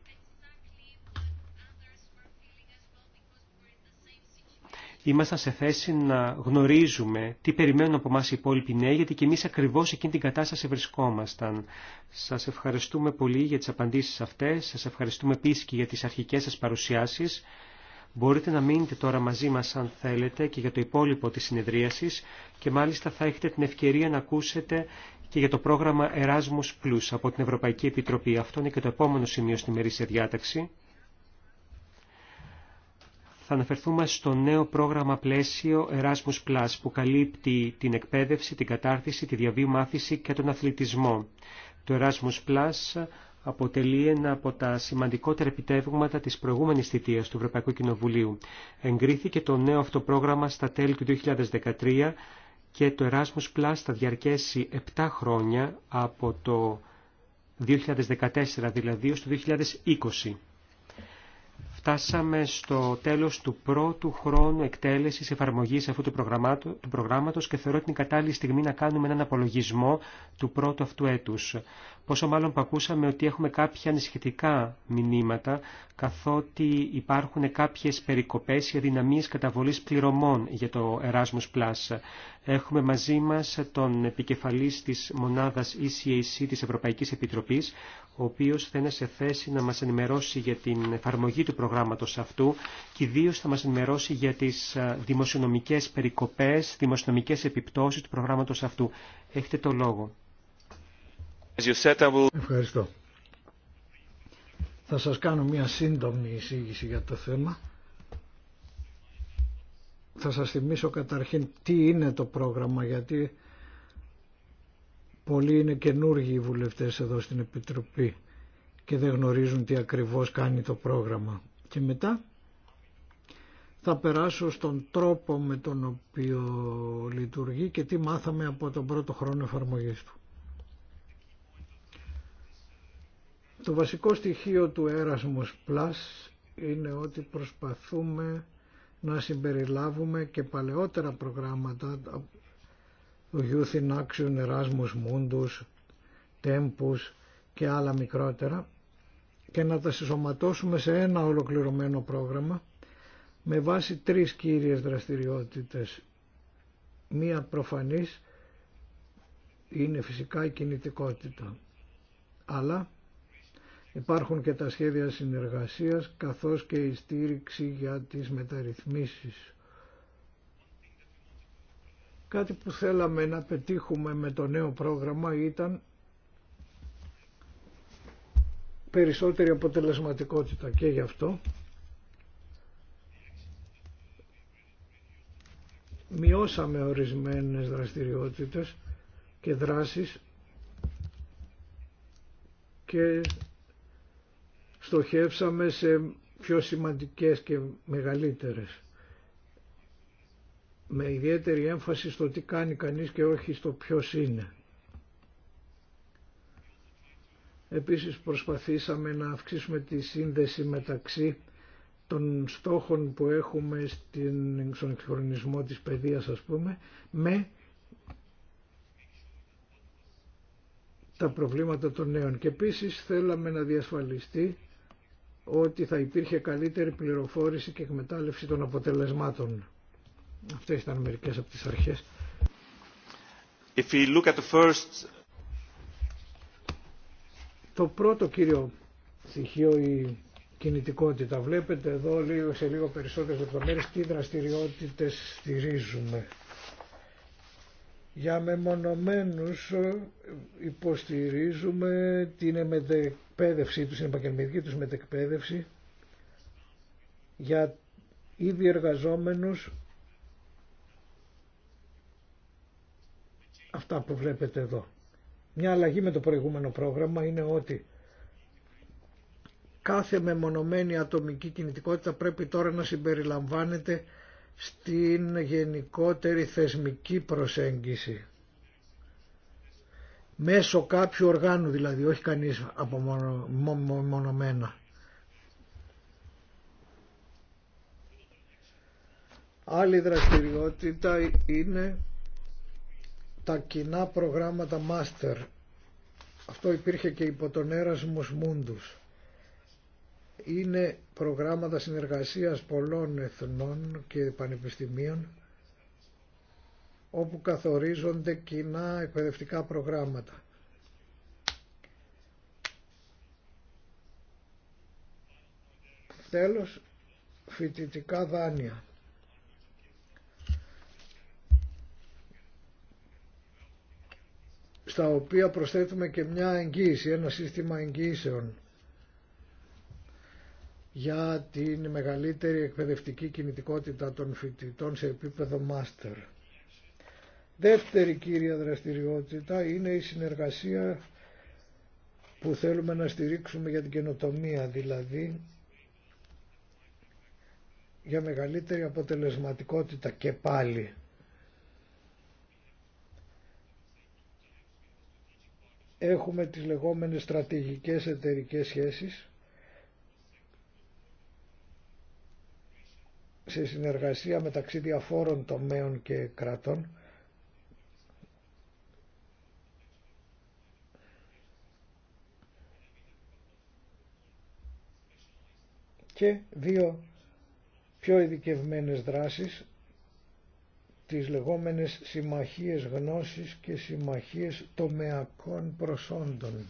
ήμασταν σε θέση να γνωρίζουμε τι περιμένουν από εμά οι υπόλοιποι νέοι, γιατί και εμείς ακριβώς εκείνη την κατάσταση βρισκόμασταν. Σας ευχαριστούμε πολύ για τις απαντήσεις αυτές, σας ευχαριστούμε επίσης και για τις αρχικές σας παρουσιάσεις. Μπορείτε να μείνετε τώρα μαζί μας αν θέλετε και για το υπόλοιπο της συνεδρίασης και μάλιστα θα έχετε την ευκαιρία να ακούσετε και για το πρόγραμμα Erasmus Plus από την Ευρωπαϊκή Επιτροπή. Αυτό είναι και το επόμενο σημείο στη μερίσια διάταξη θα αναφερθούμε στο νέο πρόγραμμα πλαίσιο Erasmus Plus που καλύπτει την εκπαίδευση, την κατάρτιση, τη διαβίου μάθηση και τον αθλητισμό. Το Erasmus Plus αποτελεί ένα από τα σημαντικότερα επιτεύγματα της προηγούμενης θητείας του Ευρωπαϊκού Κοινοβουλίου. Εγκρίθηκε το νέο αυτό πρόγραμμα στα τέλη του 2013 και το Erasmus Plus θα διαρκέσει 7 χρόνια από το 2014 δηλαδή ως το 2020. Φτάσαμε στο τέλος του πρώτου χρόνου εκτέλεσης εφαρμογής αυτού του, του προγράμματος και θεωρώ την κατάλληλη στιγμή να κάνουμε έναν απολογισμό του πρώτου αυτού έτους. Πόσο μάλλον που ακούσαμε ότι έχουμε κάποια ανησυχητικά μηνύματα, καθότι υπάρχουν κάποιες περικοπές ή αδυναμίες καταβολής πληρωμών για το Erasmus+. Έχουμε μαζί μας τον επικεφαλής της μονάδας ECAC της Ευρωπαϊκής Επιτροπής, ο οποίος θα είναι σε θέση να μας ενημερώσει για την εφαρμογή του προγράμματος αυτού και ιδίω θα μας ενημερώσει για τις δημοσιονομικές περικοπές, δημοσιονομικές επιπτώσεις του προγράμματος αυτού. Έχετε το λόγο. Ευχαριστώ. Θα σας κάνω μια σύντομη εισήγηση για το θέμα θα σας θυμίσω καταρχήν τι είναι το πρόγραμμα γιατί πολλοί είναι καινούργοι οι βουλευτές εδώ στην Επιτροπή και δεν γνωρίζουν τι ακριβώς κάνει το πρόγραμμα. Και μετά θα περάσω στον τρόπο με τον οποίο λειτουργεί και τι μάθαμε από τον πρώτο χρόνο εφαρμογής του. Το βασικό στοιχείο του Erasmus Plus είναι ότι προσπαθούμε να συμπεριλάβουμε και παλαιότερα προγράμματα του Youth in Action, Erasmus Mundus, Tempus και άλλα μικρότερα και να τα συσσωματώσουμε σε ένα ολοκληρωμένο πρόγραμμα με βάση τρεις κύριες δραστηριότητες. Μία προφανής είναι φυσικά η κινητικότητα, αλλά Υπάρχουν και τα σχέδια συνεργασίας καθώς και η στήριξη για τις μεταρρυθμίσεις. Κάτι που θέλαμε να πετύχουμε με το νέο πρόγραμμα ήταν περισσότερη αποτελεσματικότητα και γι' αυτό μειώσαμε ορισμένες δραστηριότητες και δράσεις και στοχεύσαμε σε πιο σημαντικές και μεγαλύτερες. Με ιδιαίτερη έμφαση στο τι κάνει κανείς και όχι στο ποιος είναι. Επίσης προσπαθήσαμε να αυξήσουμε τη σύνδεση μεταξύ των στόχων που έχουμε στην, στον της παιδείας ας πούμε με τα προβλήματα των νέων και επίσης θέλαμε να διασφαλιστεί ότι θα υπήρχε καλύτερη πληροφόρηση και εκμετάλλευση των αποτελεσμάτων. Αυτές ήταν μερικές από τις αρχές. If we look at Το πρώτο κύριο στοιχείο η κινητικότητα. Βλέπετε εδώ λίγο, σε λίγο περισσότερες λεπτομέρειες τι δραστηριότητες στηρίζουμε. Για μεμονωμένους ε, υποστηρίζουμε την μετεκπαίδευση τους, την επαγγελματική τους μετεκπαίδευση για ήδη εργαζόμενους αυτά που βλέπετε εδώ. Μια αλλαγή με το προηγούμενο πρόγραμμα είναι ότι κάθε μεμονωμένη ατομική κινητικότητα πρέπει τώρα να συμπεριλαμβάνεται στην γενικότερη θεσμική προσέγγιση. Μέσω κάποιου οργάνου δηλαδή, όχι κανείς από μονομένα. Άλλη δραστηριότητα είναι τα κοινά προγράμματα μάστερ. Αυτό υπήρχε και υπό τον Έρασμος Μούντους είναι προγράμματα συνεργασίας πολλών εθνών και πανεπιστημίων όπου καθορίζονται κοινά εκπαιδευτικά προγράμματα. Τέλος, φοιτητικά δάνεια. στα οποία προσθέτουμε και μια εγγύηση, ένα σύστημα εγγύησεων για την μεγαλύτερη εκπαιδευτική κινητικότητα των φοιτητών σε επίπεδο μάστερ. Δεύτερη κύρια δραστηριότητα είναι η συνεργασία που θέλουμε να στηρίξουμε για την καινοτομία, δηλαδή για μεγαλύτερη αποτελεσματικότητα και πάλι. Έχουμε τις λεγόμενες στρατηγικές εταιρικές σχέσεις σε συνεργασία μεταξύ διαφόρων τομέων και κρατών και δύο πιο ειδικευμένες δράσεις τις λεγόμενες συμμαχίες γνώσης και συμμαχίες τομεακών προσόντων.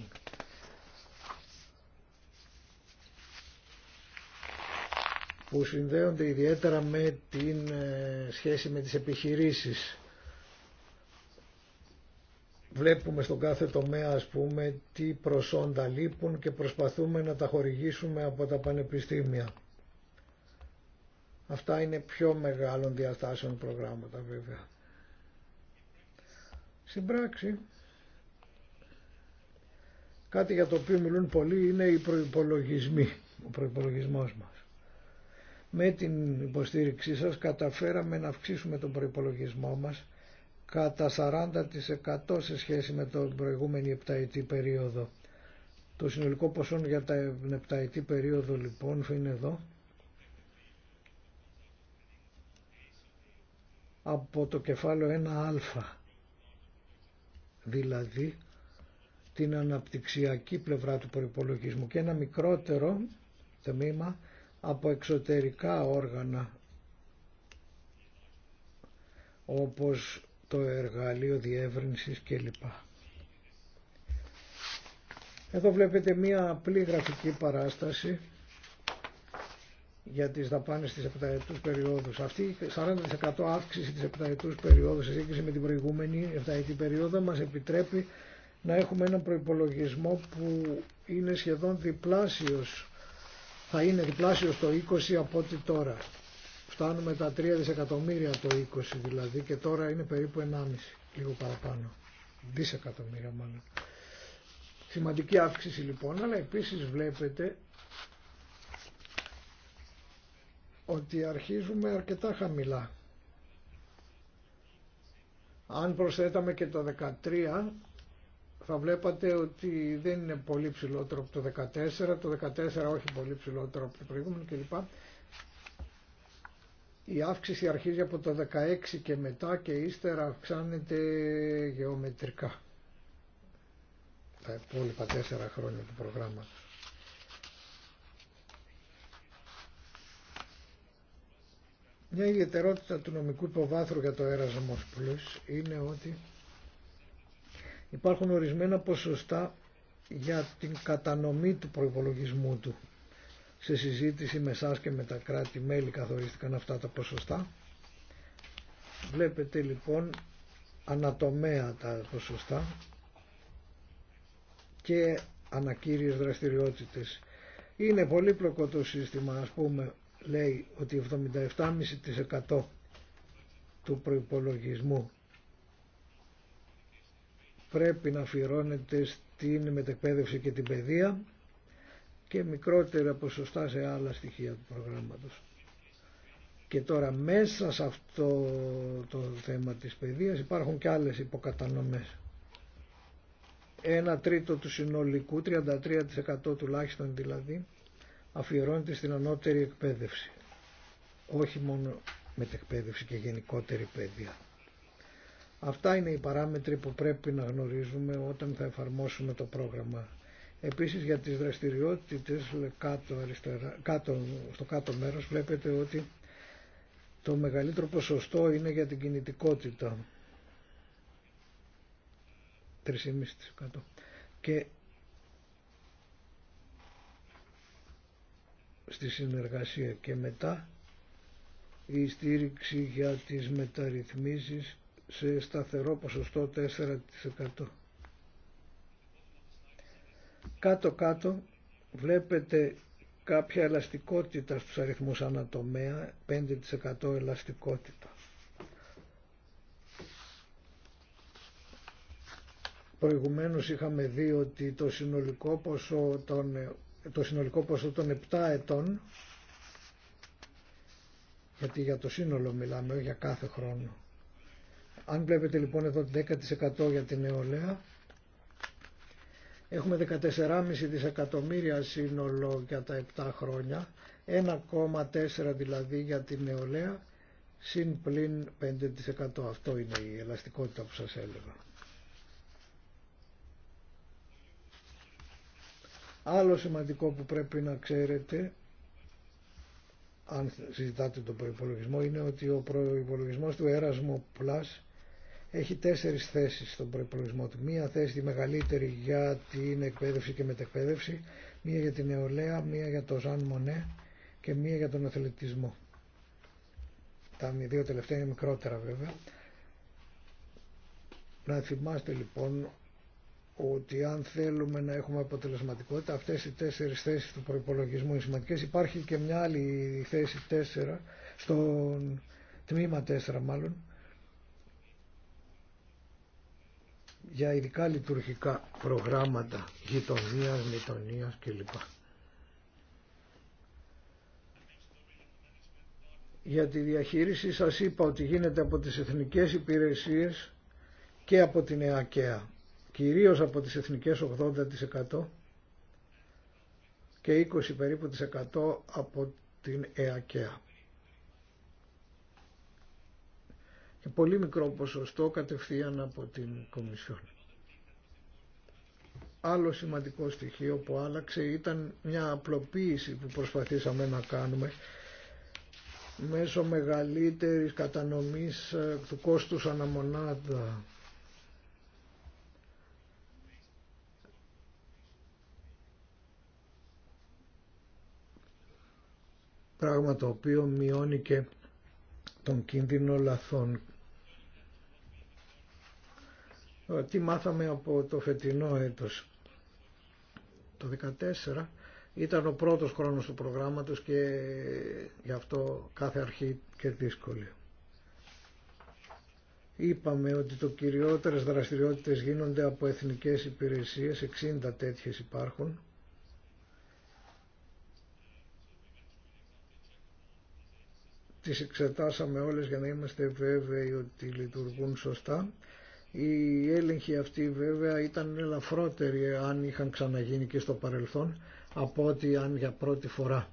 που συνδέονται ιδιαίτερα με την ε, σχέση με τις επιχειρήσεις. Βλέπουμε στον κάθε τομέα ας πούμε τι προσόντα λείπουν και προσπαθούμε να τα χορηγήσουμε από τα πανεπιστήμια. Αυτά είναι πιο μεγάλων διαστάσεων προγράμματα βέβαια. Στην πράξη, κάτι για το οποίο μιλούν πολλοί είναι οι προϋπολογισμοί, ο προϋπολογισμός μας. Με την υποστήριξή σας καταφέραμε να αυξήσουμε τον προϋπολογισμό μας κατά 40% σε σχέση με τον προηγούμενη επταετή περίοδο. Το συνολικό ποσό για τα επταετή περίοδο λοιπόν είναι εδώ. Από το κεφάλαιο 1α, δηλαδή την αναπτυξιακή πλευρά του προϋπολογισμού και ένα μικρότερο τμήμα από εξωτερικά όργανα όπως το εργαλείο διεύρυνσης κλπ. Εδώ βλέπετε μία απλή γραφική παράσταση για τις δαπάνες της επταετούς περίοδους. Αυτή η 40% αύξηση της επταετούς περίοδου σε σύγκριση με την προηγούμενη επταετή περίοδο μας επιτρέπει να έχουμε έναν προϋπολογισμό που είναι σχεδόν διπλάσιος θα είναι διπλάσιο το 20 από ό,τι τώρα. Φτάνουμε τα 3 δισεκατομμύρια το 20 δηλαδή και τώρα είναι περίπου 1,5 λίγο παραπάνω. Δισεκατομμύρια μάλλον. Σημαντική αύξηση λοιπόν, αλλά επίσης βλέπετε ότι αρχίζουμε αρκετά χαμηλά. Αν προσθέταμε και το 13 θα βλέπατε ότι δεν είναι πολύ ψηλότερο από το 14, το 14 όχι πολύ ψηλότερο από το προηγούμενο κλπ. Η αύξηση αρχίζει από το 16 και μετά και ύστερα αυξάνεται γεωμετρικά τα υπόλοιπα τέσσερα χρόνια του προγράμματος. Μια ιδιαιτερότητα του νομικού υποβάθρου για το έρασμος πλούς είναι ότι υπάρχουν ορισμένα ποσοστά για την κατανομή του προϋπολογισμού του. Σε συζήτηση με εσά και με τα κράτη-μέλη καθορίστηκαν αυτά τα ποσοστά. Βλέπετε λοιπόν ανατομέα τα ποσοστά και ανακύριες δραστηριότητες. Είναι πολύπλοκο το σύστημα, ας πούμε, λέει ότι 77,5% του προϋπολογισμού πρέπει να αφιερώνεται στην μετεκπαίδευση και την παιδεία και μικρότερα ποσοστά σε άλλα στοιχεία του προγράμματος. Και τώρα μέσα σε αυτό το θέμα της παιδείας υπάρχουν και άλλες υποκατανομές. Ένα τρίτο του συνολικού, 33% τουλάχιστον δηλαδή, αφιερώνεται στην ανώτερη εκπαίδευση. Όχι μόνο μετεκπαίδευση και γενικότερη παιδεία. Αυτά είναι οι παράμετροι που πρέπει να γνωρίζουμε όταν θα εφαρμόσουμε το πρόγραμμα. Επίσης για τις δραστηριότητες κάτω, στο κάτω μέρος βλέπετε ότι το μεγαλύτερο ποσοστό είναι για την κινητικότητα. 3,5% και στη συνεργασία και μετά η στήριξη για τις μεταρρυθμίσεις σε σταθερό ποσοστό 4%. Κάτω-κάτω βλέπετε κάποια ελαστικότητα στους αριθμούς ανατομέα, 5% ελαστικότητα. Προηγουμένως είχαμε δει ότι το συνολικό ποσό των, το συνολικό ποσό των 7 ετών, γιατί για το σύνολο μιλάμε, όχι για κάθε χρόνο, αν βλέπετε λοιπόν εδώ 10% για την νεολαία, έχουμε 14,5 δισεκατομμύρια σύνολο για τα 7 χρόνια, 1,4 δηλαδή για την νεολαία, συν πλην 5%. Αυτό είναι η ελαστικότητα που σας έλεγα. Άλλο σημαντικό που πρέπει να ξέρετε αν συζητάτε τον προϋπολογισμό είναι ότι ο προϋπολογισμός του Erasmus Plus έχει τέσσερις θέσεις στον προπολογισμό του. Μία θέση τη μεγαλύτερη για την εκπαίδευση και μετεκπαίδευση, μία για την νεολαία, μία για το Ζαν Μονέ και μία για τον αθλητισμό. Τα δύο τελευταία είναι μικρότερα βέβαια. Να θυμάστε λοιπόν ότι αν θέλουμε να έχουμε αποτελεσματικότητα αυτές οι τέσσερις θέσεις του προϋπολογισμού είναι σημαντικές. Υπάρχει και μια άλλη θέση τεσσερα στον τμήμα τέσσερα μάλλον, για ειδικά λειτουργικά προγράμματα γειτονία, γειτονία κλπ. Για τη διαχείριση σας είπα ότι γίνεται από τις εθνικές υπηρεσίες και από την ΕΑΚΕΑ, κυρίως από τις εθνικές 80% και 20 περίπου από την ΕΑΚΕΑ. Ε, πολύ μικρό ποσοστό κατευθείαν από την Κομισιόν. Άλλο σημαντικό στοιχείο που άλλαξε ήταν μια απλοποίηση που προσπαθήσαμε να κάνουμε μέσω μεγαλύτερης κατανομής ε, του κόστους αναμονάδα. Πράγμα το οποίο μειώνει και τον κίνδυνο λαθών ε, τι μάθαμε από το φετινό έτος. Το 2014 ήταν ο πρώτος χρόνος του προγράμματος και γι' αυτό κάθε αρχή και δύσκολη. Είπαμε ότι το κυριότερες δραστηριότητες γίνονται από εθνικές υπηρεσίες, 60 τέτοιες υπάρχουν. Τις εξετάσαμε όλες για να είμαστε βέβαιοι ότι λειτουργούν σωστά οι έλεγχοι αυτοί βέβαια ήταν ελαφρότεροι αν είχαν ξαναγίνει και στο παρελθόν από ότι αν για πρώτη φορά.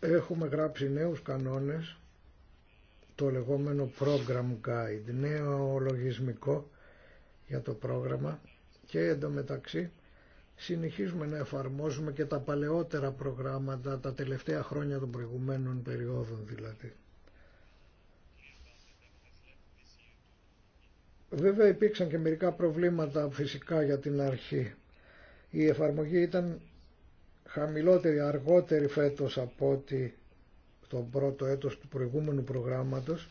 Έχουμε γράψει νέους κανόνες, το λεγόμενο Program Guide, νέο λογισμικό για το πρόγραμμα και εντωμεταξύ συνεχίζουμε να εφαρμόζουμε και τα παλαιότερα προγράμματα, τα τελευταία χρόνια των προηγουμένων περιόδων δηλαδή. Βέβαια υπήρξαν και μερικά προβλήματα φυσικά για την αρχή. Η εφαρμογή ήταν χαμηλότερη, αργότερη φέτος από ότι τον πρώτο έτος του προηγούμενου προγράμματος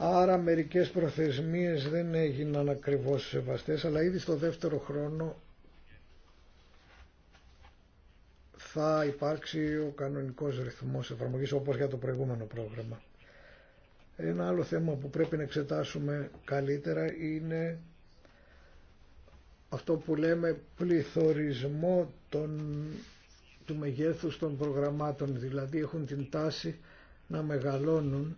Άρα μερικές προθεσμίες δεν έγιναν ακριβώς σεβαστές, αλλά ήδη στο δεύτερο χρόνο θα υπάρξει ο κανονικός ρυθμός εφαρμογής όπως για το προηγούμενο πρόγραμμα. Ένα άλλο θέμα που πρέπει να εξετάσουμε καλύτερα είναι αυτό που λέμε πληθωρισμό των, του μεγέθους των προγραμμάτων, δηλαδή έχουν την τάση να μεγαλώνουν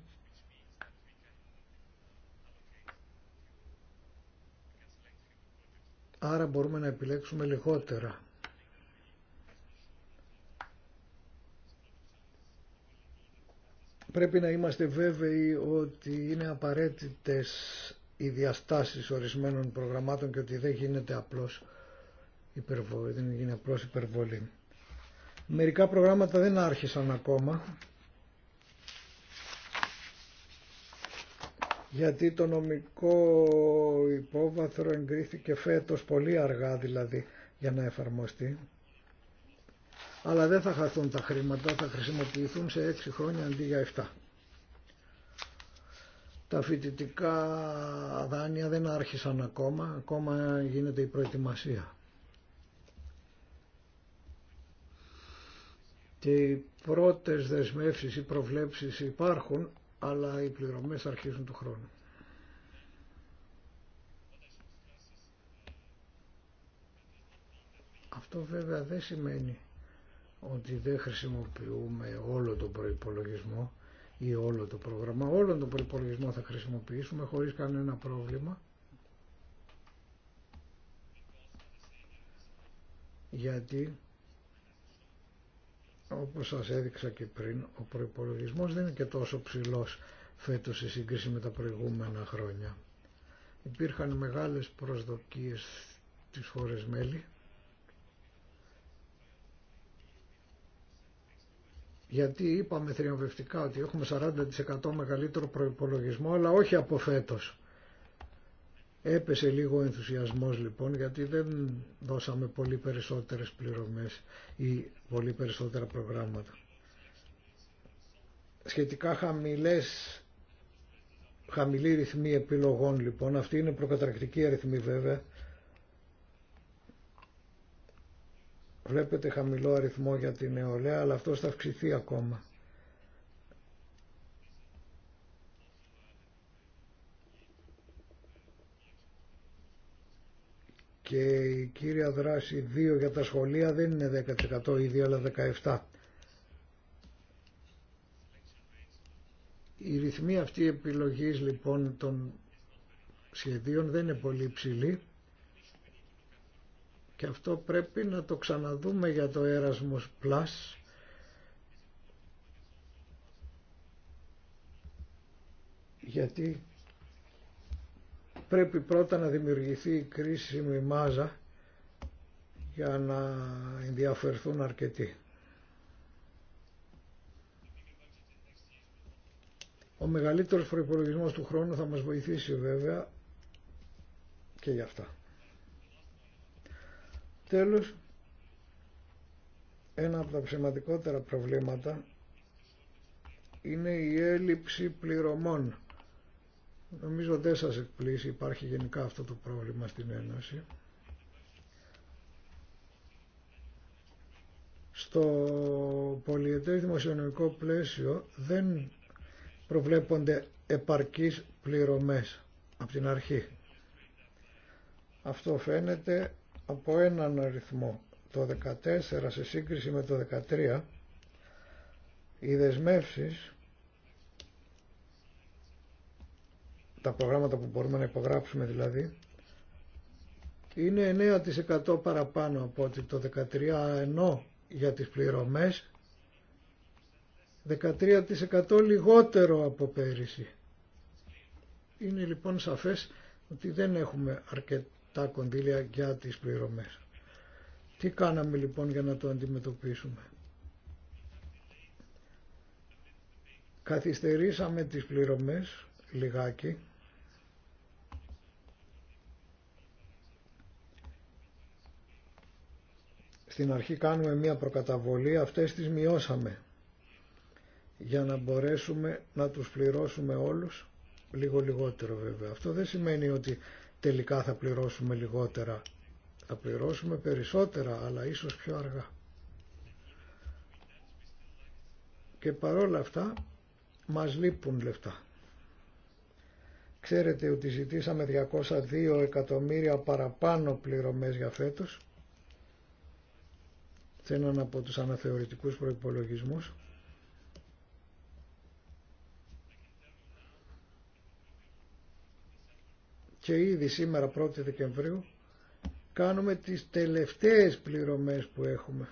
άρα μπορούμε να επιλέξουμε λιγότερα. Πρέπει να είμαστε βέβαιοι ότι είναι απαραίτητες οι διαστάσεις ορισμένων προγραμμάτων και ότι δεν γίνεται απλώς υπερβολή, δεν γίνεται απλώς υπερβολή. Μερικά προγράμματα δεν άρχισαν ακόμα γιατί το νομικό υπόβαθρο εγκρίθηκε φέτος πολύ αργά δηλαδή για να εφαρμοστεί. Αλλά δεν θα χαθούν τα χρήματα, θα χρησιμοποιηθούν σε 6 χρόνια αντί για 7. Τα φοιτητικά δάνεια δεν άρχισαν ακόμα, ακόμα γίνεται η προετοιμασία. Και οι πρώτες δεσμεύσεις ή προβλέψεις υπάρχουν, αλλά οι πληρωμές αρχίζουν του χρόνου. Αυτό βέβαια δεν σημαίνει ότι δεν χρησιμοποιούμε όλο τον προϋπολογισμό ή όλο το πρόγραμμα. Όλο τον προϋπολογισμό θα χρησιμοποιήσουμε χωρίς κανένα πρόβλημα. Γιατί όπως σας έδειξα και πριν, ο προϋπολογισμός δεν είναι και τόσο ψηλός φέτος σε σύγκριση με τα προηγούμενα χρόνια. Υπήρχαν μεγάλες προσδοκίες της χώρες μέλη γιατί είπαμε θριαμβευτικά ότι έχουμε 40% μεγαλύτερο προϋπολογισμό αλλά όχι από φέτος. Έπεσε λίγο ο ενθουσιασμός λοιπόν γιατί δεν δώσαμε πολύ περισσότερες πληρωμές ή πολύ περισσότερα προγράμματα. Σχετικά χαμηλές, χαμηλή ρυθμή επιλογών λοιπόν, αυτή είναι προκατρακτική αριθμή βέβαια. Βλέπετε χαμηλό αριθμό για την νεολαία αλλά αυτό θα αυξηθεί ακόμα. και η κύρια δράση 2 για τα σχολεία δεν είναι 10% ήδη αλλά 17%. Η ρυθμή αυτή επιλογής λοιπόν των σχεδίων δεν είναι πολύ ψηλή και αυτό πρέπει να το ξαναδούμε για το Erasmus Plus γιατί πρέπει πρώτα να δημιουργηθεί η κρίσιμη μάζα για να ενδιαφερθούν αρκετοί. Ο μεγαλύτερος προϋπολογισμός του χρόνου θα μας βοηθήσει βέβαια και για αυτά. Τέλος, ένα από τα σημαντικότερα προβλήματα είναι η έλλειψη πληρωμών Νομίζω δεν σας εκπλήσει, υπάρχει γενικά αυτό το πρόβλημα στην Ένωση. Στο πολιετές δημοσιονομικό πλαίσιο δεν προβλέπονται επαρκείς πληρωμές από την αρχή. Αυτό φαίνεται από έναν αριθμό. Το 14 σε σύγκριση με το 13 οι δεσμεύσεις τα προγράμματα που μπορούμε να υπογράψουμε δηλαδή, είναι 9% παραπάνω από ότι το 13% ενώ για τις πληρωμές 13% λιγότερο από πέρυσι. Είναι λοιπόν σαφές ότι δεν έχουμε αρκετά κονδύλια για τις πληρωμές. Τι κάναμε λοιπόν για να το αντιμετωπίσουμε. Καθυστερήσαμε τις πληρωμές λιγάκι στην αρχή κάνουμε μία προκαταβολή, αυτές τις μειώσαμε για να μπορέσουμε να τους πληρώσουμε όλους λίγο λιγότερο βέβαια. Αυτό δεν σημαίνει ότι τελικά θα πληρώσουμε λιγότερα. Θα πληρώσουμε περισσότερα, αλλά ίσως πιο αργά. Και παρόλα αυτά, μας λείπουν λεφτά. Ξέρετε ότι ζητήσαμε 202 εκατομμύρια παραπάνω πληρωμές για φέτος σε έναν από τους αναθεωρητικούς προϋπολογισμούς. Και ήδη σήμερα 1η Δεκεμβρίου κάνουμε τις τελευταίες πληρωμές που έχουμε.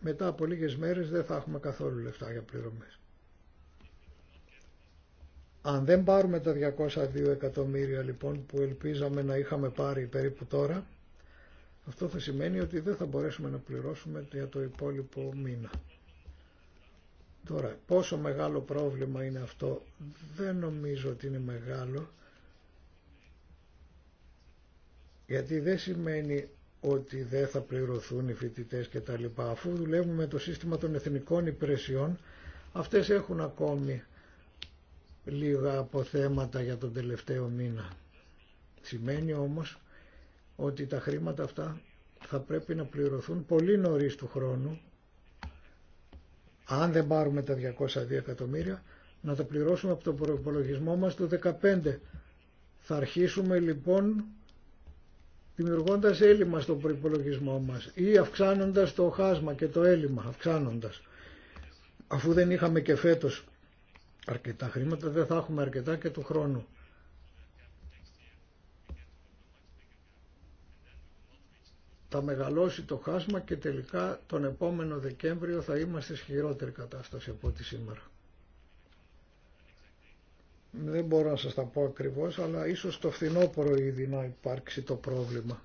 Μετά από λίγες μέρες δεν θα έχουμε καθόλου λεφτά για πληρωμές. Αν δεν πάρουμε τα 202 εκατομμύρια λοιπόν που ελπίζαμε να είχαμε πάρει περίπου τώρα, αυτό θα σημαίνει ότι δεν θα μπορέσουμε να πληρώσουμε για το υπόλοιπο μήνα. Τώρα, πόσο μεγάλο πρόβλημα είναι αυτό, δεν νομίζω ότι είναι μεγάλο, γιατί δεν σημαίνει ότι δεν θα πληρωθούν οι φοιτητές και τα λοιπά. Αφού δουλεύουμε με το σύστημα των εθνικών υπηρεσιών, αυτές έχουν ακόμη λίγα αποθέματα για τον τελευταίο μήνα. Σημαίνει όμως ότι τα χρήματα αυτά θα πρέπει να πληρωθούν πολύ νωρίς του χρόνου αν δεν πάρουμε τα 202 εκατομμύρια να τα πληρώσουμε από τον προπολογισμό μας το 15. Θα αρχίσουμε λοιπόν δημιουργώντας έλλειμμα στον προπολογισμό μας ή αυξάνοντας το χάσμα και το έλλειμμα, αυξάνοντας. Αφού δεν είχαμε και φέτος αρκετά χρήματα, δεν θα έχουμε αρκετά και του χρόνου. θα μεγαλώσει το χάσμα και τελικά τον επόμενο Δεκέμβριο θα είμαστε σε χειρότερη κατάσταση από ό,τι σήμερα. Δεν μπορώ να σας τα πω ακριβώς, αλλά ίσως το φθινόπωρο ήδη να υπάρξει το πρόβλημα.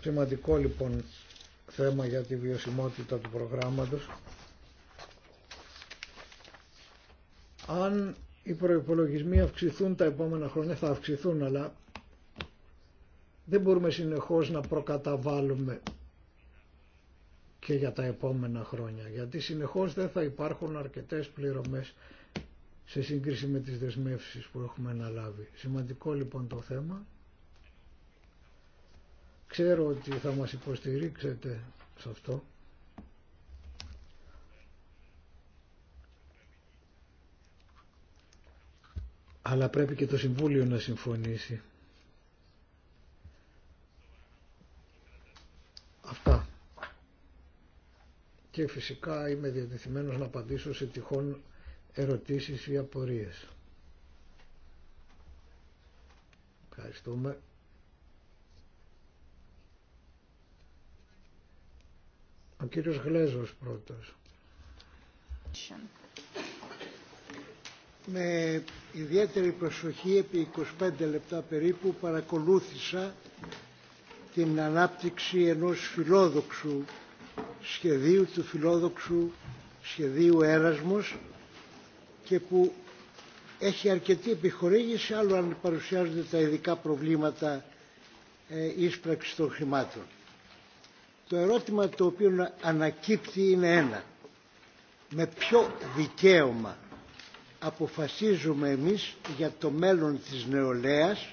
Σημαντικό λοιπόν θέμα για τη βιωσιμότητα του προγράμματος. Αν οι προϋπολογισμοί αυξηθούν τα επόμενα χρόνια, θα αυξηθούν, αλλά δεν μπορούμε συνεχώς να προκαταβάλουμε και για τα επόμενα χρόνια, γιατί συνεχώς δεν θα υπάρχουν αρκετές πληρωμές σε σύγκριση με τις δεσμεύσεις που έχουμε αναλάβει. Σημαντικό λοιπόν το θέμα. Ξέρω ότι θα μας υποστηρίξετε σε αυτό. Αλλά πρέπει και το Συμβούλιο να συμφωνήσει. Αυτά. Και φυσικά είμαι διατεθειμένος να απαντήσω σε τυχόν ερωτήσεις ή απορίες. Ευχαριστούμε. Ο κύριος Γλέζος πρώτος. Με ιδιαίτερη προσοχή επί 25 λεπτά περίπου παρακολούθησα την ανάπτυξη ενός φιλόδοξου σχεδίου, του φιλόδοξου σχεδίου Έρασμος και που έχει αρκετή επιχορήγηση άλλο αν παρουσιάζονται τα ειδικά προβλήματα ε, ίσπραξης των χρημάτων. Το ερώτημα το οποίο ανακύπτει είναι ένα. Με ποιο δικαίωμα αποφασίζουμε εμείς για το μέλλον της νεολαίας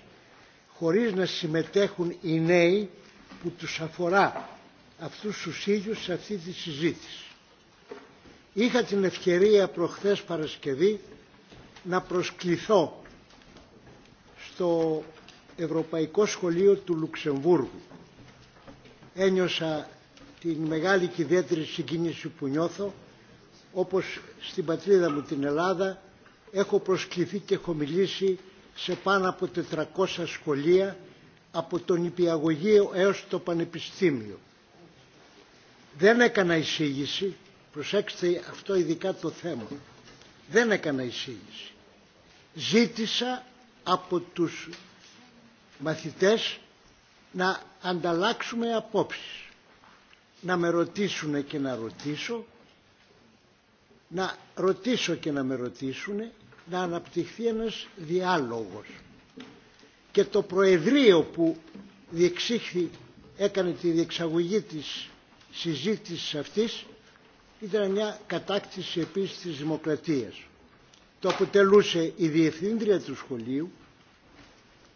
χωρίς να συμμετέχουν οι νέοι που τους αφορά αυτούς τους ίδιους σε αυτή τη συζήτηση. Είχα την ευκαιρία προχθές Παρασκευή να προσκληθώ στο Ευρωπαϊκό Σχολείο του Λουξεμβούργου. Ένιωσα την μεγάλη και ιδιαίτερη συγκίνηση που νιώθω όπως στην πατρίδα μου την Ελλάδα έχω προσκληθεί και έχω μιλήσει σε πάνω από 400 σχολεία από τον Υπηαγωγείο έως το Πανεπιστήμιο. Δεν έκανα εισήγηση, προσέξτε αυτό ειδικά το θέμα, δεν έκανα εισήγηση. Ζήτησα από τους μαθητές να ανταλλάξουμε απόψεις, να με ρωτήσουν και να ρωτήσω, να ρωτήσω και να με ρωτήσουν να αναπτυχθεί ένας διάλογος. Και το Προεδρείο που διεξήχθη, έκανε τη διεξαγωγή της συζήτησης αυτής ήταν μια κατάκτηση επίσης της δημοκρατίας. Το αποτελούσε η διευθύντρια του σχολείου,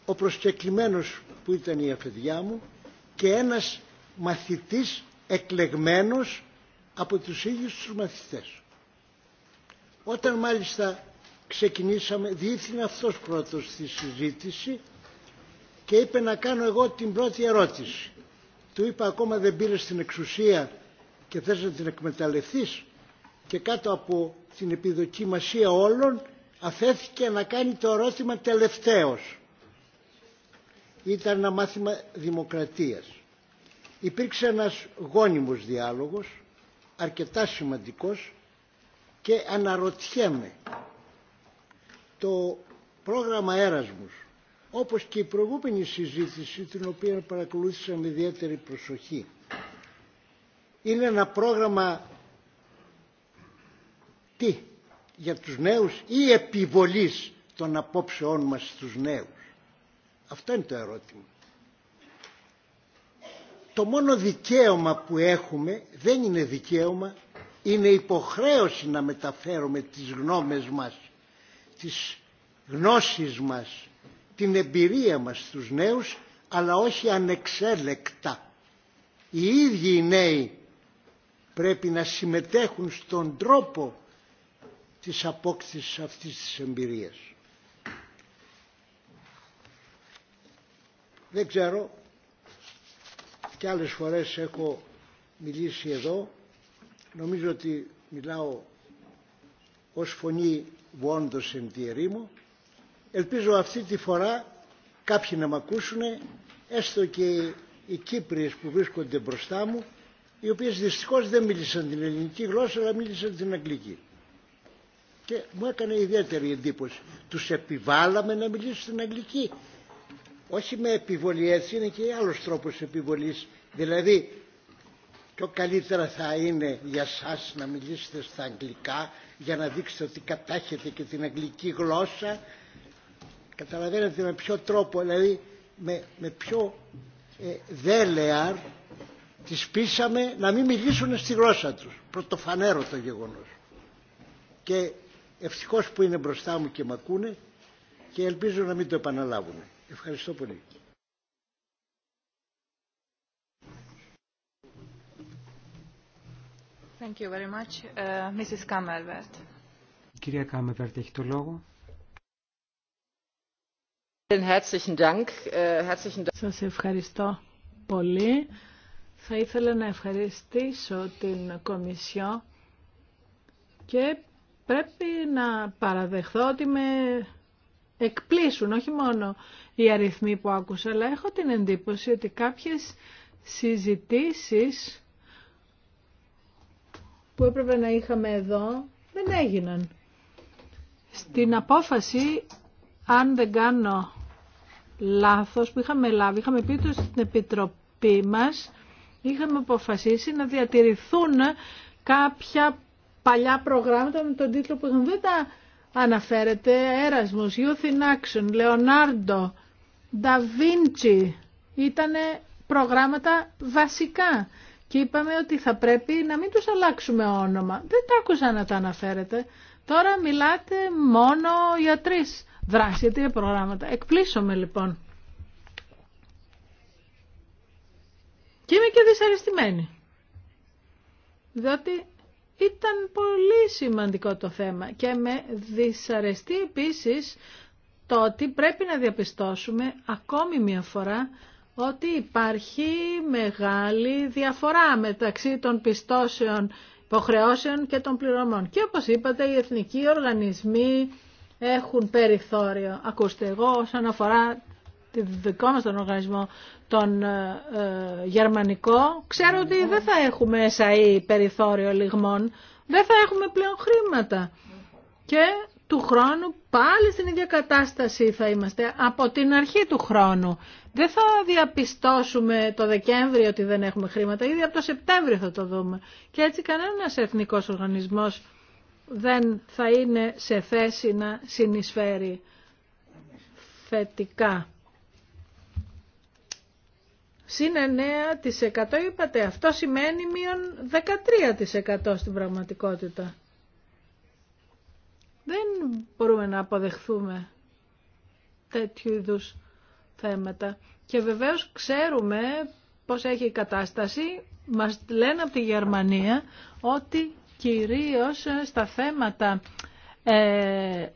ο προσκεκλημένος που ήταν η αφεντιά μου και ένας μαθητής εκλεγμένος από τους ίδιους τους μαθητές. Όταν μάλιστα ξεκινήσαμε, διήθυνε αυτός πρώτος στη συζήτηση και είπε να κάνω εγώ την πρώτη ερώτηση. Του είπα ακόμα δεν πήρε την εξουσία και θες να την εκμεταλλευτείς και κάτω από την επιδοκιμασία όλων αφέθηκε να κάνει το ερώτημα τελευταίος. Ήταν ένα μάθημα δημοκρατίας. Υπήρξε ένας γόνιμος διάλογος, αρκετά σημαντικός και αναρωτιέμαι το πρόγραμμα Έρασμους, όπως και η προηγούμενη συζήτηση, την οποία παρακολούθησα με ιδιαίτερη προσοχή, είναι ένα πρόγραμμα τι, για τους νέους ή επιβολής των απόψεών μας στους νέους. Αυτό είναι το ερώτημα. Το μόνο δικαίωμα που έχουμε δεν είναι δικαίωμα, είναι υποχρέωση να μεταφέρουμε τις γνώμες μας τις γνώσεις μας, την εμπειρία μας στους νέους, αλλά όχι ανεξέλεκτα. Οι ίδιοι οι νέοι πρέπει να συμμετέχουν στον τρόπο της απόκτησης αυτής της εμπειρίας. Δεν ξέρω, Κι άλλες φορές έχω μιλήσει εδώ, νομίζω ότι μιλάω ως φωνή εν Ελπίζω αυτή τη φορά κάποιοι να μ' ακούσουν, έστω και οι Κύπριες που βρίσκονται μπροστά μου, οι οποίες δυστυχώς δεν μίλησαν την ελληνική γλώσσα, αλλά μίλησαν την αγγλική. Και μου έκανε ιδιαίτερη εντύπωση. Τους επιβάλαμε να μιλήσουν την αγγλική. Όχι με επιβολή έτσι, είναι και άλλος τρόπος επιβολής. Δηλαδή, πιο καλύτερα θα είναι για σας να μιλήσετε στα αγγλικά για να δείξετε ότι κατάχετε και την αγγλική γλώσσα. Καταλαβαίνετε με ποιο τρόπο, δηλαδή με, με ποιο ε, δέλεαρ τις πείσαμε να μην μιλήσουν στη γλώσσα τους. Πρωτοφανέρο το γεγονός. Και ευτυχώς που είναι μπροστά μου και μ' ακούνε και ελπίζω να μην το επαναλάβουν. Ευχαριστώ πολύ. Thank uh, Κυρία έχει το λόγο. Uh, Σας ευχαριστώ πολύ. Θα ήθελα να ευχαριστήσω την Κομισιό και πρέπει να παραδεχθώ ότι με εκπλήσουν όχι μόνο οι αριθμοί που άκουσα, αλλά έχω την εντύπωση ότι κάποιες συζητήσεις που έπρεπε να είχαμε εδώ δεν έγιναν. Στην απόφαση, αν δεν κάνω λάθος που είχαμε λάβει, είχαμε πει ότι στην Επιτροπή μας είχαμε αποφασίσει να διατηρηθούν κάποια παλιά προγράμματα με τον τίτλο που είχαμε. Δεν τα αναφέρεται Έρασμος, Youth in Action, Leonardo, Da Vinci. Ήτανε προγράμματα βασικά και είπαμε ότι θα πρέπει να μην τους αλλάξουμε όνομα. Δεν τα άκουσα να τα αναφέρετε. Τώρα μιλάτε μόνο για τρεις δράσεις, τρία προγράμματα. Εκπλήσωμε, λοιπόν. Και είμαι και δυσαρεστημένη. Διότι ήταν πολύ σημαντικό το θέμα και με δυσαρεστεί επίσης το ότι πρέπει να διαπιστώσουμε ακόμη μια φορά ότι υπάρχει μεγάλη διαφορά μεταξύ των πιστώσεων υποχρεώσεων και των πληρωμών. Και όπως είπατε, οι εθνικοί οργανισμοί έχουν περιθώριο. Ακούστε, εγώ όσον αφορά τη δικό μας τον οργανισμό, τον ε, ε, γερμανικό, ξέρω ότι δεν θα έχουμε SAE περιθώριο λιγμών, δεν θα έχουμε πλέον χρήματα. Και του χρόνου πάλι στην ίδια κατάσταση θα είμαστε. Από την αρχή του χρόνου. Δεν θα διαπιστώσουμε το Δεκέμβριο ότι δεν έχουμε χρήματα. Ήδη από το Σεπτέμβριο θα το δούμε. Και έτσι κανένας εθνικός οργανισμός δεν θα είναι σε θέση να συνεισφέρει θετικά. Συν 9% είπατε. Αυτό σημαίνει μείον 13% στην πραγματικότητα. Δεν μπορούμε να αποδεχθούμε τέτοιου είδους θέματα. Και βεβαίως ξέρουμε πώς έχει η κατάσταση. Μας λένε από τη Γερμανία ότι κυρίως στα θέματα ε,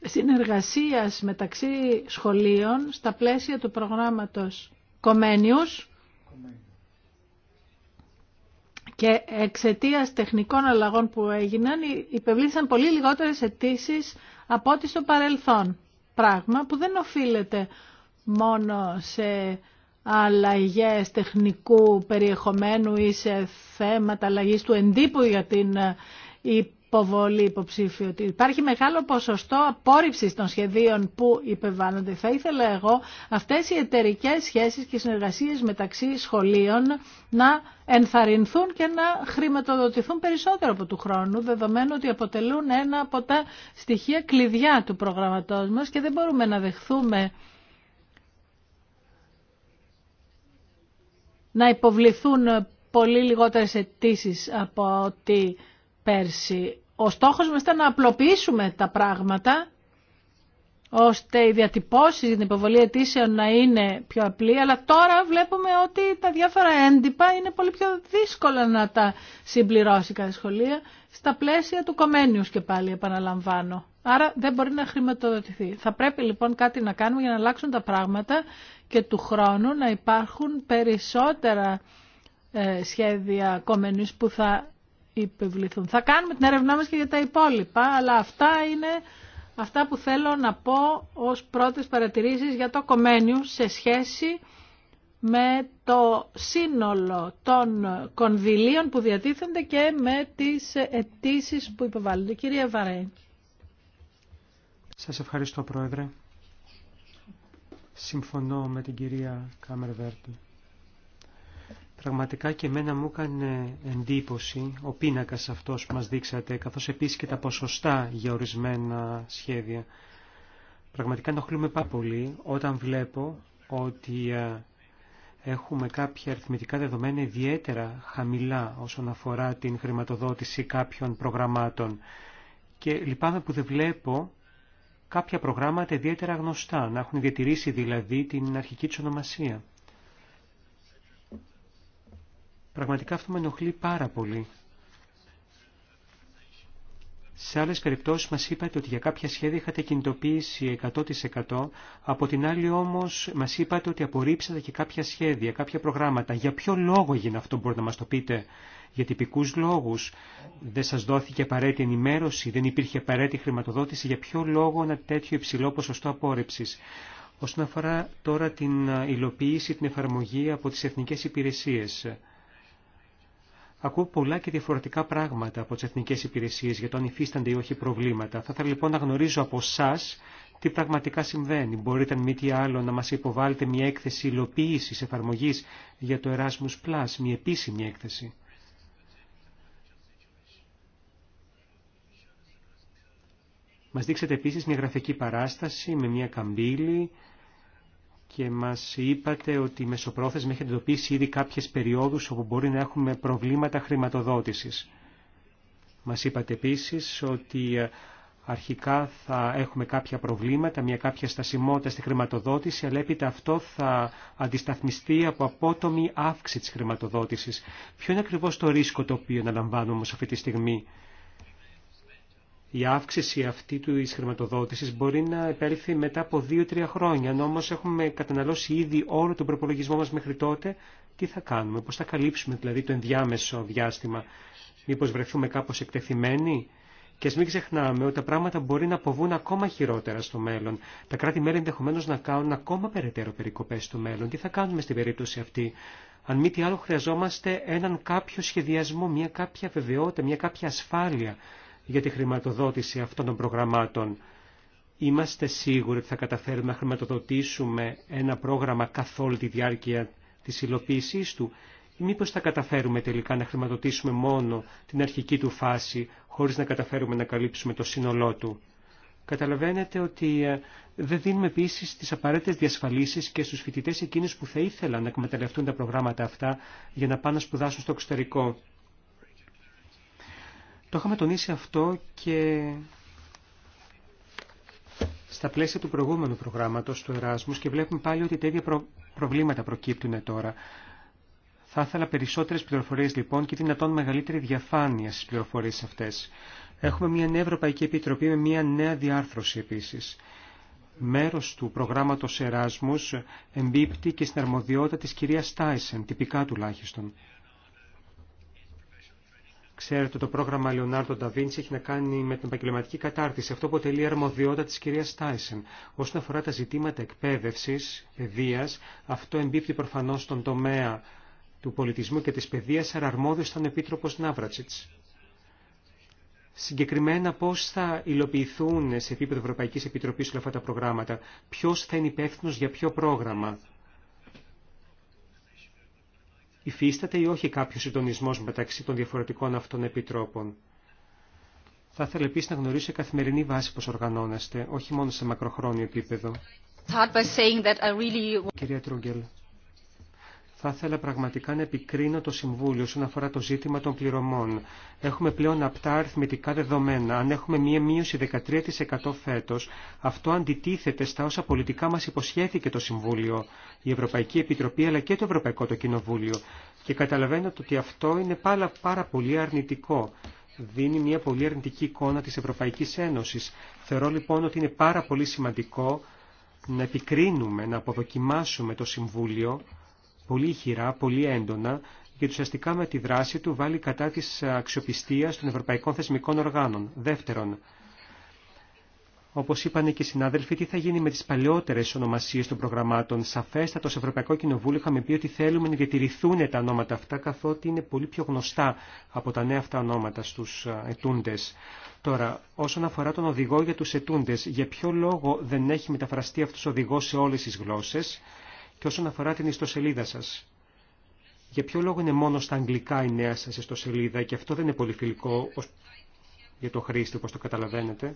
συνεργασίας μεταξύ σχολείων στα πλαίσια του προγράμματος Κομένιους και εξαιτία τεχνικών αλλαγών που έγιναν υπευλήθησαν πολύ λιγότερες αιτήσει από ό,τι στο παρελθόν. Πράγμα που δεν οφείλεται μόνο σε αλλαγέ τεχνικού περιεχομένου ή σε θέματα αλλαγή του εντύπου για την ε, υποβολή Υπάρχει μεγάλο ποσοστό απόρριψη των σχεδίων που υπεβάλλονται. Θα ήθελα εγώ αυτές οι εταιρικέ σχέσεις και συνεργασίες μεταξύ σχολείων να ενθαρρυνθούν και να χρηματοδοτηθούν περισσότερο από του χρόνου, δεδομένου ότι αποτελούν ένα από τα στοιχεία κλειδιά του προγραμματό μα και δεν μπορούμε να δεχθούμε να υποβληθούν πολύ λιγότερες αιτήσει από ότι πέρσι ο στόχος μας ήταν να απλοποιήσουμε τα πράγματα ώστε οι διατυπώσεις για την υποβολή αιτήσεων να είναι πιο απλή, αλλά τώρα βλέπουμε ότι τα διάφορα έντυπα είναι πολύ πιο δύσκολα να τα συμπληρώσει κάθε σχολεία, στα πλαίσια του κομμένιους και πάλι επαναλαμβάνω. Άρα δεν μπορεί να χρηματοδοτηθεί. Θα πρέπει λοιπόν κάτι να κάνουμε για να αλλάξουν τα πράγματα και του χρόνου να υπάρχουν περισσότερα ε, σχέδια κομμένιους που θα θα κάνουμε την έρευνά μας και για τα υπόλοιπα, αλλά αυτά είναι αυτά που θέλω να πω ως πρώτες παρατηρήσεις για το κομμένιου σε σχέση με το σύνολο των κονδυλίων που διατίθενται και με τις αιτήσει που υποβάλλονται. Κυρία Βαρέ. Σας ευχαριστώ Πρόεδρε. Συμφωνώ με την κυρία Κάμερβέρτη. Πραγματικά και εμένα μου έκανε εντύπωση ο πίνακας αυτός που μας δείξατε, καθώς επίσης και τα ποσοστά για ορισμένα σχέδια. Πραγματικά ενοχλούμε πάρα πολύ όταν βλέπω ότι ε, έχουμε κάποια αριθμητικά δεδομένα ιδιαίτερα χαμηλά όσον αφορά την χρηματοδότηση κάποιων προγραμμάτων. Και λυπάμαι που δεν βλέπω κάποια προγράμματα ιδιαίτερα γνωστά, να έχουν διατηρήσει δηλαδή την αρχική του ονομασία. Πραγματικά αυτό με ενοχλεί πάρα πολύ. Σε άλλες περιπτώσεις μας είπατε ότι για κάποια σχέδια είχατε κινητοποίηση 100% από την άλλη όμως μας είπατε ότι απορρίψατε και κάποια σχέδια, κάποια προγράμματα. Για ποιο λόγο έγινε αυτό μπορείτε να μας το πείτε. Για τυπικούς λόγους δεν σας δόθηκε απαραίτητη ενημέρωση, δεν υπήρχε απαραίτητη χρηματοδότηση. Για ποιο λόγο ένα τέτοιο υψηλό ποσοστό απόρριψης. Όσον αφορά τώρα την υλοποίηση, την εφαρμογή από τις εθνικές υπηρεσίες. Ακούω πολλά και διαφορετικά πράγματα από τι εθνικέ υπηρεσίε για το αν υφίστανται ή όχι προβλήματα. Θα ήθελα λοιπόν να γνωρίζω από εσά τι πραγματικά συμβαίνει. Μπορείτε, αν μη τι άλλο, να μα υποβάλλετε μια έκθεση υλοποίηση εφαρμογή για το Erasmus Plus, μια επίσημη έκθεση. Μας δείξετε επίσης μια γραφική παράσταση με μια καμπύλη, και μας είπατε ότι μεσοπρόθεσμα έχει εντοπίσει ήδη κάποιες περιόδους όπου μπορεί να έχουμε προβλήματα χρηματοδότησης. Μας είπατε επίσης ότι ε, αρχικά θα έχουμε κάποια προβλήματα, μια κάποια στασιμότητα στη χρηματοδότηση, αλλά έπειτα αυτό θα αντισταθμιστεί από απότομη αύξηση της χρηματοδότησης. Ποιο είναι ακριβώς το ρίσκο το οποίο αναλαμβάνουμε όμως αυτή τη στιγμή. Η αύξηση αυτή τη χρηματοδότηση μπορεί να επέλθει μετά από δύο-τρία χρόνια. Αν όμω έχουμε καταναλώσει ήδη όλο τον προπολογισμό μα μέχρι τότε, τι θα κάνουμε, πώ θα καλύψουμε δηλαδή το ενδιάμεσο διάστημα. Μήπω βρεθούμε κάπω εκτεθειμένοι. Και α μην ξεχνάμε ότι τα πράγματα μπορεί να αποβούν ακόμα χειρότερα στο μέλλον. Τα κράτη-μέλη ενδεχομένω να κάνουν ακόμα περαιτέρω περικοπέ στο μέλλον. Τι θα κάνουμε στην περίπτωση αυτή. Αν μη τι άλλο, χρειαζόμαστε έναν κάποιο σχεδιασμό, μια κάποια βεβαιότητα, μια κάποια ασφάλεια για τη χρηματοδότηση αυτών των προγραμμάτων. Είμαστε σίγουροι ότι θα καταφέρουμε να χρηματοδοτήσουμε ένα πρόγραμμα καθ' όλη τη διάρκεια της υλοποίησής του ή μήπως θα καταφέρουμε τελικά να χρηματοδοτήσουμε μόνο την αρχική του φάση χωρίς να καταφέρουμε να καλύψουμε το σύνολό του. Καταλαβαίνετε ότι ε, δεν δίνουμε επίση τις απαραίτητες διασφαλίσεις και στους φοιτητές εκείνους που θα ήθελαν να εκμεταλλευτούν τα προγράμματα αυτά για να πάνε να σπουδάσουν στο εξωτερικό. Το είχαμε τονίσει αυτό και στα πλαίσια του προηγούμενου προγράμματος του Εράσμους και βλέπουμε πάλι ότι τέτοια προβλήματα προκύπτουν τώρα. Θα ήθελα περισσότερες πληροφορίες λοιπόν και δυνατόν μεγαλύτερη διαφάνεια στις πληροφορίες αυτές. Έχουμε μια νέα Ευρωπαϊκή Επιτροπή με μια νέα διάρθρωση επίσης. Μέρος του προγράμματος Εράσμους εμπίπτει και στην αρμοδιότητα της κυρία Τάισεν, τυπικά τουλάχιστον. Ξέρετε, το πρόγραμμα Λεωνάρντο Νταβίντσι έχει να κάνει με την επαγγελματική κατάρτιση. Αυτό αποτελεί αρμοδιότητα τη κυρία Τάισεν. Όσον αφορά τα ζητήματα εκπαίδευση, παιδεία, αυτό εμπίπτει προφανώ στον τομέα του πολιτισμού και τη παιδεία, αλλά αρμόδιο ήταν ο Επίτροπο Ναύρατσιτ. Συγκεκριμένα πώ θα υλοποιηθούν σε επίπεδο Ευρωπαϊκή Επιτροπή όλα αυτά τα προγράμματα, ποιο θα είναι υπεύθυνο για ποιο πρόγραμμα υφίσταται ή όχι κάποιο συντονισμό μεταξύ των διαφορετικών αυτών επιτρόπων. Θα ήθελα επίση να γνωρίσω η καθημερινή βάση πώ οργανώνεστε, όχι μόνο σε μακροχρόνιο επίπεδο. Κυρία Τρούγκελ, θα ήθελα πραγματικά να επικρίνω το Συμβούλιο όσον αφορά το ζήτημα των πληρωμών. Έχουμε πλέον απτά αριθμητικά δεδομένα. Αν έχουμε μία μείωση 13% φέτο, αυτό αντιτίθεται στα όσα πολιτικά μα υποσχέθηκε το Συμβούλιο, η Ευρωπαϊκή Επιτροπή αλλά και το Ευρωπαϊκό το Κοινοβούλιο. Και καταλαβαίνω ότι αυτό είναι πάρα, πάρα πολύ αρνητικό δίνει μια πολύ αρνητική εικόνα τη Ευρωπαϊκή Ένωση. Θεωρώ λοιπόν ότι είναι πάρα πολύ σημαντικό να επικρίνουμε, να αποδοκιμάσουμε το Συμβούλιο πολύ χειρά, πολύ έντονα, γιατί ουσιαστικά με τη δράση του βάλει κατά της αξιοπιστία... των ευρωπαϊκών θεσμικών οργάνων. Δεύτερον, όπως είπαν και οι συνάδελφοι, τι θα γίνει με τις παλαιότερες ονομασίες των προγραμμάτων. Σαφέστατο στο Ευρωπαϊκό Κοινοβούλιο είχαμε πει ότι θέλουμε να διατηρηθούν τα ονόματα αυτά, καθότι είναι πολύ πιο γνωστά από τα νέα αυτά ονόματα στους ε, ετούντες. Τώρα, όσον αφορά τον οδηγό για τους ετούντε, για ποιο λόγο δεν έχει μεταφραστεί αυτός ο οδηγός σε όλες τις γλώσσες. Και όσον αφορά την ιστοσελίδα σας, για ποιο λόγο είναι μόνο στα αγγλικά η νέα σας ιστοσελίδα και αυτό δεν είναι πολύ φιλικό για το χρήστη όπως το καταλαβαίνετε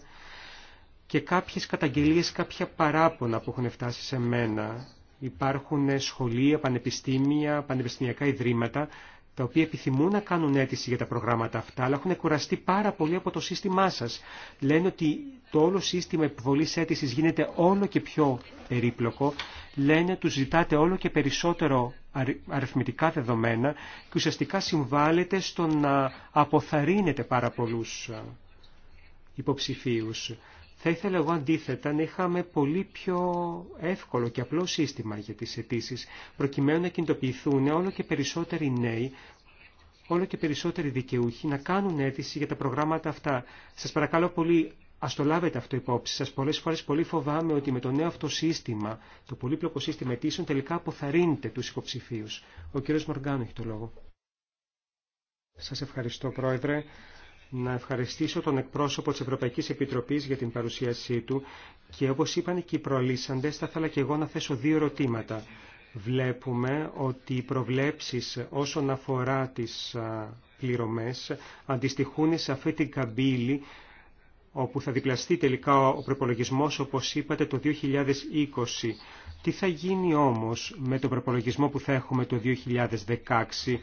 και κάποιες καταγγελίες, κάποια παράπονα που έχουν φτάσει σε μένα. Υπάρχουν σχολεία, πανεπιστήμια, πανεπιστημιακά ιδρύματα τα οποία επιθυμούν να κάνουν αίτηση για τα προγράμματα αυτά, αλλά έχουν κουραστεί πάρα πολύ από το σύστημά σας. Λένε ότι το όλο σύστημα επιβολής αίτησης γίνεται όλο και πιο περίπλοκο, λένε τους ζητάτε όλο και περισσότερο αριθμητικά δεδομένα και ουσιαστικά συμβάλλεται στο να αποθαρρύνετε πάρα πολλούς ε, υποψηφίους. Θα ήθελα εγώ αντίθετα να είχαμε πολύ πιο εύκολο και απλό σύστημα για τις αιτήσει, προκειμένου να κινητοποιηθούν όλο και περισσότεροι νέοι, όλο και περισσότεροι δικαιούχοι να κάνουν αίτηση για τα προγράμματα αυτά. Σας παρακαλώ πολύ Ας το λάβετε αυτό υπόψη σας. Πολλές φορές πολύ φοβάμαι ότι με το νέο αυτό σύστημα, το πολύπλοκο σύστημα αιτήσεων, τελικά αποθαρρύνεται τους υποψηφίους. Ο κύριος Μοργκάνο έχει το λόγο. Σας ευχαριστώ Πρόεδρε. Να ευχαριστήσω τον εκπρόσωπο της Ευρωπαϊκής Επιτροπής για την παρουσίασή του και όπως είπαν και οι προλύσαντες θα ήθελα και εγώ να θέσω δύο ερωτήματα. Βλέπουμε ότι οι προβλέψεις όσον αφορά τις πληρωμέ αντιστοιχούν σε αυτή την καμπύλη όπου θα διπλαστεί τελικά ο προπολογισμό, όπως είπατε, το 2020. Τι θα γίνει όμως με τον προπολογισμό που θα έχουμε το 2016,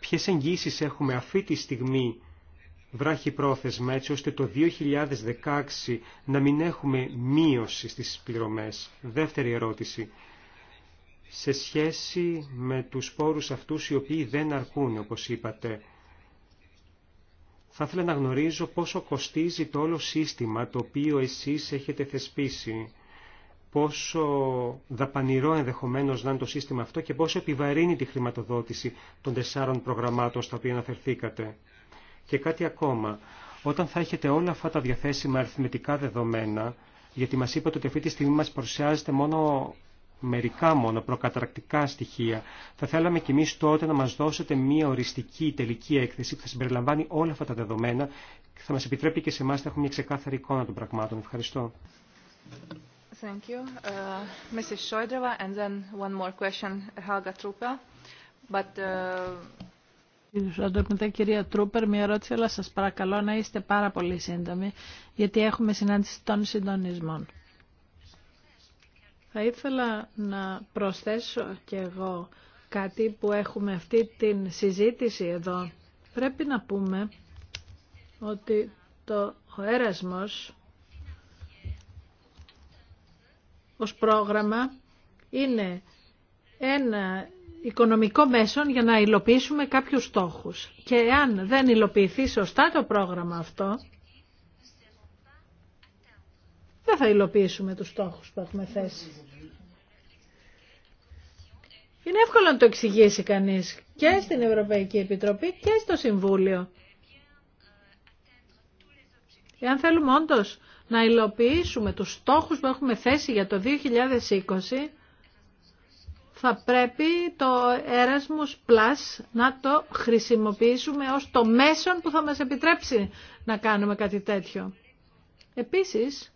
ποιες εγγύσεις έχουμε αυτή τη στιγμή βράχει πρόθεσμα έτσι ώστε το 2016 να μην έχουμε μείωση στις πληρωμές. Δεύτερη ερώτηση. Σε σχέση με τους πόρους αυτούς οι οποίοι δεν αρκούν, όπως είπατε, θα ήθελα να γνωρίζω πόσο κοστίζει το όλο σύστημα το οποίο εσείς έχετε θεσπίσει. Πόσο δαπανηρό ενδεχομένως να είναι το σύστημα αυτό και πόσο επιβαρύνει τη χρηματοδότηση των τεσσάρων προγραμμάτων στα οποία αναφερθήκατε. Και κάτι ακόμα. Όταν θα έχετε όλα αυτά τα διαθέσιμα αριθμητικά δεδομένα, γιατί μας είπατε ότι αυτή τη στιγμή μας παρουσιάζεται μόνο μερικά μόνο προκαταρακτικά στοιχεία. Θα θέλαμε κι εμείς τότε να μας δώσετε μια οριστική τελική έκθεση που θα συμπεριλαμβάνει όλα αυτά τα δεδομένα και θα μας επιτρέπει και σε εμάς να έχουμε μια ξεκάθαρη εικόνα των πραγμάτων. Ευχαριστώ. Thank you. Uh, Mrs. and then one more question, Helga Trupa. But, uh... κυρία Τρούπερ, μια ερώτηση, αλλά σας παρακαλώ να είστε πάρα πολύ σύντομοι, γιατί έχουμε συνάντηση των συντονισμών. Θα ήθελα να προσθέσω και εγώ κάτι που έχουμε αυτή την συζήτηση εδώ. Πρέπει να πούμε ότι το ο έρασμος ως πρόγραμμα είναι ένα οικονομικό μέσο για να υλοποιήσουμε κάποιους στόχους. Και αν δεν υλοποιηθεί σωστά το πρόγραμμα αυτό, δεν θα υλοποιήσουμε τους στόχους που έχουμε θέσει. Είναι εύκολο να το εξηγήσει κανείς και στην Ευρωπαϊκή Επιτροπή και στο Συμβούλιο. Εάν θέλουμε όντως να υλοποιήσουμε τους στόχους που έχουμε θέσει για το 2020, θα πρέπει το Erasmus Plus να το χρησιμοποιήσουμε ως το μέσον που θα μας επιτρέψει να κάνουμε κάτι τέτοιο. Επίσης,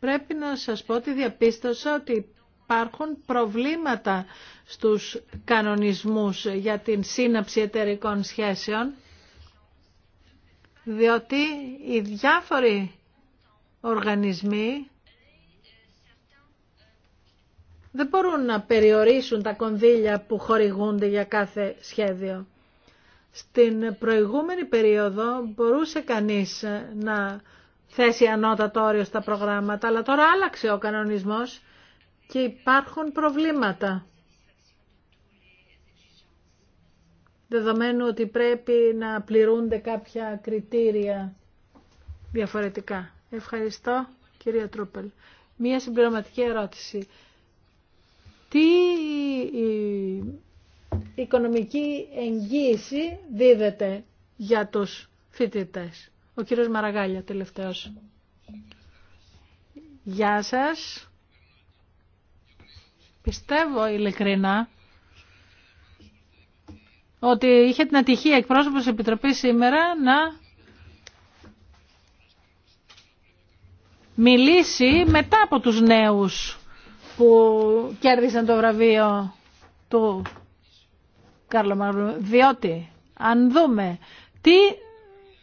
πρέπει να σας πω ότι διαπίστωσα ότι υπάρχουν προβλήματα στους κανονισμούς για την σύναψη εταιρικών σχέσεων, διότι οι διάφοροι οργανισμοί δεν μπορούν να περιορίσουν τα κονδύλια που χορηγούνται για κάθε σχέδιο. Στην προηγούμενη περίοδο μπορούσε κανείς να θέσει ανώτατο όριο στα προγράμματα, αλλά τώρα άλλαξε ο κανονισμός και υπάρχουν προβλήματα. Δεδομένου ότι πρέπει να πληρούνται κάποια κριτήρια διαφορετικά. Ευχαριστώ, κυρία Τρούπελ. Μία συμπληρωματική ερώτηση. Τι οικονομική εγγύηση δίδεται για τους φοιτητές. Ο κύριος Μαραγάλια τελευταίος. Γεια σας. Πιστεύω ειλικρινά ότι είχε την ατυχία εκπρόσωπος της Επιτροπής σήμερα να μιλήσει μετά από τους νέους που κέρδισαν το βραβείο του Κάρλο Μαρλού. Διότι αν δούμε τι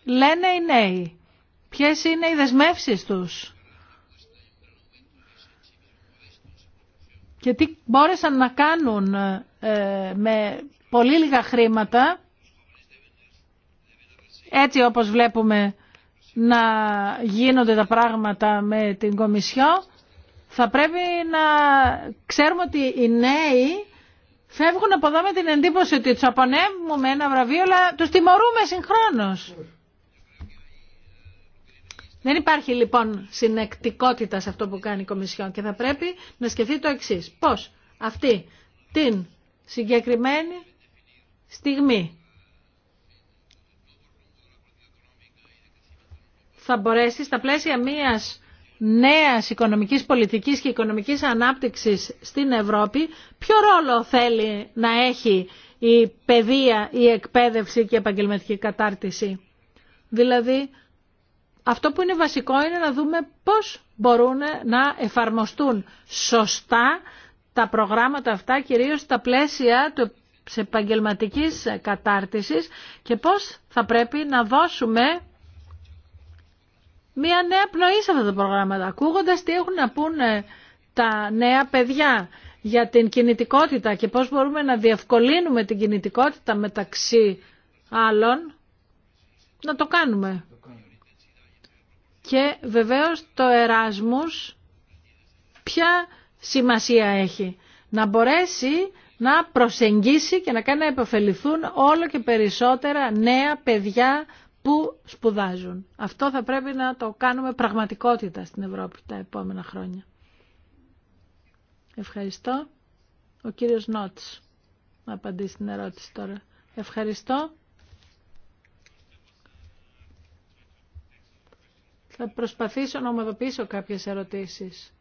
λένε οι νέοι, ποιες είναι οι δεσμεύσεις τους και τι μπόρεσαν να κάνουν ε, με πολύ λίγα χρήματα, έτσι όπως βλέπουμε να γίνονται τα πράγματα με την Κομισιό, θα πρέπει να ξέρουμε ότι οι νέοι φεύγουν από εδώ με την εντύπωση ότι τους απονέμουμε ένα βραβείο, αλλά τους τιμωρούμε συγχρόνως. Δεν υπάρχει λοιπόν συνεκτικότητα σε αυτό που κάνει η Κομισιόν και θα πρέπει να σκεφτεί το εξή. Πώ αυτή την συγκεκριμένη στιγμή θα μπορέσει στα πλαίσια μιας νέας οικονομικής πολιτικής και οικονομικής ανάπτυξης στην Ευρώπη, ποιο ρόλο θέλει να έχει η παιδεία, η εκπαίδευση και η επαγγελματική κατάρτιση. Δηλαδή, αυτό που είναι βασικό είναι να δούμε πώς μπορούν να εφαρμοστούν σωστά τα προγράμματα αυτά, κυρίως στα πλαίσια του σε επαγγελματική κατάρτισης και πώς θα πρέπει να δώσουμε μία νέα πνοή σε αυτά τα προγράμματα. Ακούγοντας τι έχουν να πούνε τα νέα παιδιά για την κινητικότητα και πώς μπορούμε να διευκολύνουμε την κινητικότητα μεταξύ άλλων, να το κάνουμε. Και βεβαίως το εράσμος, ποια σημασία έχει. Να μπορέσει να προσεγγίσει και να κάνει να υποφεληθούν όλο και περισσότερα νέα παιδιά που σπουδάζουν. Αυτό θα πρέπει να το κάνουμε πραγματικότητα στην Ευρώπη τα επόμενα χρόνια. Ευχαριστώ. Ο κύριος Νότς να απαντήσει την ερώτηση τώρα. Ευχαριστώ. Θα προσπαθήσω να ομοδοποιήσω κάποιες ερωτήσεις.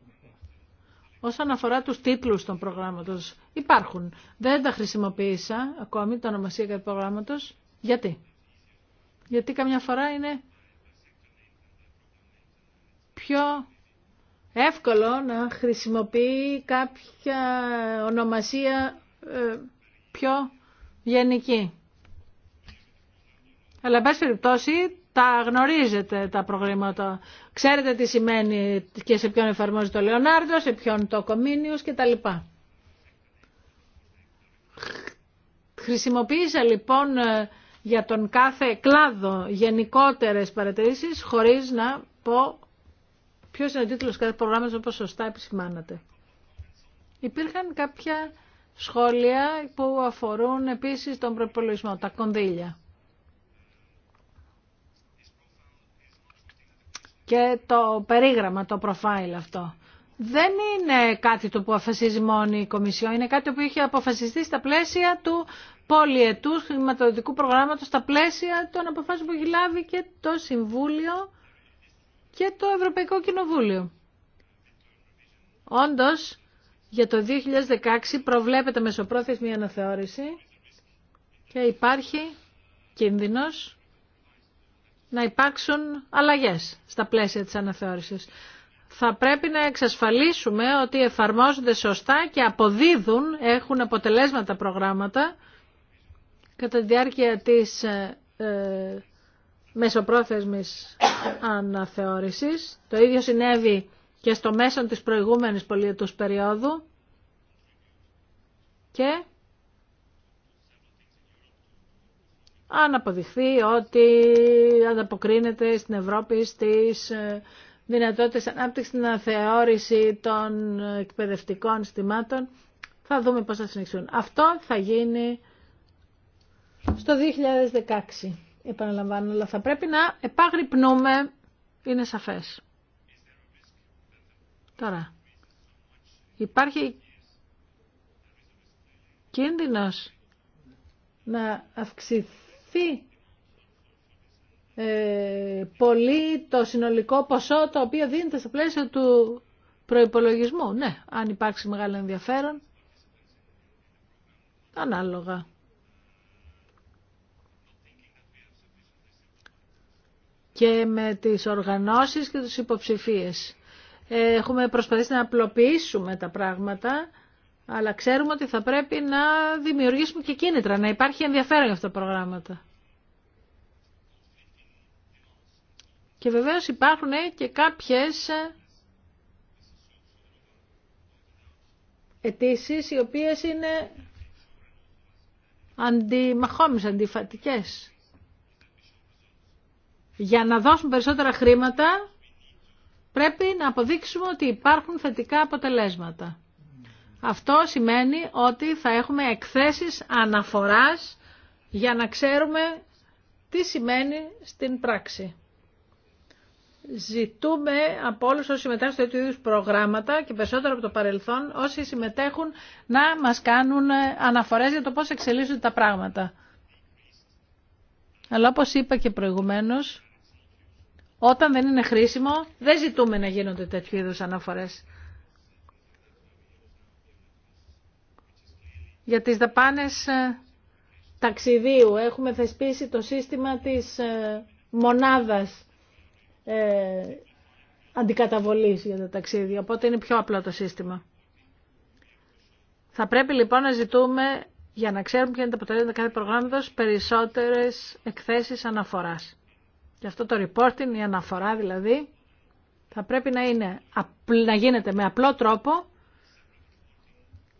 Όσον αφορά τους τίτλους των προγράμματος, υπάρχουν. Δεν τα χρησιμοποίησα ακόμη, το ονομασία του προγράμματος. Γιατί. Γιατί καμιά φορά είναι πιο εύκολο να χρησιμοποιεί κάποια ονομασία ε, πιο γενική. Αλλά, εν πάση περιπτώσει, τα γνωρίζετε τα προγράμματα. Ξέρετε τι σημαίνει και σε ποιον εφαρμόζεται το Λεωνάρντο, σε ποιον το τα κτλ. Χρησιμοποίησα λοιπόν ε, για τον κάθε κλάδο γενικότερες παρατηρήσεις χωρίς να πω ποιο είναι ο τίτλος κάθε προγράμματος όπως σωστά επισημάνατε. Υπήρχαν κάποια σχόλια που αφορούν επίσης τον προπολογισμό, τα κονδύλια. και το περίγραμμα, το προφάιλ αυτό. Δεν είναι κάτι το που αφασίζει μόνο η Κομισιό, είναι κάτι που είχε αποφασιστεί στα πλαίσια του πολιετού χρηματοδοτικού προγράμματος, στα πλαίσια των αποφάσεων που έχει λάβει και το Συμβούλιο και το Ευρωπαϊκό Κοινοβούλιο. Όντως, για το 2016 προβλέπεται μεσοπρόθεσμη αναθεώρηση και υπάρχει κίνδυνος να υπάρξουν αλλαγές στα πλαίσια της αναθεώρησης. Θα πρέπει να εξασφαλίσουμε ότι εφαρμόζονται σωστά και αποδίδουν, έχουν αποτελέσματα προγράμματα κατά τη διάρκεια της ε, ε μεσοπρόθεσμης αναθεώρησης. Το ίδιο συνέβη και στο μέσο της προηγούμενης πολιετούς περίοδου και αν αποδειχθεί ότι ανταποκρίνεται στην Ευρώπη στις ε, δυνατότητες ανάπτυξης στην αθεώρηση των εκπαιδευτικών συστημάτων. Θα δούμε πώς θα συνεχιστούν. Αυτό θα γίνει στο 2016, επαναλαμβάνω, αλλά θα πρέπει να επαγρυπνούμε, είναι σαφές. Τώρα, υπάρχει κίνδυνος να αυξηθεί αυξηθεί ε, πολύ το συνολικό ποσό το οποίο δίνεται στο πλαίσιο του προϋπολογισμού. Ναι, αν υπάρξει μεγάλο ενδιαφέρον, ανάλογα. Και με τις οργανώσεις και τους υποψηφίες. Ε, έχουμε προσπαθήσει να απλοποιήσουμε τα πράγματα αλλά ξέρουμε ότι θα πρέπει να δημιουργήσουμε και κίνητρα, να υπάρχει ενδιαφέρον για αυτά τα προγράμματα. Και βεβαίως υπάρχουν και κάποιες αιτήσει οι οποίες είναι αντιμαχόμενες, αντιφατικές. Για να δώσουν περισσότερα χρήματα πρέπει να αποδείξουμε ότι υπάρχουν θετικά αποτελέσματα. Αυτό σημαίνει ότι θα έχουμε εκθέσεις αναφοράς για να ξέρουμε τι σημαίνει στην πράξη. Ζητούμε από όλους όσοι συμμετέχουν σε τέτοιου προγράμματα και περισσότερο από το παρελθόν όσοι συμμετέχουν να μας κάνουν αναφορές για το πώς εξελίσσονται τα πράγματα. Αλλά όπως είπα και προηγουμένως, όταν δεν είναι χρήσιμο δεν ζητούμε να γίνονται τέτοιου είδους αναφορές. για τις δαπάνες ε, ταξιδίου. Έχουμε θεσπίσει το σύστημα της ε, μονάδας ε, αντικαταβολής για τα ταξίδια, οπότε είναι πιο απλό το σύστημα. Θα πρέπει λοιπόν να ζητούμε, για να ξέρουμε ποια είναι τα αποτελέσματα κάθε προγράμματος, περισσότερες εκθέσεις αναφοράς. Γι' αυτό το reporting, η αναφορά δηλαδή, θα πρέπει να, είναι, να γίνεται με απλό τρόπο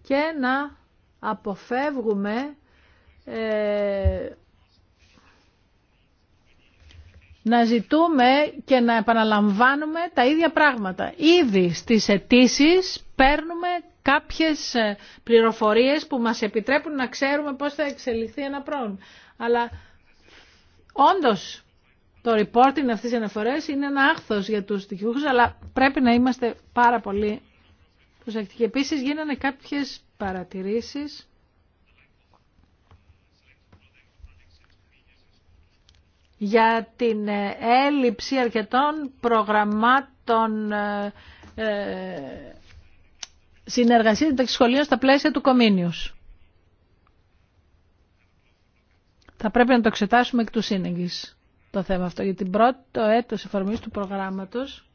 και να αποφεύγουμε ε, να ζητούμε και να επαναλαμβάνουμε τα ίδια πράγματα. Ήδη στις αιτήσει παίρνουμε κάποιες ε, πληροφορίες που μας επιτρέπουν να ξέρουμε πώς θα εξελιχθεί ένα πρόβλημα. Αλλά όντως το reporting αυτής της αναφορές είναι ένα άχθος για τους στοιχείους, αλλά πρέπει να είμαστε πάρα πολύ προσεκτικοί. Επίσης γίνανε κάποιες παρατηρήσεις. για την ε, έλλειψη αρκετών προγραμμάτων ε, ε, συνεργασίας των σχολείων στα πλαίσια του Κομίνιους. Θα πρέπει να το εξετάσουμε εκ του σύνεγγης το θέμα αυτό, γιατί πρώτο έτος εφαρμογής του προγράμματος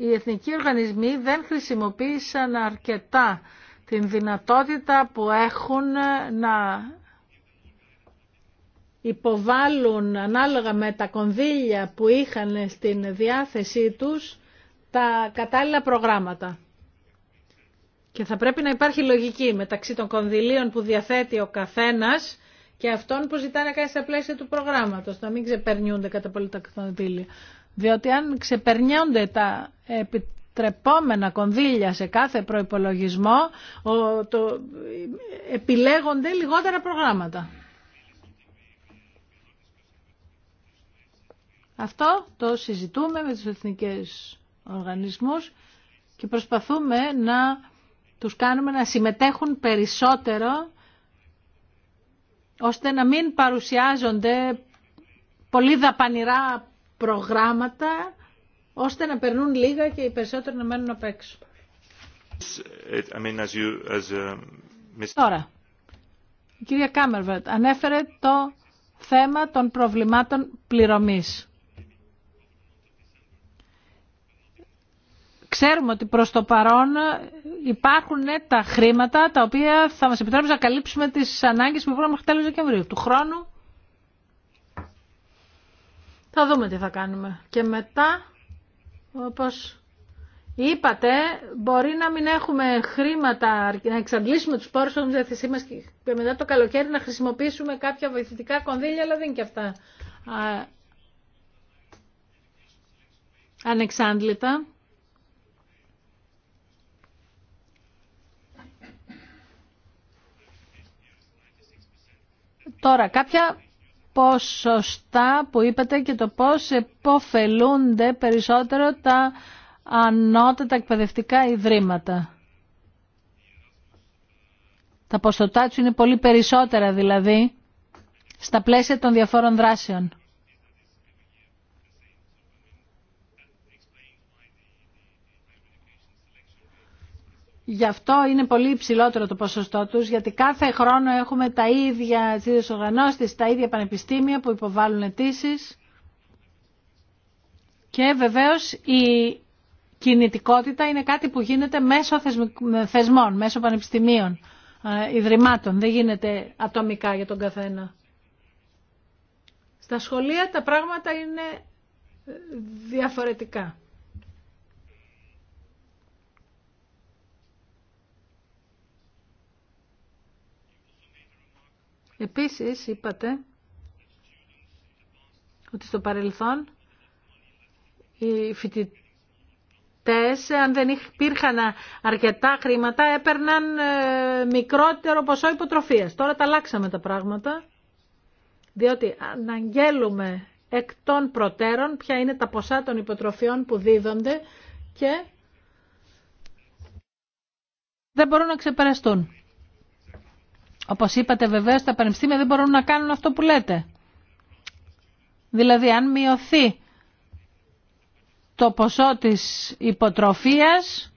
οι εθνικοί οργανισμοί δεν χρησιμοποίησαν αρκετά την δυνατότητα που έχουν να υποβάλουν ανάλογα με τα κονδύλια που είχαν στην διάθεσή τους τα κατάλληλα προγράμματα. Και θα πρέπει να υπάρχει λογική μεταξύ των κονδυλίων που διαθέτει ο καθένας και αυτών που ζητάνε κάτι στα πλαίσια του προγράμματος, να μην ξεπερνιούνται κατά πολύ τα κονδύλια. Διότι αν ξεπερνιόνται τα επιτρεπόμενα κονδύλια σε κάθε προϋπολογισμό, το, επιλέγονται λιγότερα προγράμματα. Αυτό το συζητούμε με τους εθνικές οργανισμούς και προσπαθούμε να τους κάνουμε να συμμετέχουν περισσότερο ώστε να μην παρουσιάζονται πολύ δαπανηρά προγράμματα ώστε να περνούν λίγα και οι περισσότεροι να μένουν απ' έξω. Uh, Τώρα, η κυρία Κάμερβερτ ανέφερε το θέμα των προβλημάτων πληρωμής. Ξέρουμε ότι προς το παρόν υπάρχουν τα χρήματα τα οποία θα μας επιτρέψουν να καλύψουμε τις ανάγκες που μπορούμε μέχρι τέλος Δεκεμβρίου. Του χρόνου θα δούμε τι θα κάνουμε. Και μετά, όπως είπατε, μπορεί να μην έχουμε χρήματα, να εξαντλήσουμε τους πόρους των διαθεσή μας και μετά το καλοκαίρι να χρησιμοποιήσουμε κάποια βοηθητικά κονδύλια, αλλά δεν είναι και αυτά ανεξάντλητα. Τώρα, κάποια ποσοστά που είπατε και το πώς επωφελούνται περισσότερο τα ανώτατα εκπαιδευτικά ιδρύματα. Τα ποσοτά του είναι πολύ περισσότερα δηλαδή στα πλαίσια των διαφόρων δράσεων. Γι' αυτό είναι πολύ υψηλότερο το ποσοστό τους, γιατί κάθε χρόνο έχουμε τα ίδια τις τα ίδια πανεπιστήμια που υποβάλλουν αιτήσει. Και βεβαίως η κινητικότητα είναι κάτι που γίνεται μέσω θεσμών, μέσω πανεπιστημίων, ε, ιδρυμάτων. Δεν γίνεται ατομικά για τον καθένα. Στα σχολεία τα πράγματα είναι ε, διαφορετικά. Επίσης είπατε ότι στο παρελθόν οι φοιτητές, αν δεν υπήρχαν αρκετά χρήματα, έπαιρναν ε, μικρότερο ποσό υποτροφίας. Τώρα τα αλλάξαμε τα πράγματα, διότι αναγγέλουμε εκ των προτέρων ποια είναι τα ποσά των υποτροφιών που δίδονται και δεν μπορούν να ξεπεραστούν. Όπω είπατε βεβαίω τα πανεπιστήμια δεν μπορούν να κάνουν αυτό που λέτε. Δηλαδή αν μειωθεί το ποσό της υποτροφίας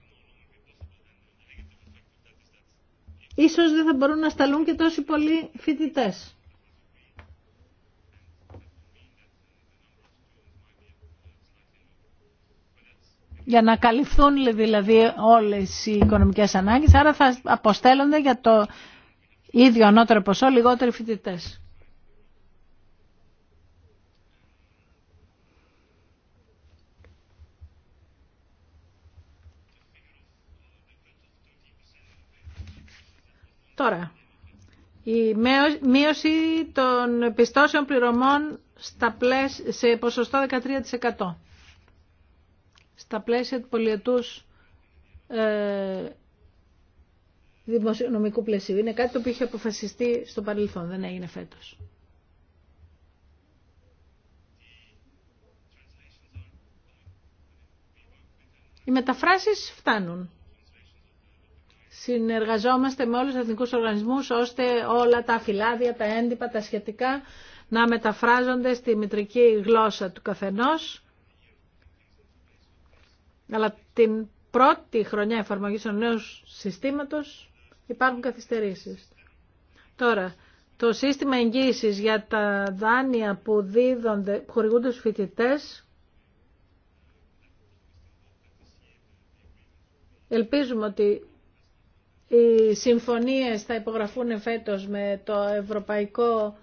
ίσως δεν θα μπορούν να σταλούν και τόσοι πολλοί φοιτητέ. Για να καλυφθούν δηλαδή όλες οι οικονομικές ανάγκες, άρα θα αποστέλλονται για το ίδιο ανώτερο ποσό, λιγότεροι φοιτητέ. Τώρα, η μείωση των πιστώσεων πληρωμών στα πλαίσια σε ποσοστό 13%. Στα πλαίσια του πολιετούς ε, δημοσιονομικού πλαισίου. Είναι κάτι το οποίο είχε αποφασιστεί στο παρελθόν, δεν έγινε φέτος. Οι μεταφράσεις φτάνουν. Συνεργαζόμαστε με όλους τους εθνικούς οργανισμούς ώστε όλα τα φυλάδια, τα έντυπα, τα σχετικά να μεταφράζονται στη μητρική γλώσσα του καθενός. Αλλά την πρώτη χρονιά εφαρμογής του νέου συστήματος υπάρχουν καθυστερήσεις. Τώρα, το σύστημα εγγύησης για τα δάνεια που δίδονται, που χορηγούνται στους φοιτητές, ελπίζουμε ότι οι συμφωνίες θα υπογραφούν φέτος με το Ευρωπαϊκό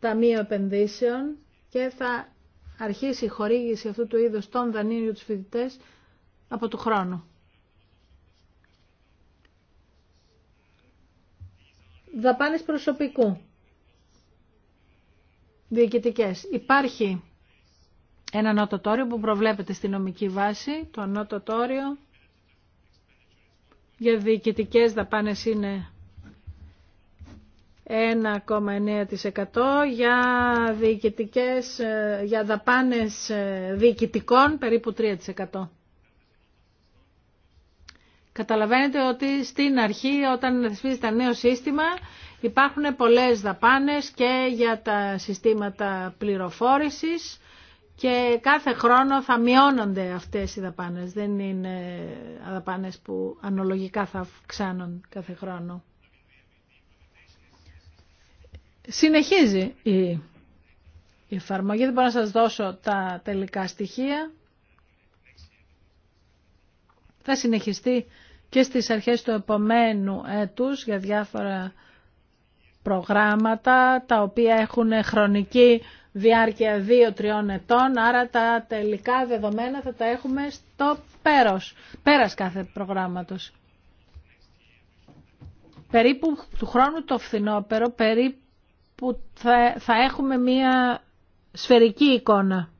Ταμείο Επενδύσεων και θα αρχίσει η χορήγηση αυτού του είδους των δανείων για τους φοιτητές από του χρόνο. δαπάνες προσωπικού. Διοικητικές. Υπάρχει ένα νοτοτόριο που προβλέπεται στη νομική βάση. Το νοτοτόριο για διοικητικές δαπάνες είναι 1,9% για, διοικητικές, ε, για δαπάνες ε, διοικητικών περίπου 3%. Καταλαβαίνετε ότι στην αρχή όταν θεσπίζεται ένα νέο σύστημα υπάρχουν πολλές δαπάνες και για τα συστήματα πληροφόρησης και κάθε χρόνο θα μειώνονται αυτές οι δαπάνες. Δεν είναι δαπάνες που ανολογικά θα αυξάνουν κάθε χρόνο. Συνεχίζει η εφαρμογή. Δεν μπορώ να σας δώσω τα τελικά στοιχεία θα συνεχιστεί και στις αρχές του επομένου έτους για διάφορα προγράμματα τα οποία έχουν χρονική διάρκεια 2-3 ετών, άρα τα τελικά δεδομένα θα τα έχουμε στο πέρος, πέρας κάθε προγράμματος. Περίπου του χρόνου το φθινόπερο, περίπου θα, θα έχουμε μία σφαιρική εικόνα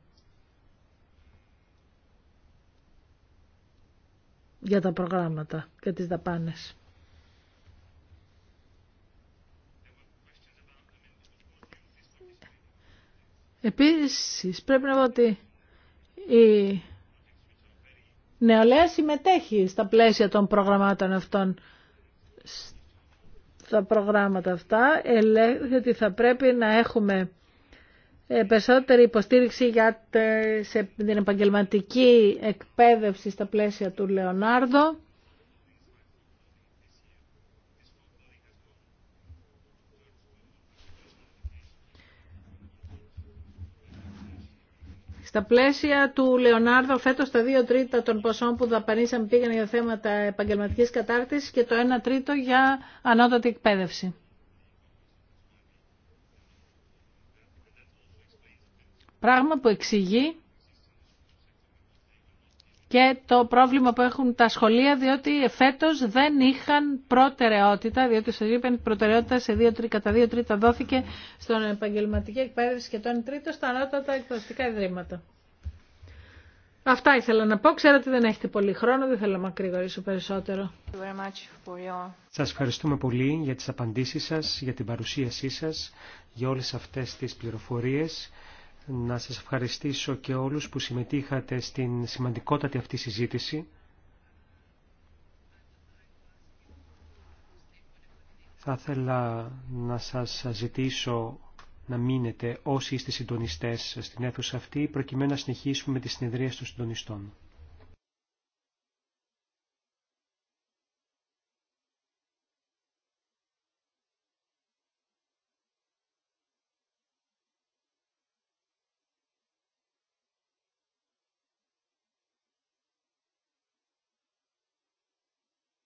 για τα προγράμματα και τις δαπάνες. Επίσης πρέπει να πω ότι η νεολαία συμμετέχει στα πλαίσια των προγραμμάτων αυτών. Στα προγράμματα αυτά ελέγχει ότι θα πρέπει να έχουμε ε, περισσότερη υποστήριξη για την επαγγελματική εκπαίδευση στα πλαίσια του Λεωνάρδο. Στα πλαίσια του Λεωνάρδο φέτος τα 2 τρίτα των ποσών που δαπανίσαμε πήγαν για θέματα επαγγελματικής κατάρτισης και το 1 τρίτο για ανώτατη εκπαίδευση. Πράγμα που εξηγεί και το πρόβλημα που έχουν τα σχολεία, διότι φέτος δεν είχαν προτεραιότητα, διότι στο είπαν προτεραιότητα σε δύο, κατά δύο τρίτα δόθηκε στον επαγγελματική εκπαίδευση και τον τρίτο στα ανώτατα εκπαιδευτικά ιδρύματα. Αυτά ήθελα να πω. Ξέρω ότι δεν έχετε πολύ χρόνο, δεν θέλω να μακρηγορήσω περισσότερο. Σα ευχαριστούμε πολύ για τι απαντήσει σα, για την παρουσίασή σα για όλε αυτέ τι πληροφορίε να σας ευχαριστήσω και όλους που συμμετείχατε στην σημαντικότατη αυτή συζήτηση. Θα ήθελα να σας ζητήσω να μείνετε όσοι είστε συντονιστές στην αίθουσα αυτή, προκειμένου να συνεχίσουμε με τις συνεδρίες των συντονιστών.